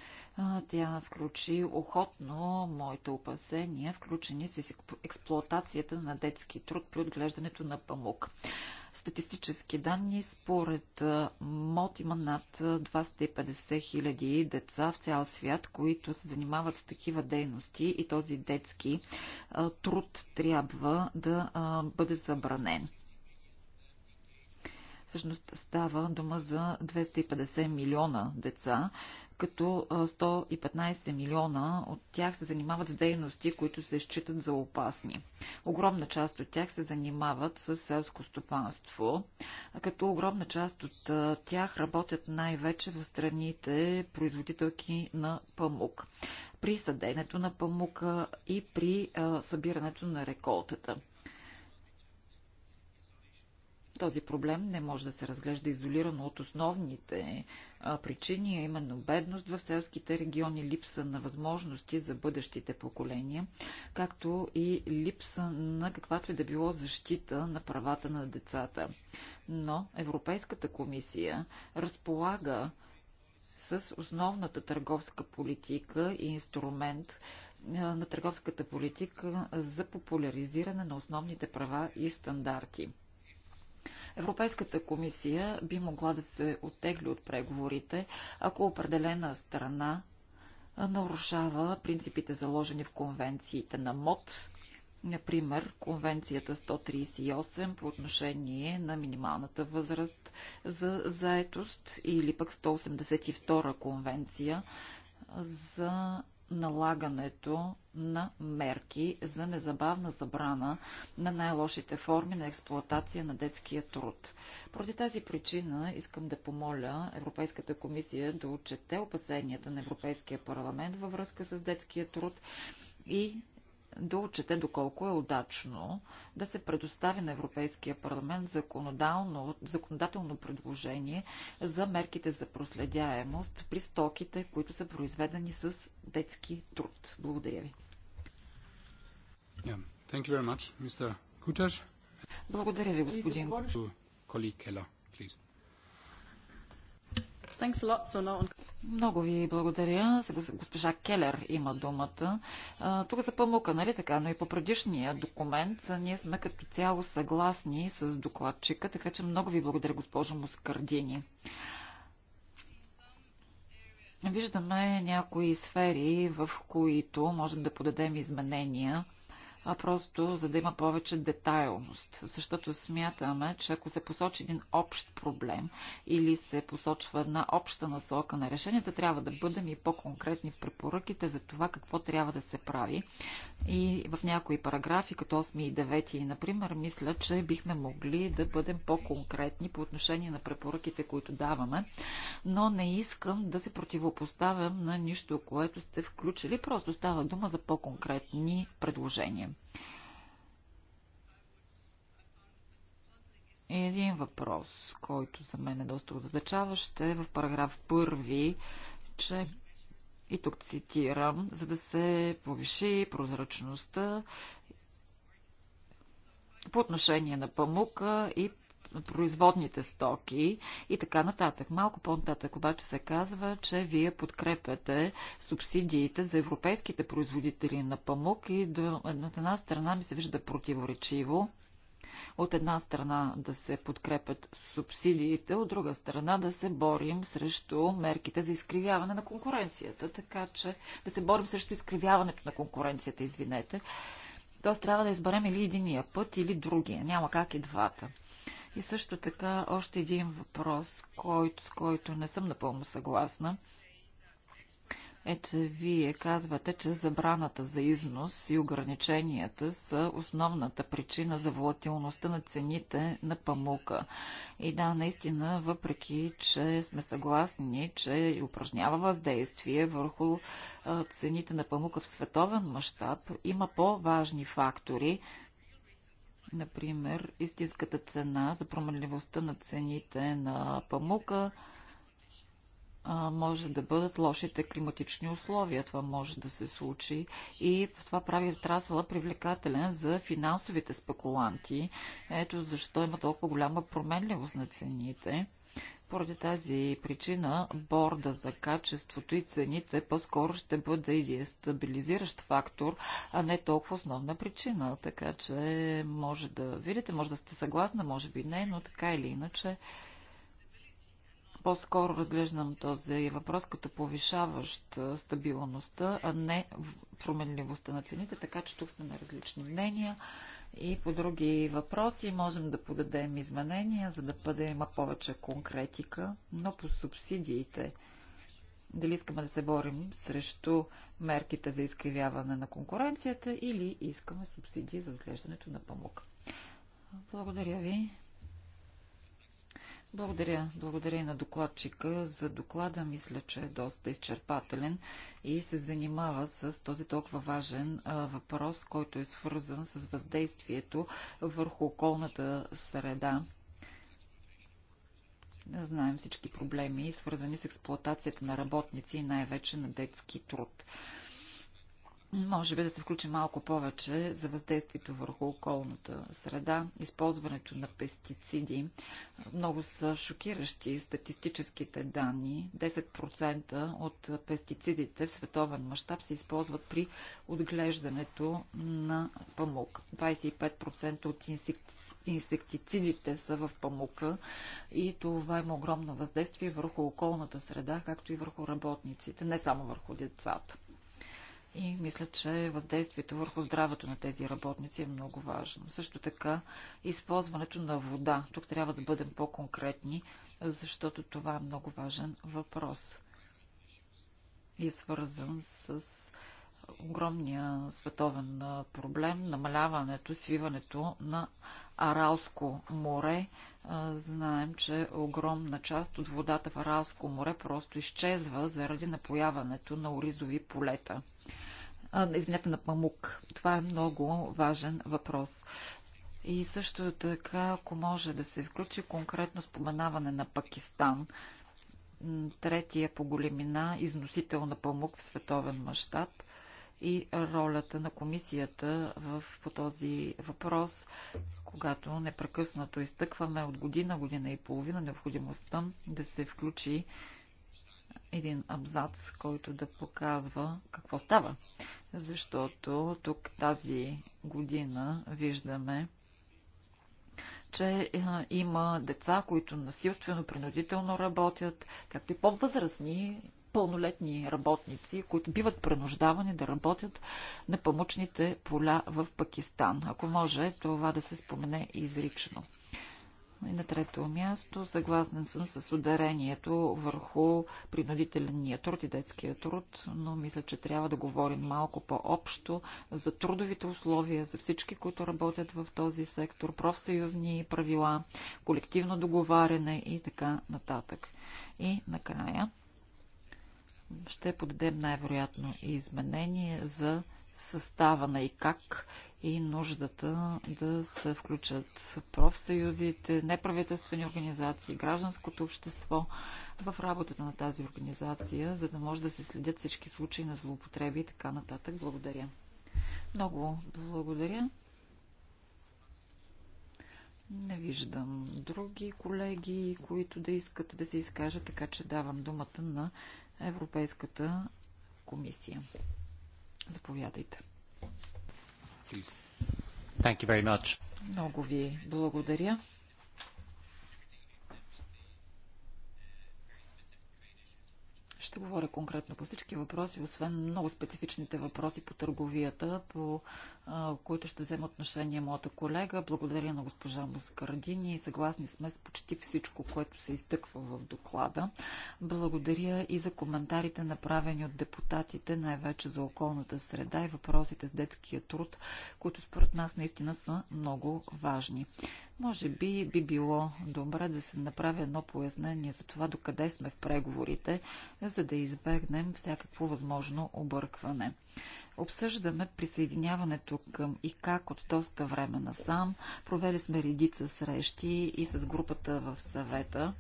Тя включи охотно моите опасения, включени с експлоатацията на детски труд при отглеждането на памук. Статистически данни, според МОД има над 250 хиляди деца в цял свят, които се занимават с такива дейности и този детски труд трябва да бъде забранен. Всъщност става дума за 250 милиона деца, като 115 милиона от тях се занимават с дейности, които се считат за опасни. Огромна част от тях се занимават с селско стопанство, като огромна част от тях работят най-вече в страните производителки на памук при съденето на памука и при събирането на реколтата. Този проблем не може да се разглежда изолирано от основните причини, а именно бедност в селските региони, липса на възможности за бъдещите поколения, както и липса на каквато и да било защита на правата на децата. Но Европейската комисия разполага с основната търговска политика и инструмент на търговската политика за популяризиране на основните права и стандарти. Европейската комисия би могла да се оттегли от преговорите, ако определена страна нарушава принципите заложени в конвенциите на МОД, например конвенцията 138 по отношение на минималната възраст за заетост или пък 182 конвенция за налагането на мерки за незабавна забрана на най-лошите форми на експлоатация на детския труд. Поради тази причина искам да помоля Европейската комисия да отчете опасенията на Европейския парламент във връзка с детския труд и да отчете доколко е удачно да се предостави на Европейския парламент законодателно предложение за мерките за проследяемост при стоките, които са произведени с детски труд. Благодаря ви.
Yeah. Thank you very much, Mr. Kutas. Благодаря ви, господин. Кутеш.
Thanks a lot. So now on... Много ви благодаря. Госпожа Келер има думата. Тук за памука, нали така, но и по предишния документ ние сме като цяло съгласни с докладчика, така че много ви благодаря, госпожо Москардини. Виждаме някои сфери, в които можем да подадем изменения – а просто за да има повече детайлност. Защото смятаме, че ако се посочи един общ проблем или се посочва една обща насока на решенията, трябва да бъдем и по-конкретни в препоръките за това какво трябва да се прави. И в някои параграфи, като 8 и 9, например, мисля, че бихме могли да бъдем по-конкретни по отношение на препоръките, които даваме, но не искам да се противопоставям на нищо, което сте включили. Просто става дума за по-конкретни предложения. И един въпрос, който за мен е доста озадачаващ, е в параграф първи, че и тук цитирам, за да се повиши прозрачността по отношение на памука и производните стоки и така нататък. Малко по-нататък обаче се казва, че вие подкрепяте субсидиите за европейските производители на памук и до една страна ми се вижда противоречиво от една страна да се подкрепят субсидиите, от друга страна да се борим срещу мерките за изкривяване на конкуренцията. Така че да се борим срещу изкривяването на конкуренцията, извинете. Тоест трябва да изберем или единия път, или другия. Няма как и двата. И също така още един въпрос, който, с който не съм напълно съгласна, е, че вие казвате, че забраната за износ и ограниченията са основната причина за волатилността на цените на памука. И да, наистина, въпреки, че сме съгласни, че упражнява въздействие върху цените на памука в световен мащаб, има по-важни фактори, Например, истинската цена за променливостта на цените на памука може да бъдат лошите климатични условия. Това може да се случи и това прави отрасъла привлекателен за финансовите спекуланти. Ето защо има толкова голяма променливост на цените. Поради тази причина борда за качеството и цените по-скоро ще бъде и е стабилизиращ фактор, а не толкова основна причина. Така че може да видите, може да сте съгласна, може би не, но така или иначе по-скоро разглеждам този въпрос като повишаващ стабилността, а не променливостта на цените, така че тук сме на различни мнения. И по други въпроси можем да подадем изменения, за да бъде има повече конкретика, но по субсидиите. Дали искаме да се борим срещу мерките за изкривяване на конкуренцията или искаме субсидии за отглеждането на памук. Благодаря ви. Благодаря. Благодаря и на докладчика за доклада. Мисля, че е доста изчерпателен и се занимава с този толкова важен въпрос, който е свързан с въздействието върху околната среда. Знаем всички проблеми, свързани с експлоатацията на работници и най-вече на детски труд може би да се включи малко повече за въздействието върху околната среда, използването на пестициди. Много са шокиращи статистическите данни. 10% от пестицидите в световен мащаб се използват при отглеждането на памук. 25% от инсектицидите са в памука и това има огромно въздействие върху околната среда, както и върху работниците, не само върху децата. И мисля, че въздействието върху здравето на тези работници е много важно. Също така, използването на вода. Тук трябва да бъдем по-конкретни, защото това е много важен въпрос. И е свързан с огромния световен проблем намаляването, свиването на Аралско море. Знаем, че огромна част от водата в Аралско море просто изчезва заради напояването на оризови полета извинете, на памук. Това е много важен въпрос. И също така, ако може да се включи конкретно споменаване на Пакистан, третия по големина износител на памук в световен мащаб – и ролята на комисията в, по този въпрос, когато непрекъснато изтъкваме от година, година и половина необходимостта да се включи един абзац, който да показва какво става защото тук тази година виждаме, че е, има деца, които насилствено, принудително работят, както и по-възрастни, пълнолетни работници, които биват принуждавани да работят на памучните поля в Пакистан. Ако може това да се спомене изрично. И на трето място, съгласен съм с ударението върху принудителния труд и детския труд, но мисля, че трябва да говорим малко по-общо за трудовите условия, за всички, които работят в този сектор, профсъюзни правила, колективно договаряне и така нататък. И накрая ще подадем най-вероятно изменение за състава на и как и нуждата да се включат профсъюзите, неправителствени организации, гражданското общество в работата на тази организация, за да може да се следят всички случаи на злоупотреби и така нататък. Благодаря. Много благодаря. Не виждам други колеги, които да искат да се изкажат, така че давам думата на Европейската комисия. Заповядайте. Много ви благодаря. Ще говоря конкретно по всички въпроси, освен много специфичните въпроси по търговията, по а, които ще взема отношение моята колега. Благодаря на госпожа Москардини. Съгласни сме с почти всичко, което се изтъква в доклада. Благодаря и за коментарите, направени от депутатите, най-вече за околната среда и въпросите с детския труд, които според нас наистина са много важни. Може би би било добре да се направи едно пояснение за това докъде сме в преговорите, за да избегнем всякакво възможно объркване. Обсъждаме присъединяването към и как от доста време насам. Провели сме редица срещи и с групата в съвета.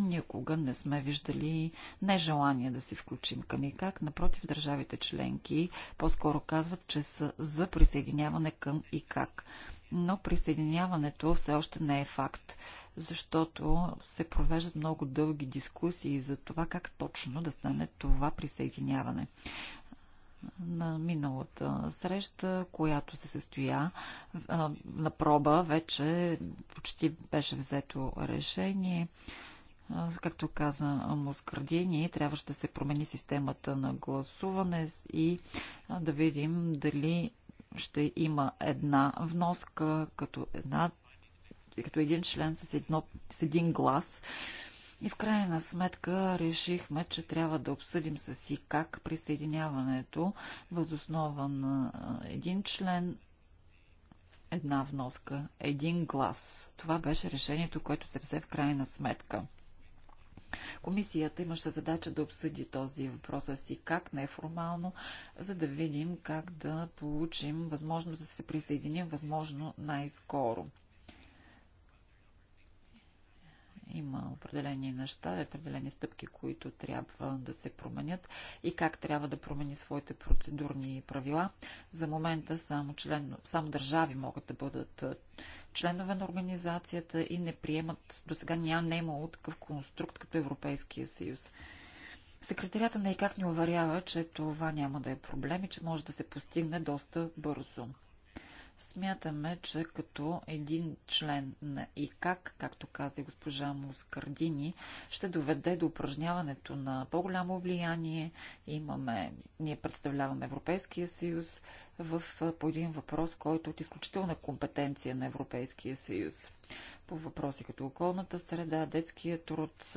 Никога не сме виждали нежелание да се включим към и как. Напротив, държавите членки по-скоро казват, че са за присъединяване към и как. Но присъединяването все още не е факт, защото се провеждат много дълги дискусии за това как точно да стане това присъединяване на миналата среща, която се състоя на проба, вече почти беше взето решение. Както каза ние трябваше да се промени системата на гласуване и да видим дали ще има една вноска, като, една, като един член с, едно, с един глас. И в крайна сметка решихме, че трябва да обсъдим с и как присъединяването възоснова на един член, една вноска, един глас. Това беше решението, което се взе в крайна сметка. Комисията имаше задача да обсъди този въпрос си как неформално, за да видим как да получим възможност да се присъединим възможно най-скоро. Има определени неща, определени стъпки, които трябва да се променят и как трябва да промени своите процедурни правила. За момента само, член, само държави могат да бъдат членове на организацията и не приемат, до сега няма не е имало такъв конструкт като Европейския съюз. Секретарията на ИКАК ни уверява, че това няма да е проблем и че може да се постигне доста бързо. Смятаме, че като един член на ИКАК, както каза госпожа Мускардини, ще доведе до упражняването на по-голямо влияние. Имаме, ние представляваме Европейския съюз в, по един въпрос, който е от изключителна компетенция на Европейския съюз по въпроси като околната среда, детския труд,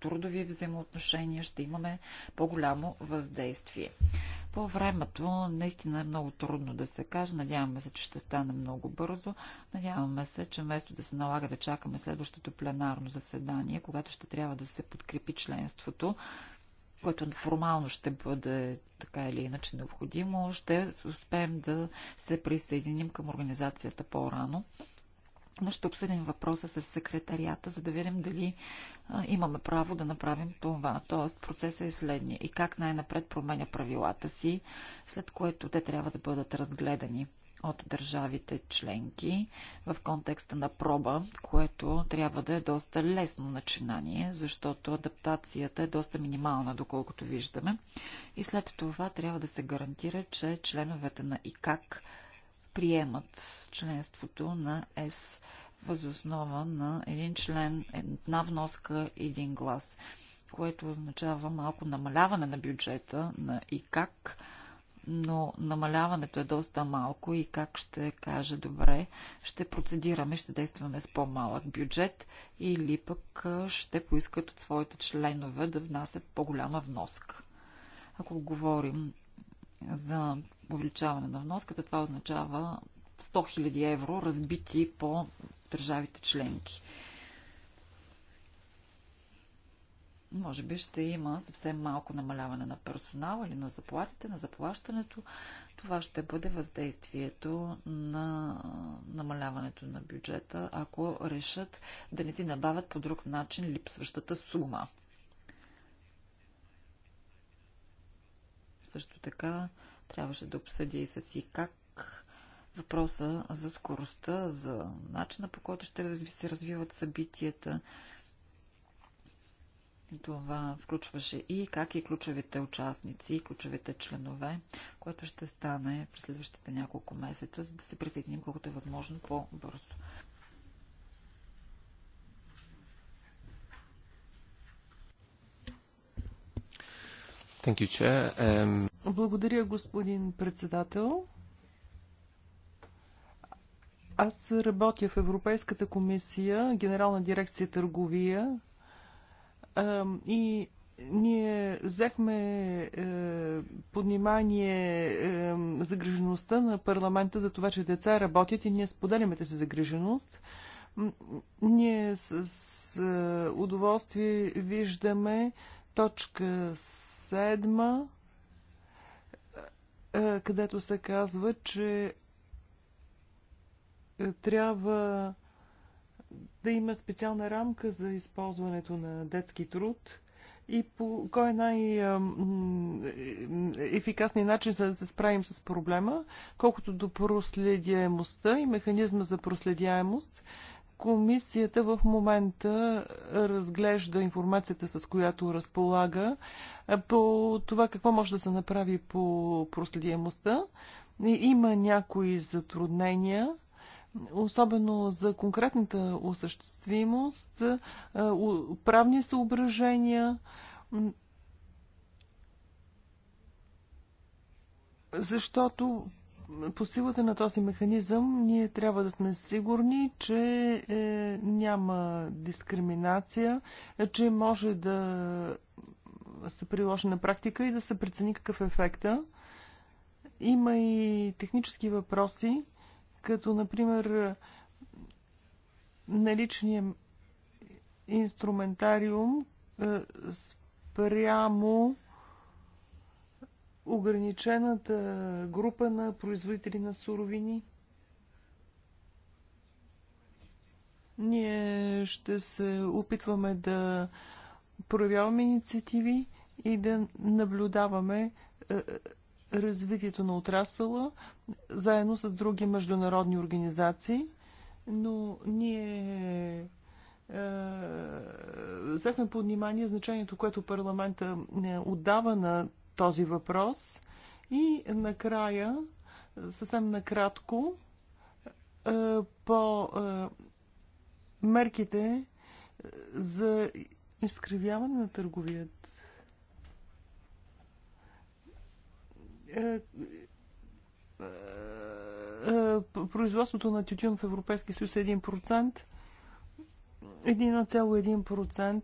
трудови взаимоотношения, ще имаме по-голямо въздействие. По времето наистина е много трудно да се каже. Надяваме се, че ще стане много бързо. Надяваме се, че вместо да се налага да чакаме следващото пленарно заседание, когато ще трябва да се подкрепи членството, което формално ще бъде така или иначе необходимо, ще успеем да се присъединим към организацията по-рано но ще обсъдим въпроса с секретарията, за да видим дали а, имаме право да направим това. Тоест процесът е следния и как най-напред променя правилата си, след което те трябва да бъдат разгледани от държавите членки в контекста на проба, което трябва да е доста лесно начинание, защото адаптацията е доста минимална, доколкото виждаме. И след това трябва да се гарантира, че членовете на ИКАК приемат членството на ЕС възоснова на един член, една вноска, един глас, което означава малко намаляване на бюджета на и как, но намаляването е доста малко и как ще каже добре, ще процедираме, ще действаме с по-малък бюджет или пък ще поискат от своите членове да внасят по-голяма вноска. Ако говорим за увеличаване на вноската. Това означава 100 000 евро разбити по държавите членки. Може би ще има съвсем малко намаляване на персонала или на заплатите, на заплащането. Това ще бъде въздействието на намаляването на бюджета, ако решат да не си набавят по друг начин липсващата сума. Също така Трябваше да обсъди и с и как въпроса за скоростта, за начина по който ще се развиват събитията. Това включваше и как и ключовите участници, и ключовите членове, което ще стане през следващите няколко месеца, за да се присъединим колкото е възможно по-бързо.
You, um... Благодаря, господин председател. Аз работя в Европейската комисия, Генерална дирекция търговия и ние взехме е, под внимание загрижеността на парламента за това, че деца работят и ние споделяме тази загриженост. Ние с, е, удоволствие виждаме точка с седма, е, където се казва, че е, трябва да има специална рамка за използването на детски труд и по кой е най-ефикасният начин за да се справим с проблема, колкото до проследяемостта и механизма за проследяемост. Комисията в момента разглежда информацията, с която разполага по това какво може да се направи по проследимостта. Има някои затруднения, особено за конкретната осъществимост, правни съображения, защото по силата на този механизъм ние трябва да сме сигурни, че е, няма дискриминация, че може да се приложи на практика и да се прецени какъв е ефекта. Има и технически въпроси, като например наличния инструментариум е, спрямо ограничената група на производители на суровини. Ние ще се опитваме да проявяваме инициативи и да наблюдаваме е, развитието на отрасъла заедно с други международни организации, но ние е, взехме под внимание значението, което парламента е, отдава на този въпрос. И накрая, съвсем накратко, е, по е, мерките е, за изкривяване на търговият. Производството на тютюн в Европейския съюз е 1%. 1,1%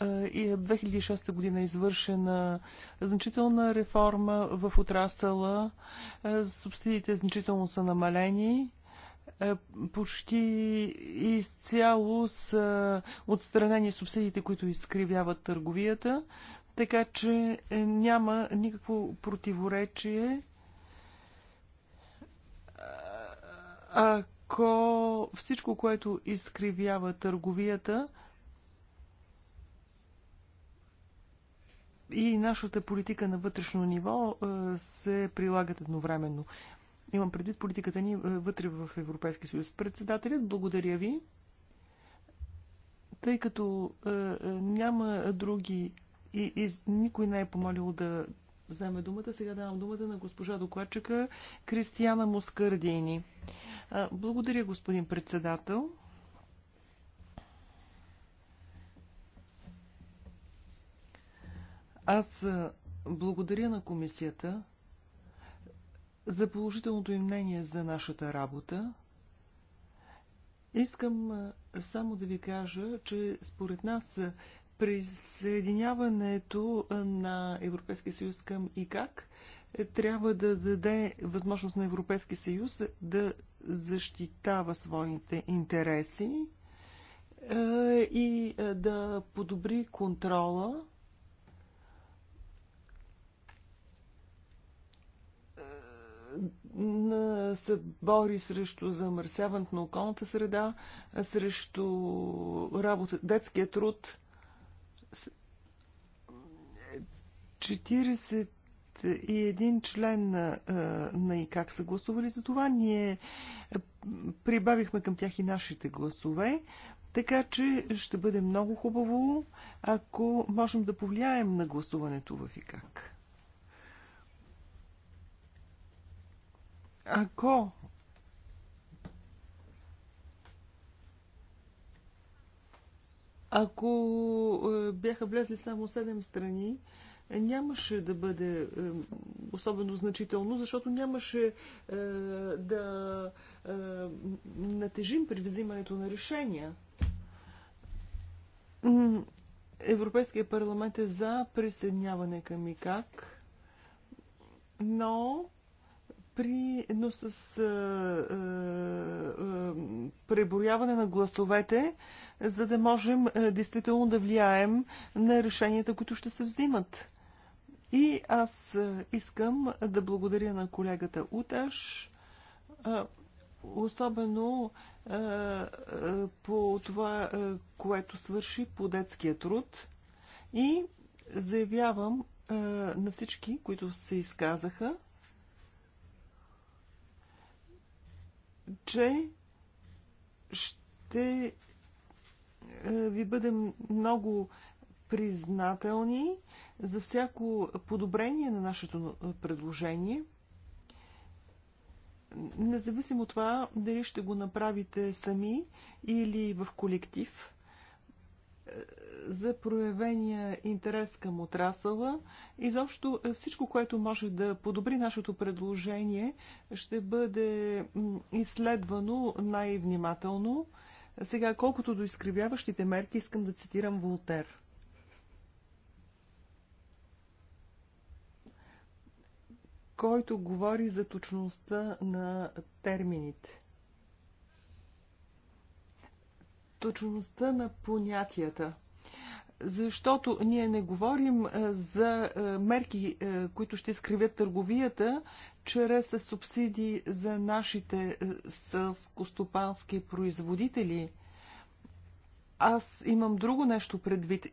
2006 е година е извършена значителна реформа в отрасъла. Е, субсидиите значително са намалени. Е, почти изцяло са отстранени субсидиите, които изкривяват търговията, така че няма никакво противоречие. А, ако всичко, което изкривява търговията и нашата политика на вътрешно ниво е, се прилагат едновременно. Имам предвид политиката ни е, вътре в Европейския съюз. Председателят, благодаря ви. Тъй като е, е няма други и, и никой не е помолил да вземе думата. Сега давам думата на госпожа докладчика Кристияна Москардини. Благодаря, господин председател. Аз благодаря на комисията за положителното им мнение за нашата работа. Искам само да ви кажа, че според нас Присъединяването на Европейския съюз към ИКАК е, трябва да даде възможност на Европейския съюз да защитава своите интереси е, и е, да подобри контрола на събори срещу замърсяването на околната среда, срещу работа, детския труд, 41 член на, на ИКАК са гласували за това. Ние прибавихме към тях и нашите гласове. Така че ще бъде много хубаво, ако можем да повлияем на гласуването в ИКАК. Ако Ако е, бяха влезли само 7 страни, нямаше да бъде е, особено значително, защото нямаше е, да е, натежим при взимането на решения. Европейския парламент е за присъединяване към ИКАК, но при, но с е, е, е преброяване на гласовете за да можем е, действително да влияем на решенията, които ще се взимат. И аз е, искам да благодаря на колегата Уташ, е, особено по това, което свърши по детския труд. И заявявам на всички, които се изказаха, че ще е, ви бъдем много признателни за всяко подобрение на нашето е, предложение. Независимо от това, дали ще го направите сами или в колектив, е, за проявения интерес към отрасъла. Изобщо всичко, което може да подобри нашето предложение, ще бъде изследвано най-внимателно. Сега, колкото до изкривяващите мерки, искам да цитирам Волтер. който говори за точността на термините. Точността на понятията – защото ние не говорим е, за е, мерки, е, които ще изкривят търговията чрез субсидии за нашите сълскостопански производители. Аз имам друго нещо предвид.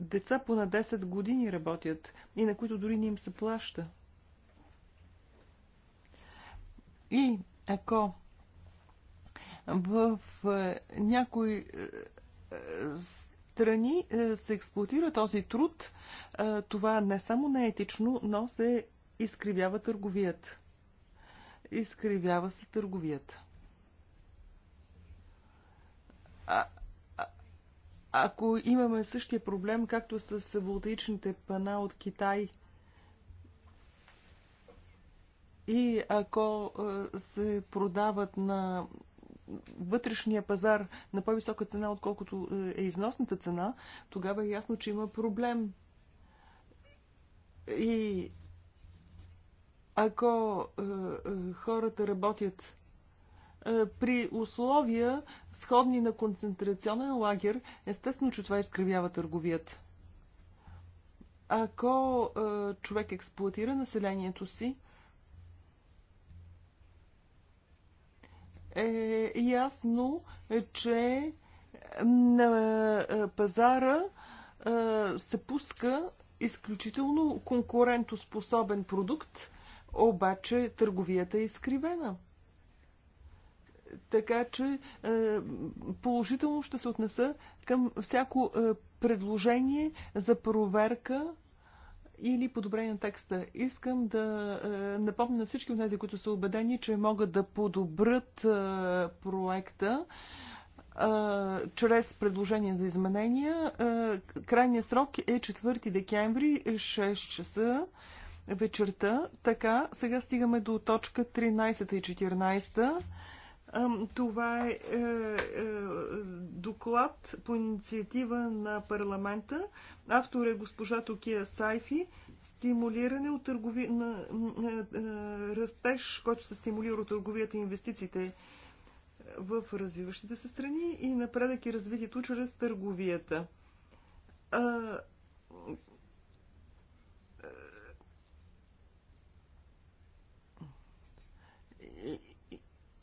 Деца по на 10 години работят и на които дори не им се плаща. И ако в някой страни е, се експлуатира този труд, е, това не само не е етично, но се изкривява търговията. Изкривява се търговията.
А, а,
ако имаме същия проблем, както с волтаичните пана от Китай, и ако е, се продават на вътрешния пазар на по-висока цена, отколкото е, е износната цена, тогава е ясно, че има проблем. И ако е, е, хората работят е, при условия сходни на концентрационен лагер, естествено, че това изкривява търговията. Ако е, човек експлуатира населението си, е ясно, че на е, пазара е, се пуска изключително конкурентоспособен продукт, обаче търговията е изкривена. Така че е, положително ще се отнеса към всяко предложение за проверка или подобрение на текста. Искам да е, напомня на всички от тези, които са убедени, че могат да подобрят е, проекта е, чрез предложение за изменения. Е, крайният срок е 4 декември, 6 часа вечерта. Така, сега стигаме до точка 13 и 14. Това е, е, е доклад по инициатива на парламента. Автор е госпожа Токия Сайфи. Стимулиране от търгови... на... Е, растеж, който се стимулира от търговията и инвестициите в развиващите се страни и напредък и развитието чрез търговията.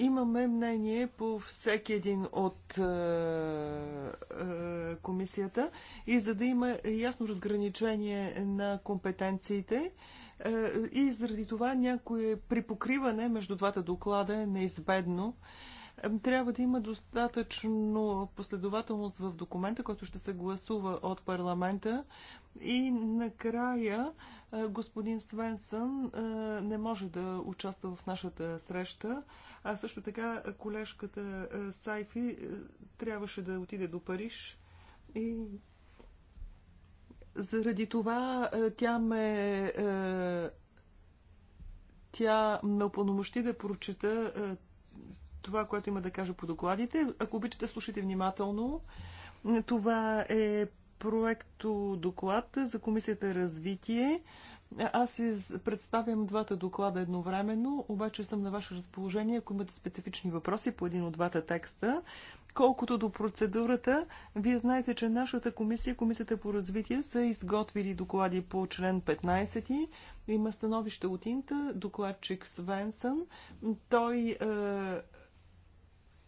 Имаме мнение по всеки един от е, е, комисията и за да има ясно разграничение на компетенциите е, и заради това някое припокриване между двата доклада е неизбедно. Е, трябва да има достатъчно последователност в документа, който ще се гласува от парламента. И накрая е, господин Свенсън е, не може да участва в нашата среща. А също така колежката е, Сайфи е, трябваше да отиде до Париж и заради това е, тя ме тя ме опълномощи да прочета това, което има да кажа по докладите. Ако обичате, слушайте внимателно. Това е проекто доклад за Комисията развитие. Аз представям двата доклада едновременно, обаче съм на ваше разположение, ако имате специфични въпроси по един от двата текста. Колкото до процедурата, вие знаете, че нашата комисия, Комисията по развитие, са изготвили доклади по член 15. Има становище от Инта, докладчик Свенсън. Той е,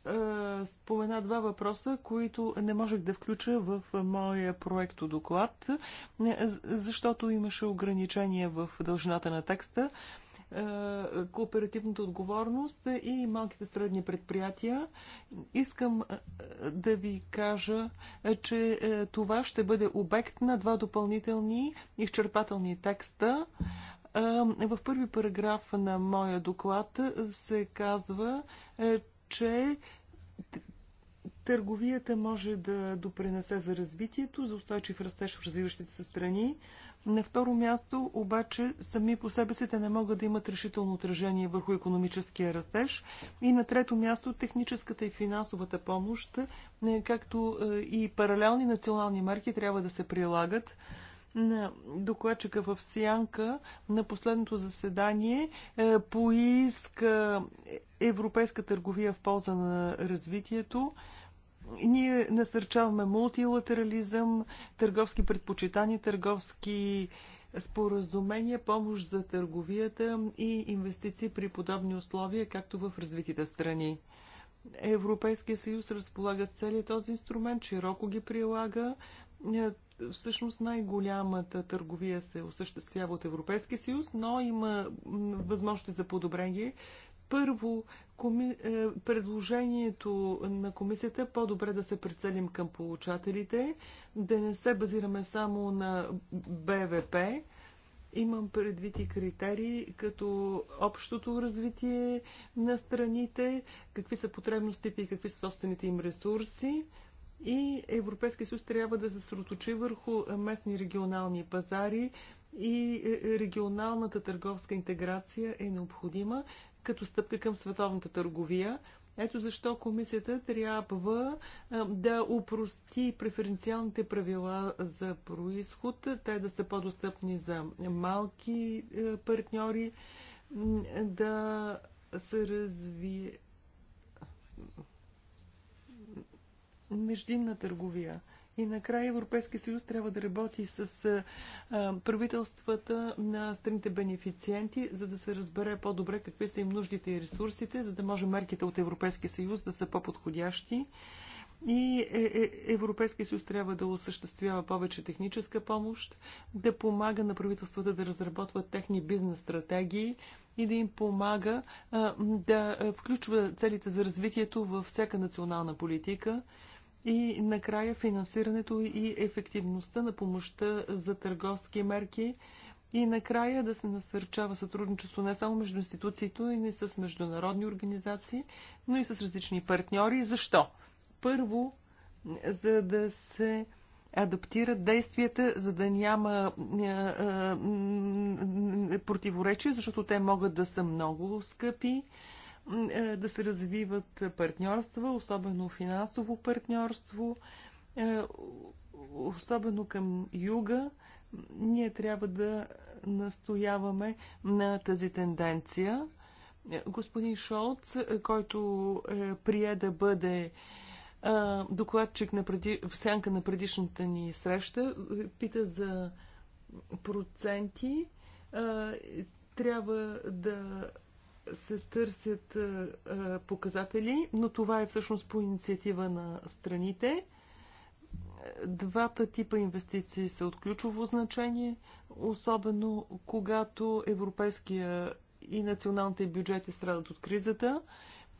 е, спомена два въпроса, които не можех да включа в моя проекто доклад, е, защото имаше ограничения в дължината на текста. Е, кооперативната отговорност и малките средни предприятия. Искам да ви кажа, че това ще бъде обект на два допълнителни изчерпателни текста. В първи параграф на моя доклад се казва, че търговията може да допренесе за развитието, за устойчив растеж в развиващите се страни. На второ място, обаче, сами по себе си те не могат да имат решително отражение върху економическия растеж. И на трето място, техническата и финансовата помощ, е, както е, и паралелни национални марки трябва да се прилагат на докладчика в Сянка на последното заседание е, поиска европейска търговия в полза на развитието. Ние насърчаваме мултилатерализъм, търговски предпочитания, търговски споразумения, помощ за търговията и инвестиции при подобни условия, както в развитите страни. Европейския съюз разполага с целият този инструмент, широко ги прилага. Е, всъщност най-голямата търговия се осъществява от Европейския съюз, но има възможности за подобрение. Първо, коми... Е, предложението на комисията е по-добре да се прицелим към получателите, да не се базираме само на БВП. Имам предвид и критерии като общото развитие на страните, какви са потребностите и какви са собствените им ресурси и Европейския съюз трябва да се съсредоточи върху местни регионални пазари и е, е, регионалната търговска интеграция е необходима като стъпка към световната търговия. Ето защо комисията трябва е, да упрости преференциалните правила за происход, те да са по-достъпни за малки партньори, да се развие междинна търговия. И накрая Европейския съюз трябва да работи с а, правителствата на страните бенефициенти, за да се разбере по-добре какви са им нуждите и ресурсите, за да може мерките от Европейския съюз да са по-подходящи. И е, е, Европейския съюз трябва да осъществява повече техническа помощ, да помага на правителствата да разработват техни бизнес стратегии и да им помага а, да включва целите за развитието във всяка национална политика. И накрая финансирането и ефективността на помощта за търговски мерки. И накрая да се насърчава сътрудничество не само между институциите, и и с международни организации, но и с различни партньори. Защо? Първо, за да се адаптират действията, за да няма а, а, противоречия, защото те могат да са много скъпи. А, е, да се развиват партньорства, особено финансово партньорство, е, особено към юга. Ние трябва да настояваме на тази тенденция. Господин Шолц, който е, прие да бъде докладчик на преди... в сянка на предишната ни среща, пита за проценти. Трябва да се търсят показатели, но това е всъщност по инициатива на страните. Двата типа инвестиции са от ключово значение, особено когато европейския и националните бюджети страдат от кризата.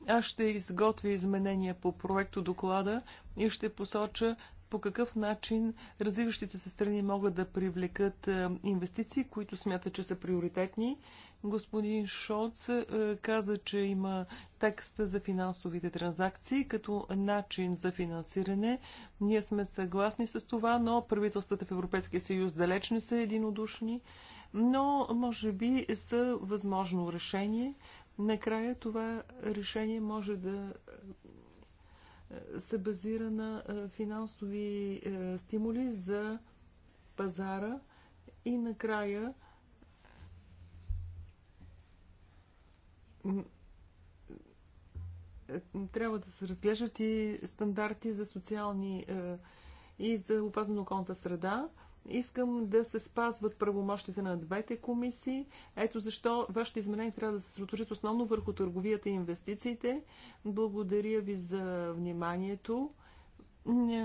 Аз ще изготвя изменения по проекто доклада и ще посоча по какъв начин развиващите се страни могат да привлекат инвестиции, които смятат, че са приоритетни Господин Шоц е, каза, че има текст за финансовите транзакции като начин за финансиране. Ние сме съгласни с това, но правителствата в Европейския съюз далеч не са единодушни, но може би са възможно решение. Накрая това решение може да е, се базира на е, финансови стимули за пазара и накрая трябва да се разглеждат и стандарти за социални е, и за опазна околната среда. Искам да се спазват правомощите на двете комисии. Ето защо вашите изменения трябва да се съсредоточат основно върху търговията и инвестициите. Благодаря ви за вниманието. Е,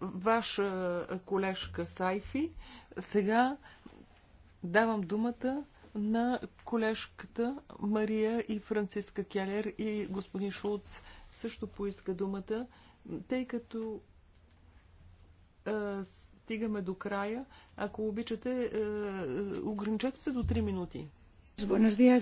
ваша колежка Сайфи. Сега давам думата на колежката Мария и Франциска Келер и господин Шулц също поиска думата, тъй като а, стигаме до края. Ако обичате, а, ограничете се до
3 минути. Благодаря.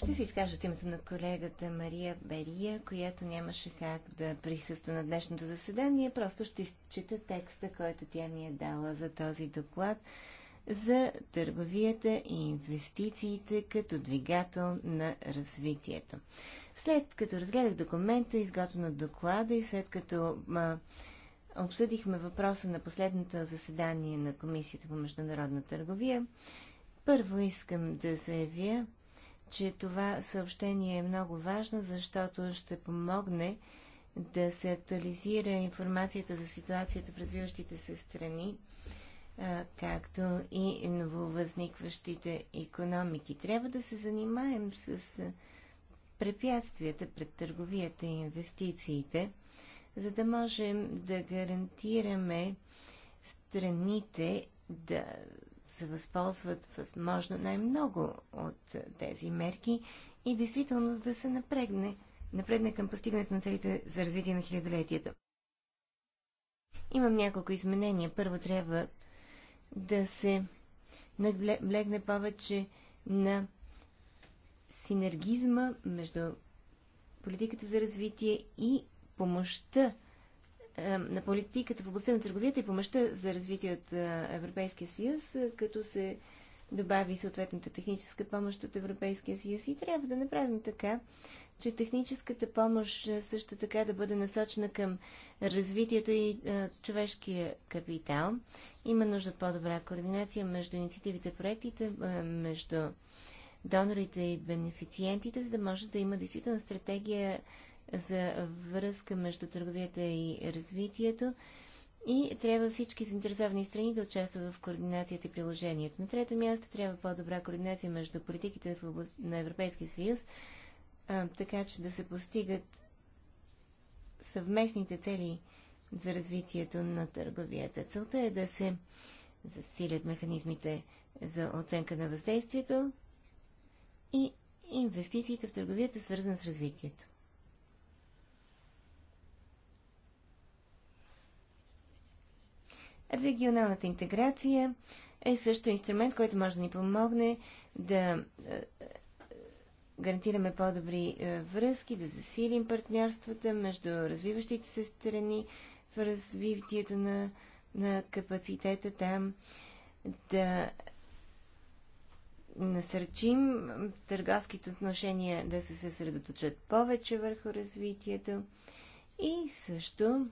Ще се изкажа от името на колегата Мария Берия, която нямаше как да присъства на днешното заседание. Просто ще изчита текста, който тя ми е дала за този доклад за търговията и инвестициите като двигател на развитието. След като разгледах документа, изготвен от доклада и след като а, обсъдихме въпроса на последното заседание на Комисията по международна търговия, първо искам да заявя, че това съобщение е много важно, защото ще помогне да се актуализира информацията за ситуацията в развиващите се страни, както и нововъзникващите економики. Трябва да се занимаем с препятствията пред търговията и инвестициите, за да можем да гарантираме страните да се възползват възможно най-много от тези мерки и действително да се напрегне, напредне към постигането на целите за развитие на хилядолетието. Имам няколко изменения. Първо трябва да се наблегне повече на синергизма между политиката за развитие и помощта е, на политиката в областта на търговията и помощта за развитие от е, Европейския съюз, е, като се добави съответната техническа помощ от Европейския съюз. И трябва да направим така, че техническата помощ също така да бъде насочена към развитието и човешкия капитал. Има нужда от по-добра координация между инициативите, проектите, между донорите и бенефициентите, за да може да има действителна стратегия за връзка между търговията и развитието и трябва всички заинтересовани страни да участват в координацията и приложението. На трето място трябва по-добра координация между политиките в област на Европейския съюз, а, така че да се постигат съвместните цели за развитието на търговията. Целта е да се засилят механизмите за оценка на въздействието и инвестициите в търговията, свързана с развитието. Регионалната интеграция е също инструмент, който може да ни помогне да е, гарантираме по-добри е, връзки, да засилим партньорствата между развиващите се страни в развитието на, на капацитета там, да насърчим търговските отношения да се съсредоточат повече върху развитието и също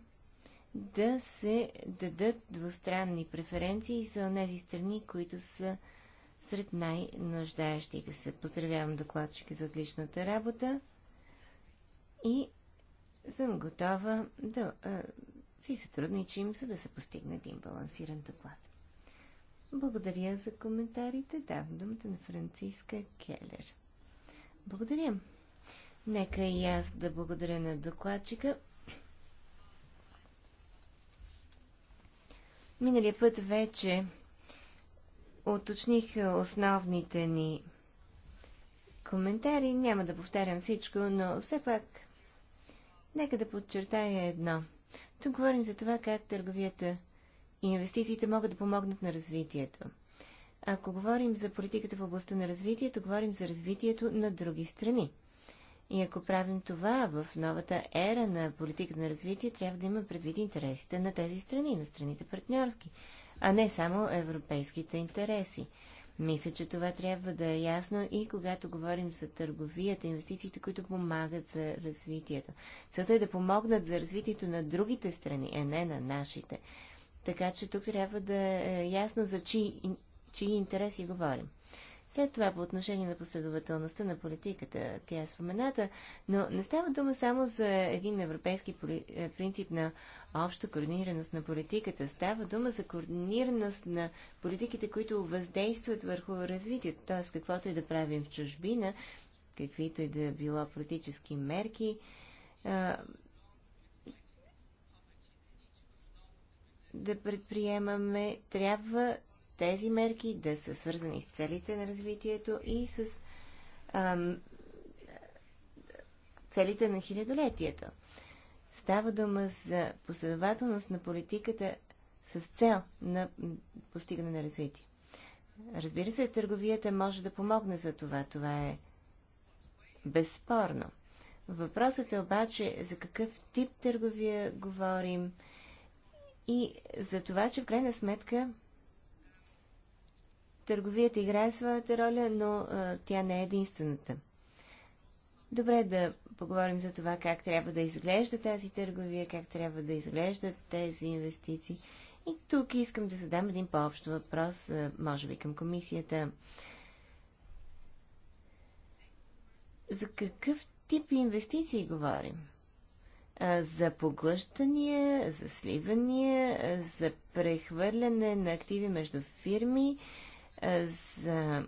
да се дадат двустранни преференции за тези страни, които са сред най-нуждаещите се. Поздравявам докладчики за отличната работа и съм готова да а, си сътрудничим, за да се постигне един балансиран доклад. Благодаря за коментарите. Давам думата на Франциска Келер. Благодаря. Нека и аз да благодаря на докладчика. Миналия път вече уточних основните ни коментари. Няма да повтарям всичко, но все пак нека да подчертая едно. Тук говорим за това как търговията и инвестициите могат да помогнат на развитието. Ако говорим за политиката в областта на развитието, говорим за развитието на други страни. И ако правим това в новата ера на политика на развитие, трябва да има предвид интересите на тези страни, на страните партньорски, а не само европейските интереси. Мисля, че това трябва да е ясно и когато говорим за търговията, инвестициите, които помагат за развитието. Целта е да помогнат за развитието на другите страни, а не на нашите. Така че тук трябва да е ясно за чии, чии интереси говорим. След това по отношение на последователността на политиката, тя е спомената, но не става дума само за един европейски е, принцип на обща координираност на политиката. Става дума за координираност на политиките, които въздействат върху развитието, т.е. каквото и да правим в чужбина, каквито и да било политически мерки. Е, да предприемаме, трябва тези мерки да са свързани с целите на развитието и с ам, целите на хилядолетието. Става дума за последователност на политиката с цел на постигане на развитие. Разбира се, търговията може да помогне за това. Това е безспорно. Въпросът е обаче за какъв тип търговия говорим и за това, че в крайна сметка Търговията играе своята роля, но а, тя не е единствената. Добре е да поговорим за това как трябва да изглежда тази търговия, как трябва да изглеждат тези инвестиции. И тук искам да задам един по-общ въпрос, може би към комисията. За какъв тип инвестиции говорим? За поглъщания, за сливания, за прехвърляне на активи между фирми, за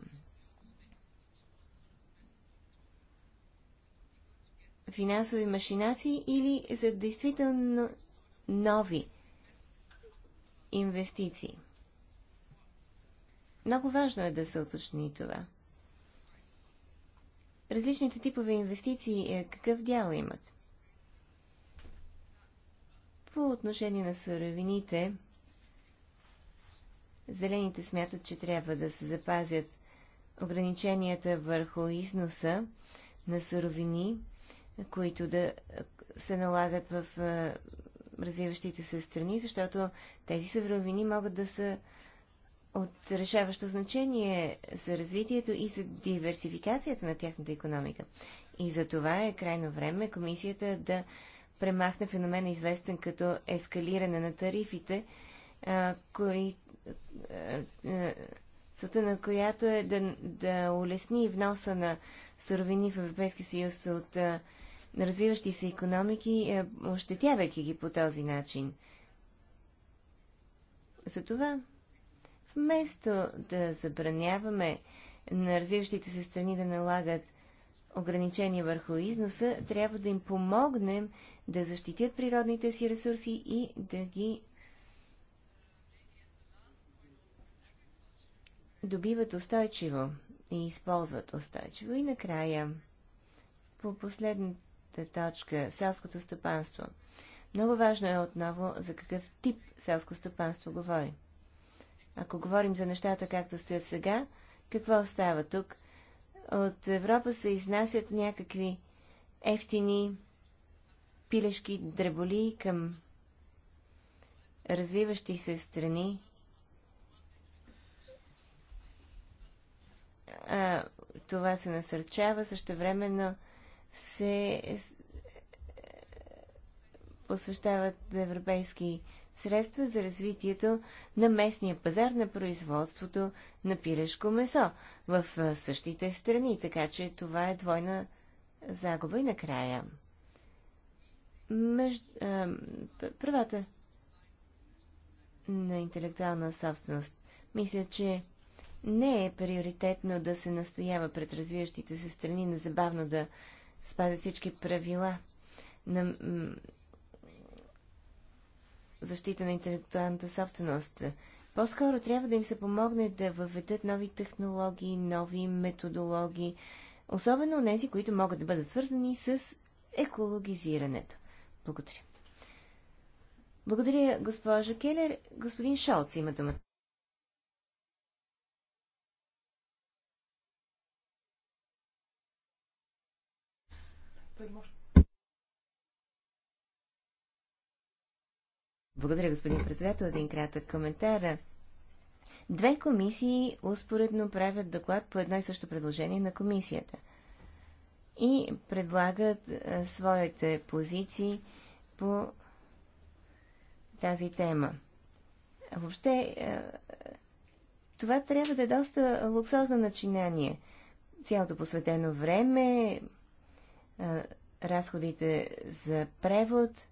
финансови машинации или за действително нови инвестиции. Много важно е да се уточни това. Различните типове инвестиции е, какъв дял имат? По отношение на суровините, Зелените смятат, че трябва да се запазят ограниченията върху износа на суровини, които да се налагат в развиващите се страни, защото тези суровини могат да са от решаващо значение за развитието и за диверсификацията на тяхната економика. И за това е крайно време комисията да премахне феномена известен като ескалиране на тарифите, кои, е, е, целта на която е да, да улесни вноса на суровини в Европейския съюз от а, е, развиващи се економики, ощетявайки ги по този начин. Затова, вместо да забраняваме на развиващите се страни да налагат ограничения върху износа, трябва да им помогнем да защитят природните си ресурси и да ги добиват устойчиво и използват устойчиво. И накрая, по последната точка, селското стопанство. Много важно е отново за какъв тип селско стопанство говорим. Ако говорим за нещата както стоят сега, какво става тук? От Европа се изнасят някакви ефтини пилешки дреболи към развиващи се страни, а, това се насърчава, също времено се посвещават европейски средства за развитието на местния пазар на производството на пирешко месо в същите страни, така че това е двойна загуба и накрая. Между, а, правата на интелектуална собственост. Мисля, че не е приоритетно да се настоява пред развиващите се страни незабавно да спазят всички правила на защита на интелектуалната собственост. По-скоро трябва да им се помогне да въведат нови технологии, нови методологии, особено тези, които могат да бъдат свързани с екологизирането. Благодаря. Благодаря, госпожо Келер. Господин Шолц има думата. Благодаря, господин председател. Един кратък коментар. Две комисии успоредно правят доклад по едно и също предложение на комисията и предлагат е, своите позиции по тази тема. Въобще, е, това трябва да е доста луксозно начинание. Цялото посветено време, разходите за превод.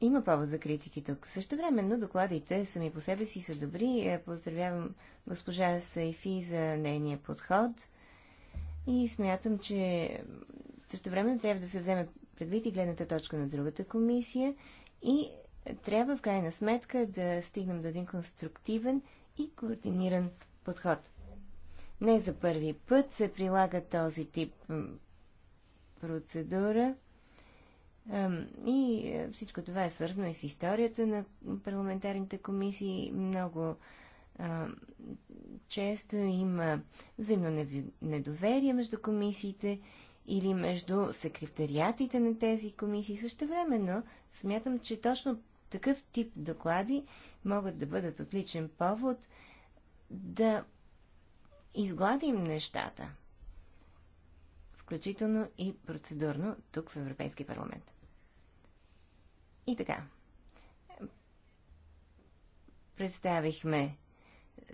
Има повод за критики тук. Също но докладите сами по себе си са добри. Е, поздравявам госпожа Сайфи за нейния подход и смятам, че също време трябва да се вземе предвид и гледната точка на другата комисия и трябва в крайна сметка да стигнем до един конструктивен и координиран подход. Не за първи път се прилага този тип процедура. И е, всичко това е свързано и с историята на парламентарните комисии. Много често има взаимно недоверие между комисиите или между секретариатите на тези комисии. Също времено смятам, че точно такъв тип доклади могат да бъдат отличен повод да изгладим нещата, включително и процедурно тук в Европейски парламент. И така. Представихме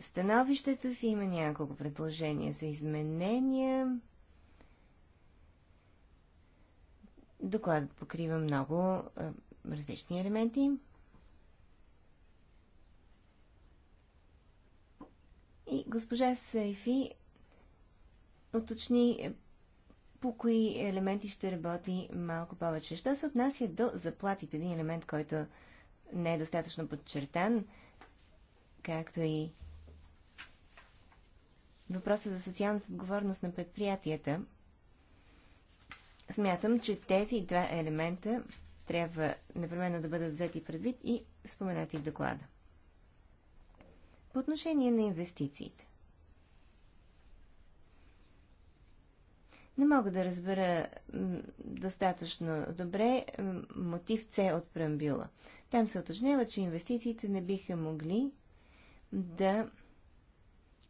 становището си, има няколко предложения за изменения. Докладът покрива много различни елементи. И госпожа Сайфи уточни е, по кои елементи ще работи малко повече. Що се отнася до заплатите, един елемент, който не е достатъчно подчертан, както и въпроса за социалната отговорност на предприятията, смятам, че тези два елемента трябва непременно да бъдат взети предвид и споменати в доклада. По отношение на инвестициите. Не мога да разбера достатъчно добре мотив С от преамбюла. Там се уточнява, че инвестициите не биха могли да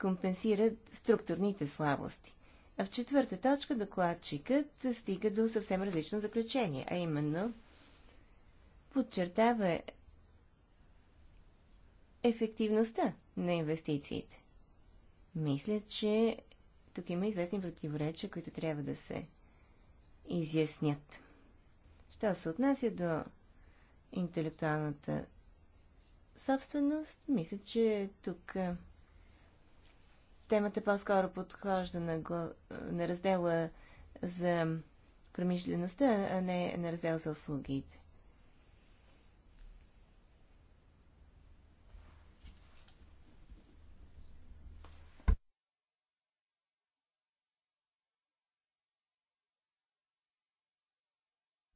компенсират структурните слабости. А в четвърта точка докладчикът стига до съвсем различно заключение, а именно подчертава ефективността на инвестициите. Мисля, че тук има известни противоречия, които трябва да се изяснят. Що се отнася до интелектуалната собственост, мисля, че тук темата по-скоро подхожда на, глав... на раздела за промишлеността, а не на раздел за услугите.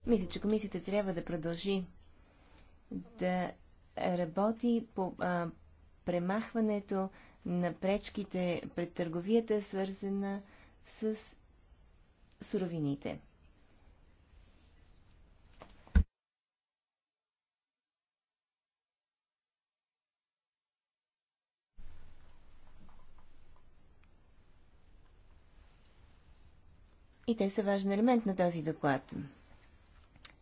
Мисля, че комисията трябва да продължи да работи по а, премахването на пречките пред търговията, свързана с суровините. И те са важен елемент на този доклад.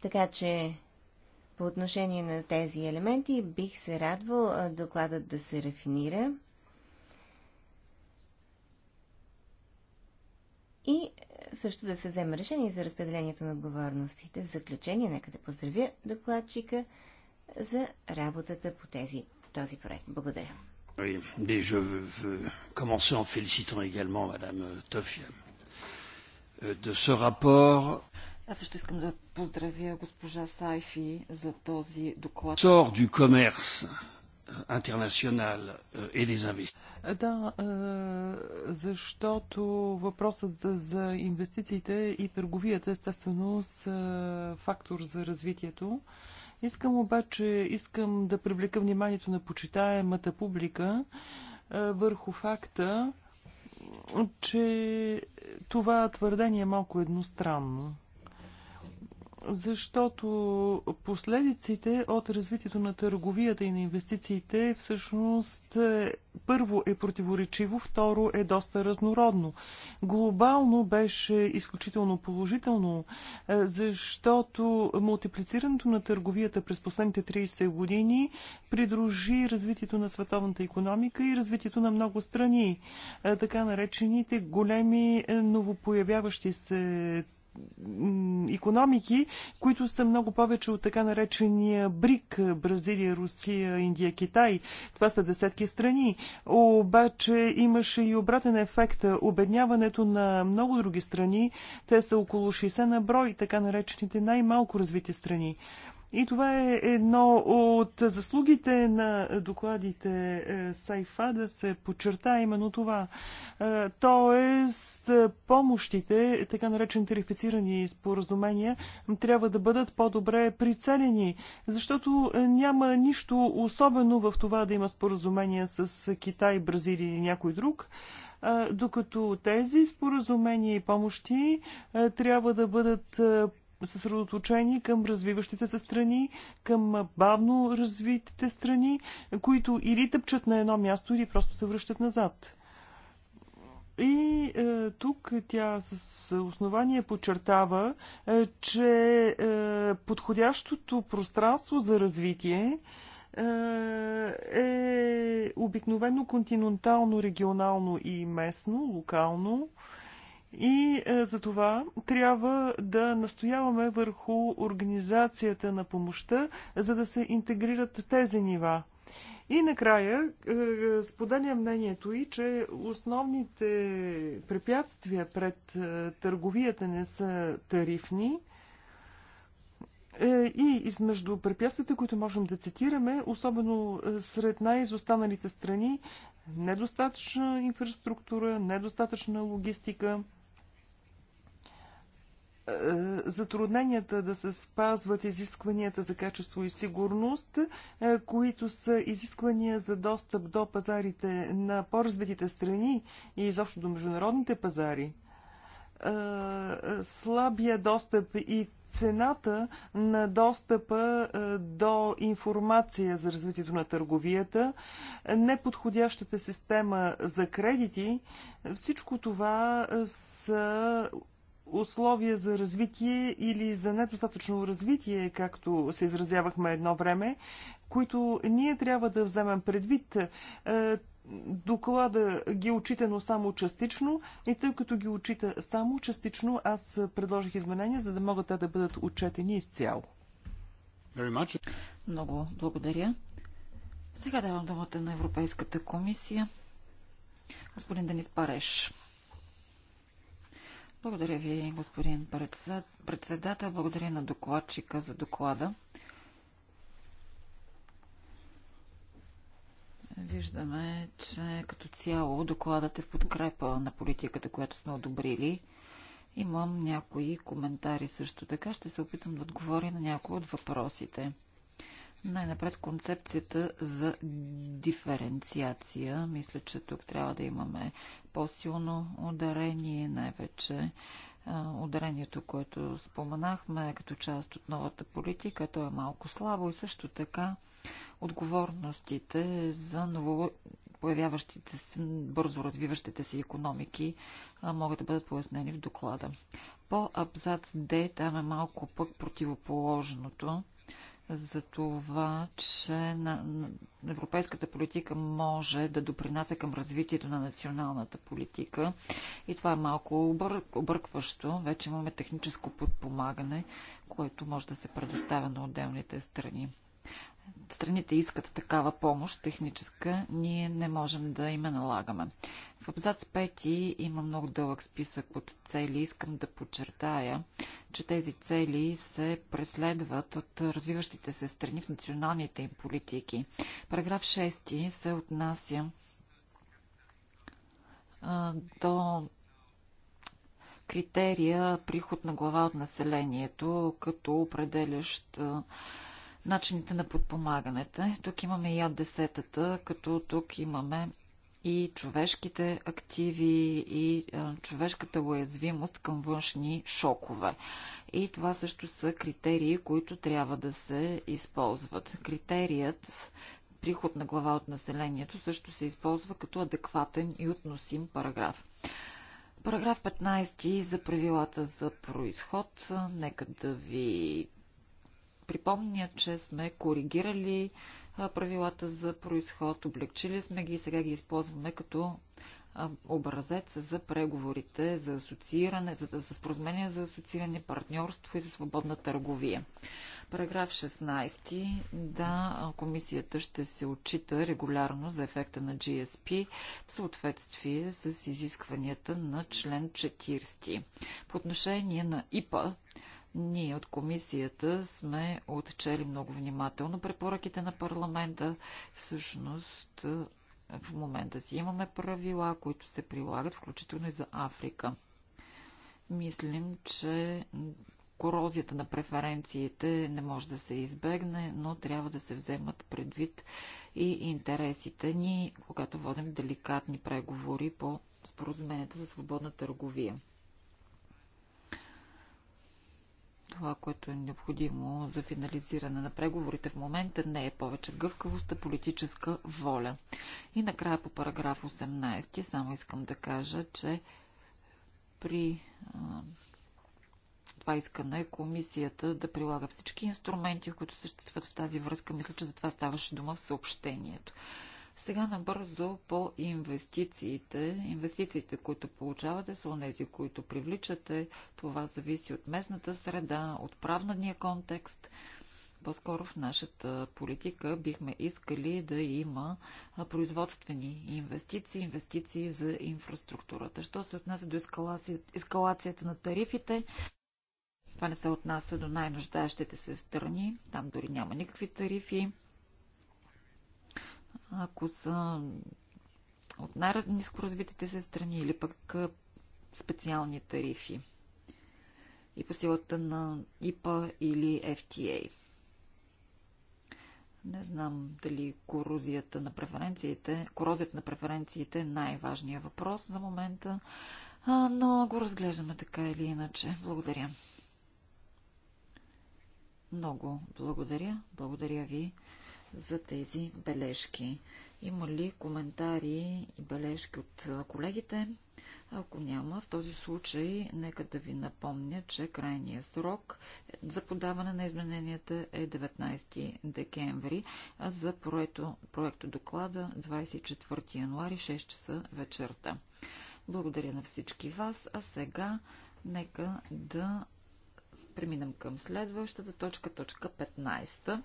Така че по отношение на тези елементи бих се радвал докладът да се рафинира. И е, също да се вземе решение за разпределението на отговорностите. В заключение, нека да поздравя докладчика за работата по тези, този проект. Благодаря.
Oui, mais je veux commencer en félicitant également Madame Toffia euh, de ce rapport. Аз също искам да поздравя госпожа Сайфи за този доклад. Сор ду комерс интернационал и des Да, е, защото
въпросът за инвестициите и търговията естествено са фактор за развитието. Искам обаче, искам да привлека вниманието на почитаемата публика е, върху факта, че това твърдение е малко едностранно защото последиците от развитието на търговията и на инвестициите всъщност е, първо е противоречиво, второ е доста разнородно. Глобално беше изключително положително, е, защото мултиплицирането на търговията през последните 30 години придружи развитието на световната економика и развитието на много страни, е, така наречените големи новопоявяващи се економики, които са много повече от така наречения БРИК Бразилия, Русия, Индия, Китай. Това са десетки страни. Обаче имаше и обратен ефект. Обедняването на много други страни, те са около 60 на брой, така наречените най-малко развити страни. И това е едно от заслугите на докладите е, Сайфа да се подчерта именно това. Е, тоест, помощите, така наречени терифицирани споразумения, трябва да бъдат по-добре прицелени, защото няма нищо особено в това да има споразумения с Китай, Бразилия или някой друг е, докато тези споразумения и помощи трябва да бъдат съсредоточени към развиващите се страни, към бавно развитите страни, които или тъпчат на едно място, или просто се връщат назад. И е, тук тя с основание подчертава, е, че е, подходящото пространство за развитие е, е обикновено континентално, регионално и местно, локално. Е, и е, за това трябва да настояваме върху организацията на помощта, за да се интегрират тези нива. И накрая е, е, споделя мнението и, че основните препятствия пред търговията не са тарифни. И измежду препятствията, които можем да цитираме, особено сред най-изостаналите страни, недостатъчна инфраструктура, недостатъчна логистика – е, затрудненията да се спазват изискванията за качество и сигурност, е, които са изисквания за достъп до пазарите на по-развитите страни и изобщо до международните пазари. Е, слабия достъп и цената на достъпа до информация за развитието на търговията, неподходящата система за кредити, всичко това са условия за развитие или за недостатъчно развитие, както се изразявахме едно време, които ние трябва да вземем предвид. Е, доклада ги отчита, но само частично. И тъй като ги отчита само частично, аз предложих изменения, за да могат те да бъдат отчетени изцяло.
Много благодаря. Сега давам думата на Европейската комисия. Господин Денис Пареш. Благодаря ви, господин председател. Благодаря на докладчика за доклада. Виждаме, че като цяло докладът е в подкрепа на политиката, която сме одобрили. Имам някои коментари също така. Ще се опитам да отговоря на някои от въпросите. Най-напред концепцията за диференциация. Мисля, че тук трябва да имаме по-силно ударение, най-вече ударението, което споменахме като част от новата политика, то е малко слабо и също така отговорностите за ново появяващите се, бързо развиващите се економики могат да бъдат пояснени в доклада. По абзац Д там е малко пък противоположното за това, че на, на европейската политика може да допринася към развитието на националната политика. И това е малко обър, объркващо. Вече имаме техническо подпомагане, което може да се предоставя на отделните страни страните искат такава помощ, техническа, ние не можем да им налагаме. В абзац 5 има много дълъг списък от цели. Искам да подчертая, че тези цели се преследват от развиващите се страни в националните им политики. Параграф 6 се отнася до критерия приход на глава от населението, като определящ начините на подпомагането. Тук имаме и АД-десетата, като тук имаме и човешките активи, и човешката уязвимост към външни шокове. И това също са критерии, които трябва да се използват. Критерият приход на глава от населението също се използва като адекватен и относим параграф. Параграф 15 за правилата за происход. Нека да ви припомня, че сме коригирали правилата за происход, облегчили сме ги и сега ги използваме като образец за преговорите за асоцииране, за, за споразумение за асоцииране, партньорство и за свободна търговия. Параграф 16. Да, комисията ще се отчита регулярно за ефекта на GSP в съответствие с изискванията на член 40. По отношение на ИПА, ние от комисията сме отчели много внимателно препоръките на парламента. Всъщност в момента си имаме правила, които се прилагат, включително и за Африка. Мислим, че корозията на преференциите не може да се избегне, но трябва да се вземат предвид и интересите ни, когато водим деликатни преговори по споразуменията за свободна търговия. това, което е необходимо за финализиране на преговорите в момента не е повече гъвкавост, а политическа воля. И накрая по параграф 18 само искам да кажа, че при а, това искане комисията да прилага всички инструменти, които съществуват в тази връзка. Мисля, че за това ставаше дума в съобщението. Сега набързо по инвестициите. Инвестициите, които получавате, са тези, които привличате. Това зависи от местната среда, от правнадния контекст. По-скоро в нашата политика бихме искали да има производствени инвестиции, инвестиции за инфраструктурата. Що се отнася до ескалацията на тарифите, това не се отнася до най-нуждаещите се страни. Там дори няма никакви тарифи ако са от най-низко развитите се страни или пък специални тарифи и по силата на ИПА или FTA. Не знам дали корозията на преференциите, корозията на преференциите е най-важният въпрос за момента, но го разглеждаме така или иначе. Благодаря. Много благодаря. Благодаря ви за тези бележки. Има ли коментари и бележки от колегите? Ако няма, в този случай нека да ви напомня, че крайният срок за подаване на измененията е 19 декември, а за проекто, проекто доклада 24 януари 6 часа вечерта. Благодаря на всички вас, а сега нека да преминем към следващата точка, точка 15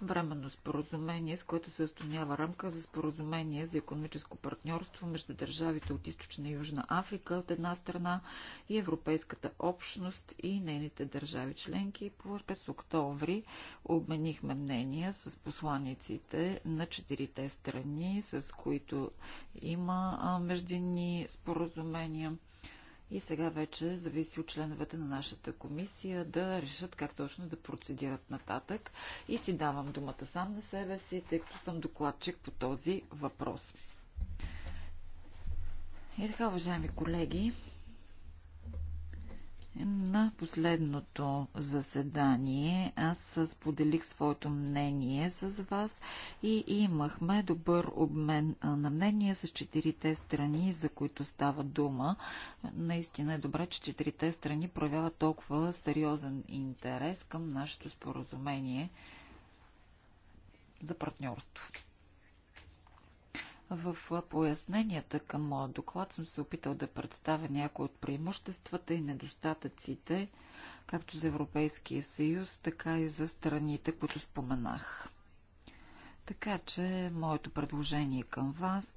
временно споразумение, с което се установява рамка за споразумение за економическо партньорство между държавите от Източна и Южна Африка от една страна и Европейската общност и нейните държави членки. През октомври обменихме мнения с посланиците на четирите страни, с които има междинни споразумения. И сега вече зависи от членовете на нашата комисия да решат как точно да процедират нататък. И си давам думата сам на себе си, тъй като съм докладчик по този въпрос. И така, уважаеми колеги, на последното заседание аз споделих своето мнение с вас и имахме добър обмен на мнение с четирите страни, за които става дума. Наистина е добре, че четирите страни проявяват толкова сериозен интерес към нашето споразумение за партньорство. В поясненията към моят доклад съм се опитал да представя някои от преимуществата и недостатъците, както за Европейския съюз, така и за страните, които споменах. Така че моето предложение към вас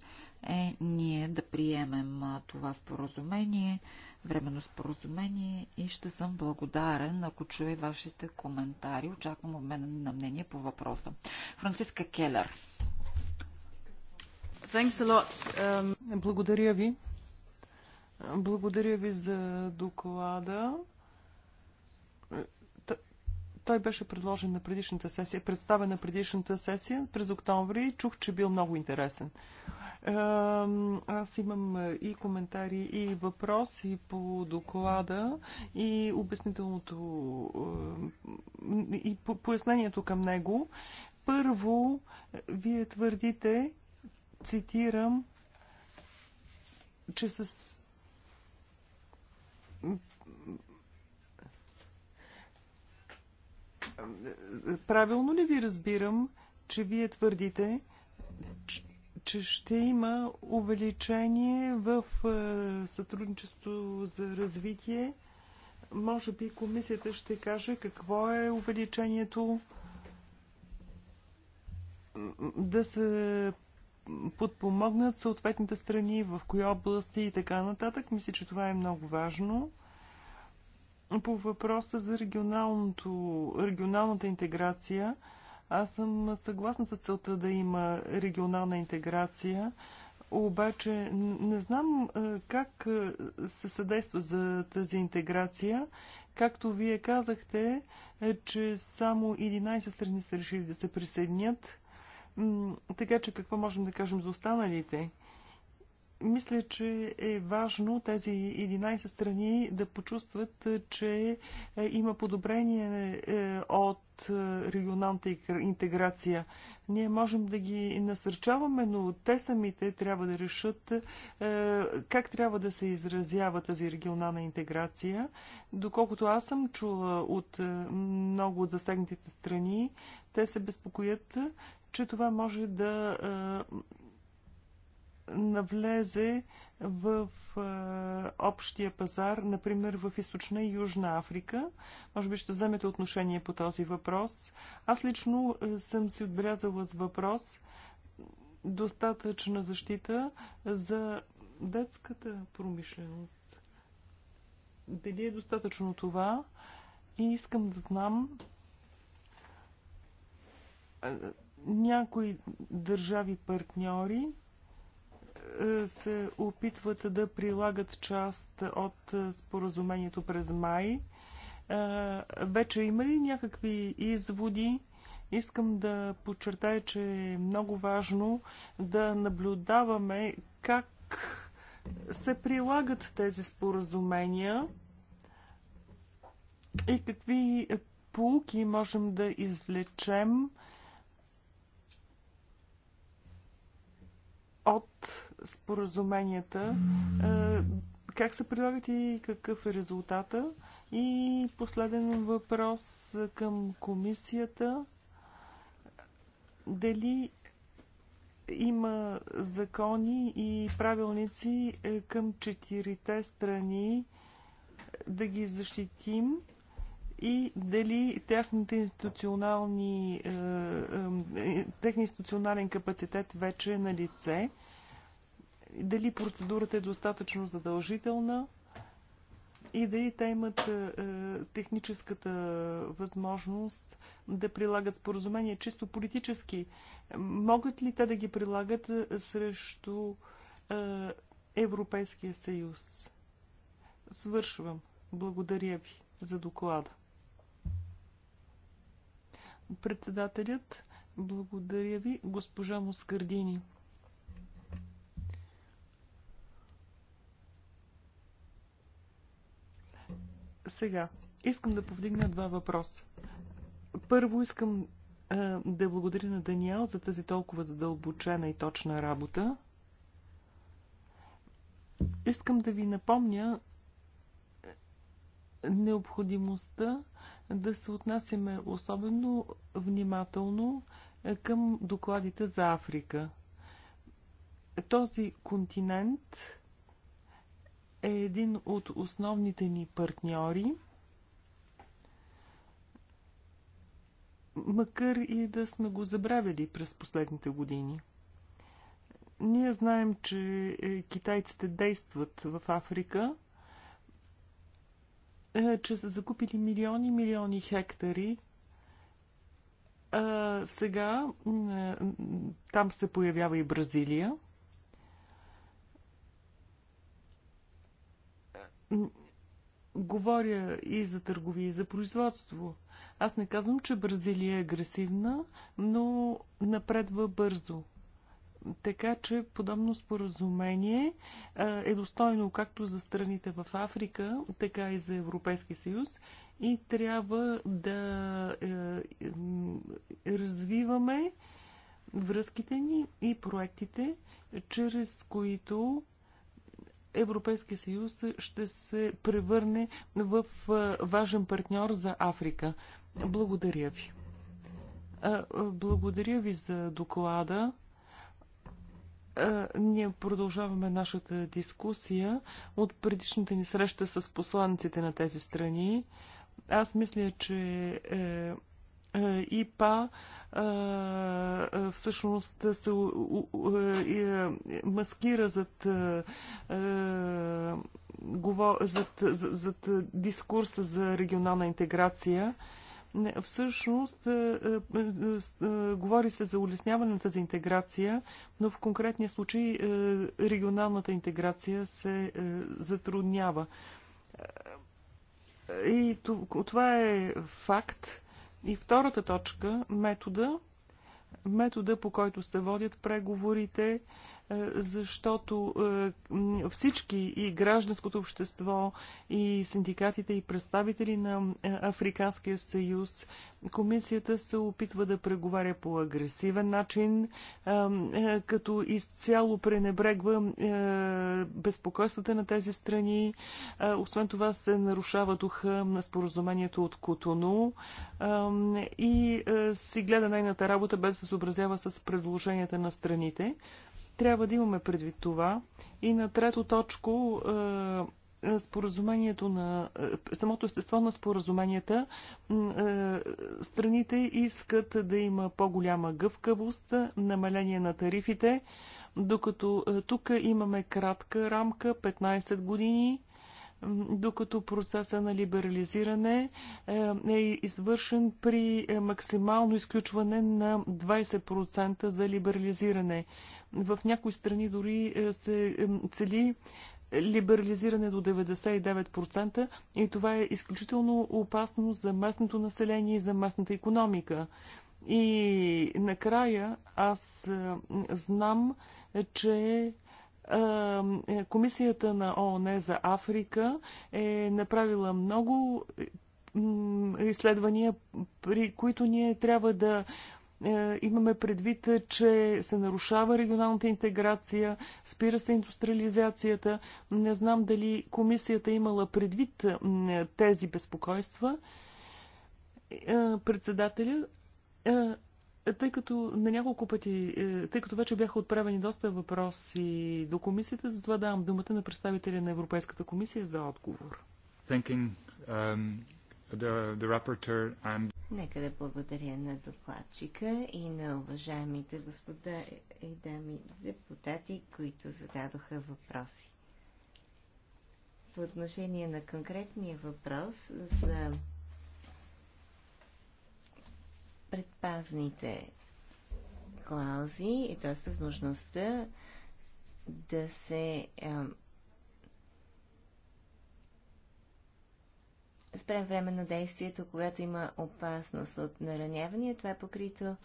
е ние да приемем това споразумение, временно споразумение и ще съм благодарен, ако чуя вашите коментари. Очаквам обмен на мнение по въпроса. Франциска Келер. Um, Благодаря ви.
Благодаря ви за доклада. Той беше предложен на предишната сесия, представен на предишната сесия през октомври. Чух, че бил много интересен. Аз имам и коментари, и въпроси по доклада, и обяснителното, и пояснението към него. Първо, вие твърдите, цитирам, че с правилно ли ви разбирам, че вие твърдите, че ще има увеличение в е, сътрудничество за развитие? Може би комисията ще каже какво е увеличението да се подпомогнат съответните страни, в кои области и така нататък. Мисля, че това е много важно. По въпроса за регионалната интеграция, аз съм съгласна с целта да има регионална интеграция, обаче не знам как се съдейства за тази интеграция. Както вие казахте, е, че само 11 страни са решили да се присъединят така че какво можем да кажем за останалите? мисля, че е важно тези 11 страни да почувстват, е, че е, има подобрение е, от регионалната интеграция. Ние можем да ги насърчаваме, но те самите трябва да решат как трябва да се изразява тази регионална интеграция. Доколкото аз съм чула от много от засегнатите страни, те се безпокоят, че това може да навлезе в общия пазар, например в Източна и Южна Африка. Може би ще вземете отношение по този въпрос. Аз лично съм си отбелязала с въпрос достатъчна защита за детската промишленост. Дали е достатъчно това? И искам да знам някои държави партньори е, се опитват да прилагат част от споразумението през май. Е, вече има ли някакви изводи? Искам да подчертая, че е много важно да наблюдаваме как се прилагат тези споразумения и какви полуки можем да извлечем от споразуменията, е, как се прилагат и какъв е резултата? И последен въпрос към комисията. Дали има закони и правилници е, към четирите страни да ги защитим и дали техните институционални, е, техния институционален капацитет вече е на лице? дали процедурата е достатъчно задължителна и дали те имат е, е, техническата възможност да прилагат споразумения чисто политически. Могат ли те да ги прилагат е, срещу Европейския съюз? Свършвам. Благодаря ви за доклада. Председателят, благодаря ви, госпожа Москардини. Сега, искам да повдигна два въпроса. Първо искам е, да благодаря на Даниел за тази толкова задълбочена и точна работа. Искам да ви напомня е, необходимостта да се отнасяме особено внимателно е, към докладите за Африка. Този континент е един от основните ни партньори. Макар и да сме го забравили през последните години. Ние знаем, че е, китайците действат в Африка, е, че са закупили милиони, милиони хектари. А, е, сега там се появява и Бразилия. Говоря и за търговия, и за производство. Аз не казвам, че Бразилия е агресивна, но напредва бързо. Така че подобно споразумение е достойно както за страните в Африка, така и за Европейски съюз и трябва да е, развиваме връзките ни и проектите, чрез които Европейския съюз ще се превърне в важен партньор за Африка. Благодаря ви. Благодаря ви за доклада. Ние продължаваме нашата дискусия от предишната ни среща с посланиците на тези страни. Аз мисля, че е, е, ИПА е, е, всъщност се маскира зад, зад, зад дискурса за регионална интеграция. Всъщност, говори се за улесняването за интеграция, но в конкретния случай регионалната интеграция се затруднява. И това е факт и втората точка – метода. Метода, по който се водят преговорите, е, защото е, всички и гражданското общество, и синдикатите, и представители на е, Африканския съюз, комисията се опитва да преговаря по агресивен начин, като изцяло пренебрегва безпокойствата на тези страни. Освен това се нарушава духа на споразумението от Котону и си гледа нейната работа без да се съобразява с предложенията на страните. Трябва да имаме предвид това. И на трето точко е, споразумението на е, самото естество на споразуменията е, страните искат да има по-голяма гъвкавост, намаление на тарифите, докато тук имаме кратка рамка 15 години, докато процеса на либерализиране е извършен при максимално изключване на 20% за либерализиране. В някои страни дори е, се е, цели либерализиране до 99% и това е изключително опасно за местното население и за местната економика. И накрая аз е, знам, че Комисията на ООН за Африка е направила много изследвания, при които ние трябва да е, имаме предвид, че се нарушава регионалната интеграция, спира се индустриализацията. Не знам дали комисията е имала предвид е, тези безпокойства. Председателя, тъй като на няколко пъти, тъй като вече бяха отправени доста въпроси до комисията, затова давам думата на представителя на Европейската
комисия за отговор.
Thinking, um, the, the rapporteur and...
Нека да благодаря на докладчика и на уважаемите господа и дами депутати, които зададоха въпроси. По отношение на конкретния въпрос за предпазните клаузи, и т.е. възможността да се спрем временно действието, когато има опасност от нараняване. Това е покрито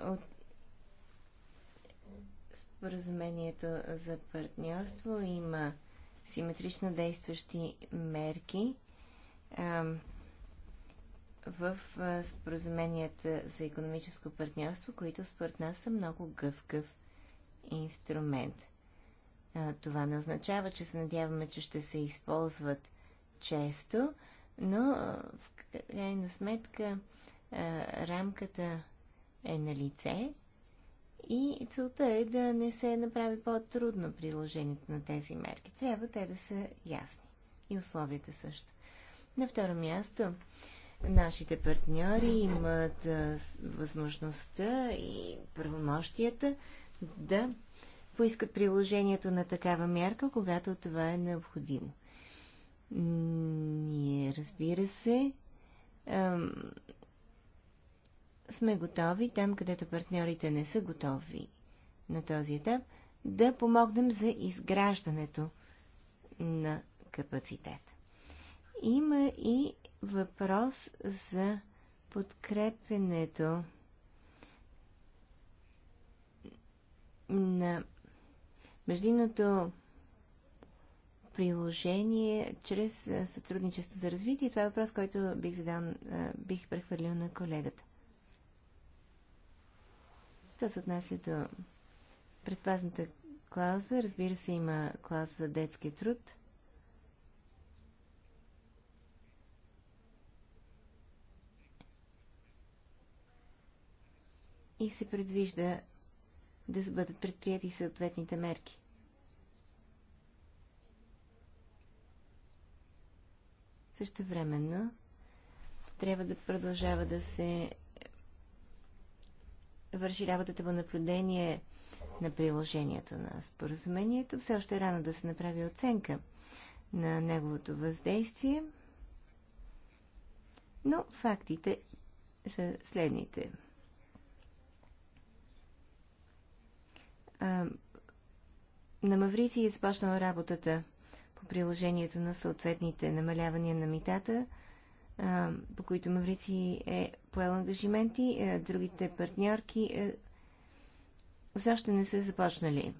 от споразумението за партньорство. Има симетрично действащи мерки в споразуменията за економическо партньорство, които според нас са много гъвкав инструмент. Това не означава, че се надяваме, че ще се използват често, но в крайна сметка рамката е на лице и целта е да не се направи по-трудно приложението на тези мерки. Трябва те да са ясни. И условията също. На второ място, нашите партньори имат възможността и правомощията да поискат приложението на такава мярка, когато това е необходимо. Ние, разбира се, ам, сме готови, там където партньорите не са готови на този етап, да помогнем за изграждането на капацитет. Има и въпрос за подкрепенето на междинното приложение чрез сътрудничество за развитие. Това е въпрос, който бих, задал, бих прехвърлил на колегата. Що се отнася до предпазната клауза, разбира се, има клауза за детски труд. И се предвижда да бъдат предприяти съответните мерки. Също времено трябва да продължава да се върши работата по наблюдение на приложението на споразумението. Все още е рано да се направи оценка на неговото въздействие, но фактите са следните – а, на Маврици е започнала работата по приложението на съответните намалявания на митата, а, по които Маврици е поел ангажименти, а, другите партньорки а, все още не са започнали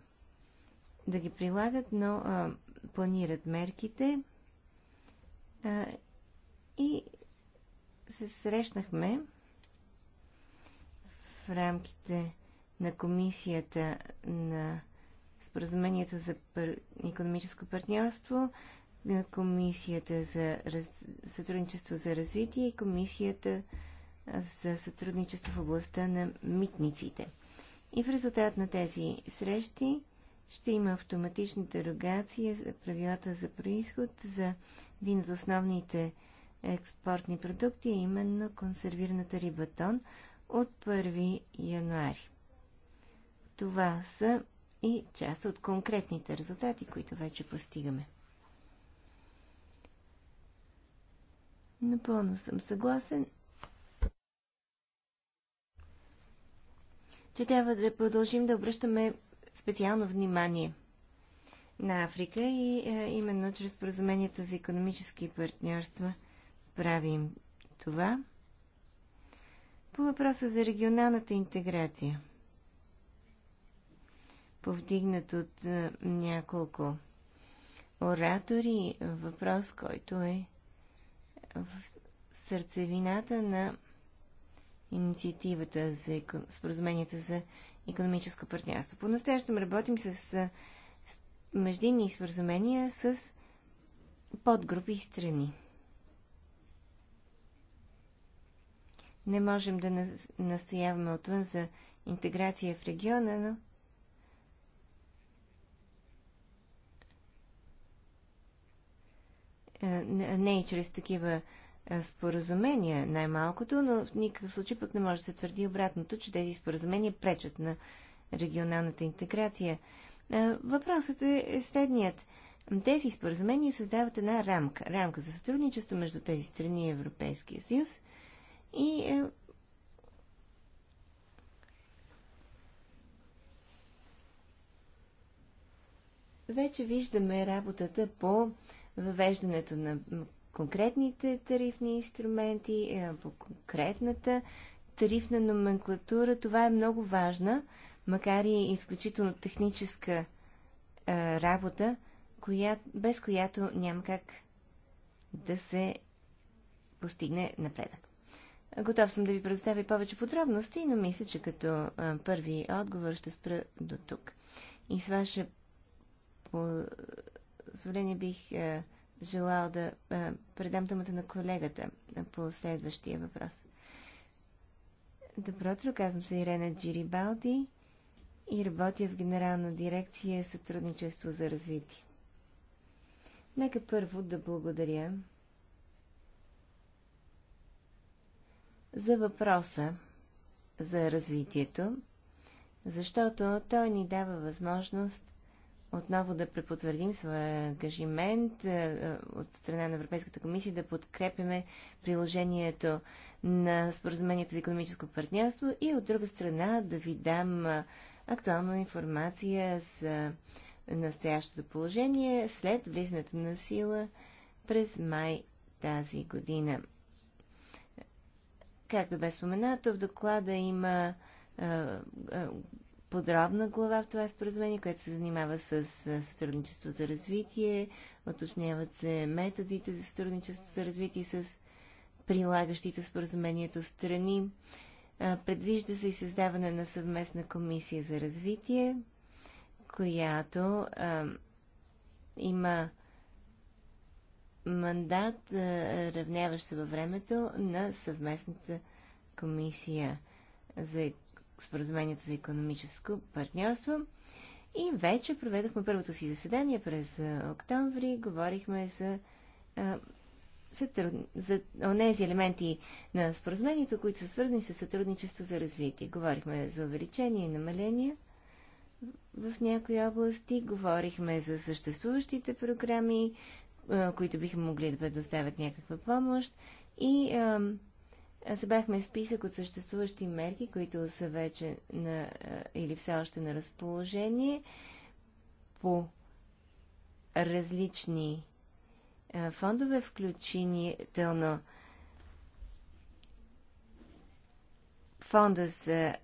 да ги прилагат, но а, планират мерките а, и се срещнахме в рамките на комисията на споразумението за пар... економическо партньорство, комисията за раз... сътрудничество за развитие и комисията за сътрудничество в областта на митниците. И в резултат на тези срещи ще има автоматична дерогация за правилата за происход за един от основните експортни продукти, а именно консервираната рибатон от 1 януари. Това са и част от конкретните резултати, които вече постигаме. Напълно съм съгласен, че трябва да продължим да обръщаме специално внимание на Африка и а, е, именно чрез поразуменията за економически партньорства правим това. По въпроса за регионалната интеграция повдигнат от няколко оратори. Въпрос, който е в сърцевината на инициативата за споразуменията за економическо партньорство. По-настоящем работим с с междинни споразумения с подгрупи и страни. Не можем да настояваме отвън за интеграция в региона, но Е, не и чрез такива е, споразумения най-малкото, но в никакъв случай пък не може да се твърди обратното, че тези споразумения пречат на регионалната интеграция. Е, въпросът е следният. Тези споразумения създават една рамка. Рамка за сътрудничество между тези страни и Европейския съюз. И вече виждаме работата по въвеждането на конкретните тарифни инструменти, е, по конкретната тарифна номенклатура. Това е много важна, макар и изключително техническа е, работа, без която няма как да се постигне напредък. Готов съм да ви предоставя повече подробности, но мисля, че като е, първи отговор ще спра до тук. И с ваше позволение бих е, желал да е, предам думата на колегата по следващия въпрос. Добро утро, казвам се Ирена Джирибалди и работя в Генерална дирекция Сътрудничество за развитие. Нека първо да благодаря за въпроса за развитието, защото той ни дава възможност отново да препотвърдим своя ангажимент е, е, от страна на Европейската комисия да подкрепяме приложението на споразумението за економическо партньорство и от друга страна да ви дам е, актуална информация за настоящото положение след влизането на сила през май тази година. Както бе споменато, в доклада има подробна глава в това споразумение, което се занимава с сътрудничество за развитие, уточняват се методите за сътрудничество за развитие с прилагащите споразумението страни. Предвижда се и създаване на съвместна комисия за развитие, която а, има мандат, а, равняващ се във времето на съвместната комисия за споразумението за економическо партньорство. И вече проведохме първото си заседание през октомври. Говорихме за, а, за онези елементи на споразумението, които са свързани с сътрудничество за развитие. Говорихме за увеличение и намаление в някои области. Говорихме за съществуващите програми, които биха могли да предоставят някаква помощ. И а, Събрахме списък от съществуващи мерки, които са вече на, или все още на разположение по различни фондове, включително фонда за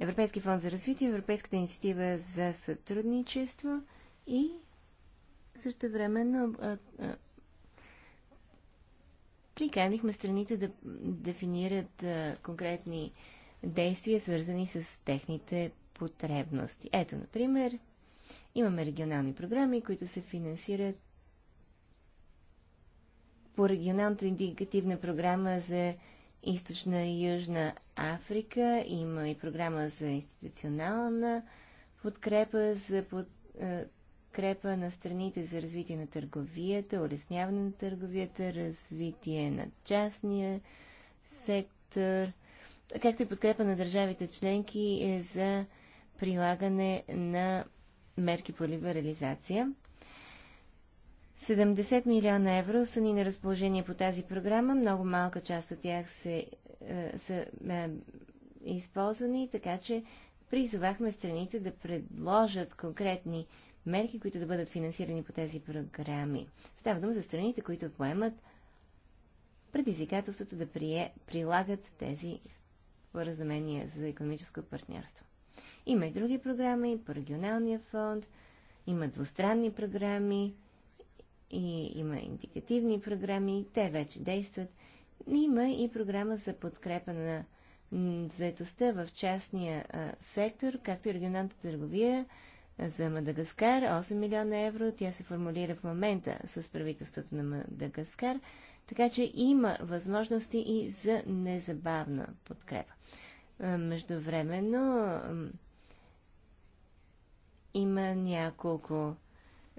Европейски фонд за развитие, Европейската инициатива за сътрудничество и също времено приканихме страните да дефинират а, конкретни действия, свързани с техните потребности. Ето, например, имаме регионални програми, които се финансират по регионалната индикативна програма за източна и южна Африка. Има и програма за институционална подкрепа за под, подкрепа на страните за развитие на търговията, улесняване на търговията, развитие на частния сектор, както и подкрепа на държавите членки е, за прилагане на мерки по либерализация. 70 милиона евро са ни на разположение по тази програма. Много малка част от тях се, е, са е, използвани, така че призовахме страните да предложат конкретни мерки, които да бъдат финансирани по тези програми. Става дума за страните, които поемат предизвикателството да прие, прилагат тези споразумения за економическо партньорство. Има и други програми по регионалния фонд, има двустранни програми, и има индикативни програми, те вече действат. Има и програма за подкрепа на заетостта в частния а, сектор, както и регионалната търговия за Мадагаскар 8 милиона евро. Тя се формулира в момента с правителството на Мадагаскар, така че има възможности и за незабавна подкрепа. Е, междувременно има няколко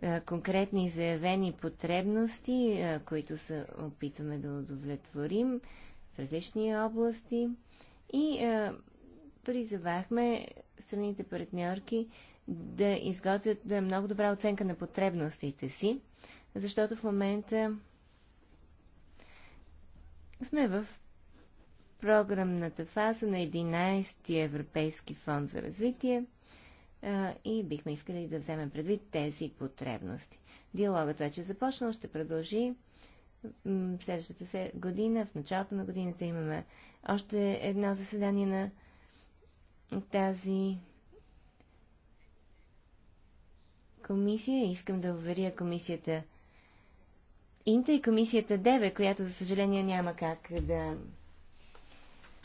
е, конкретни заявени потребности, е, които се опитваме да удовлетворим в различни области и призовахме страните партньорки да изготвят е много добра оценка на потребностите си, защото в момента сме в програмната фаза на 11-ти Европейски фонд за развитие и бихме искали да вземем предвид тези потребности. Диалогът вече е започнал, ще продължи следващата година, в началото на годината имаме още едно заседание на тази комисия. Искам да уверя комисията Инта и комисията Деве, която за съжаление няма как да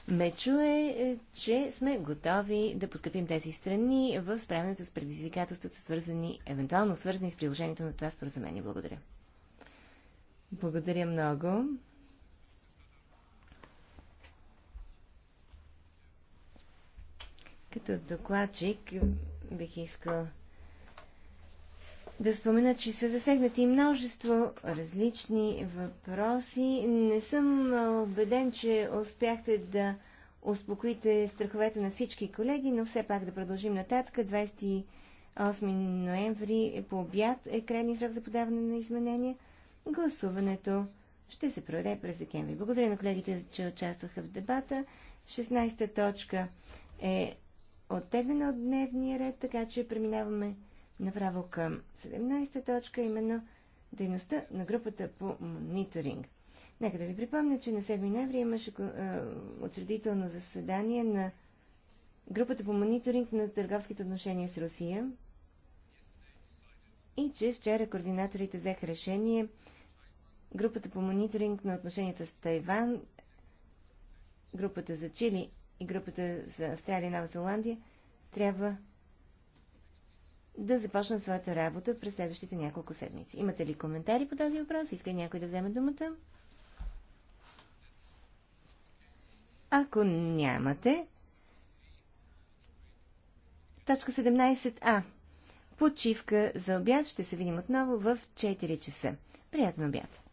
ме чуе, е, че сме готови да подкрепим тези страни в справянето с предизвикателствата, свързани, евентуално свързани с приложението на това споразумение. Благодаря. Благодаря много. Като докладчик бих искал да спомена, че са засегнати множество различни въпроси. Не съм убеден, че успяхте да успокоите страховете на всички колеги, но все пак да продължим нататък. 28 ноември по обяд е крайни срок за подаване на изменения. Гласуването ще се проведе през декември. Благодаря на колегите, че участваха в дебата. 16-та точка е оттеглена от дневния ред, така че преминаваме направо към 17-та точка, именно дейността на групата по мониторинг. Нека да ви припомня, че на 7 ноември имаше учредително заседание на групата по мониторинг на търговските отношения с Русия и че вчера координаторите взеха решение групата по мониторинг на отношенията с Тайван, групата за Чили и групата за Австралия и Нова Зеландия трябва да започнат своята работа през следващите няколко седмици. Имате ли коментари по този въпрос? Иска ли някой да вземе думата? Ако нямате, точка 17а. Почивка за обяд. Ще се видим отново в 4 часа. Приятен обяд!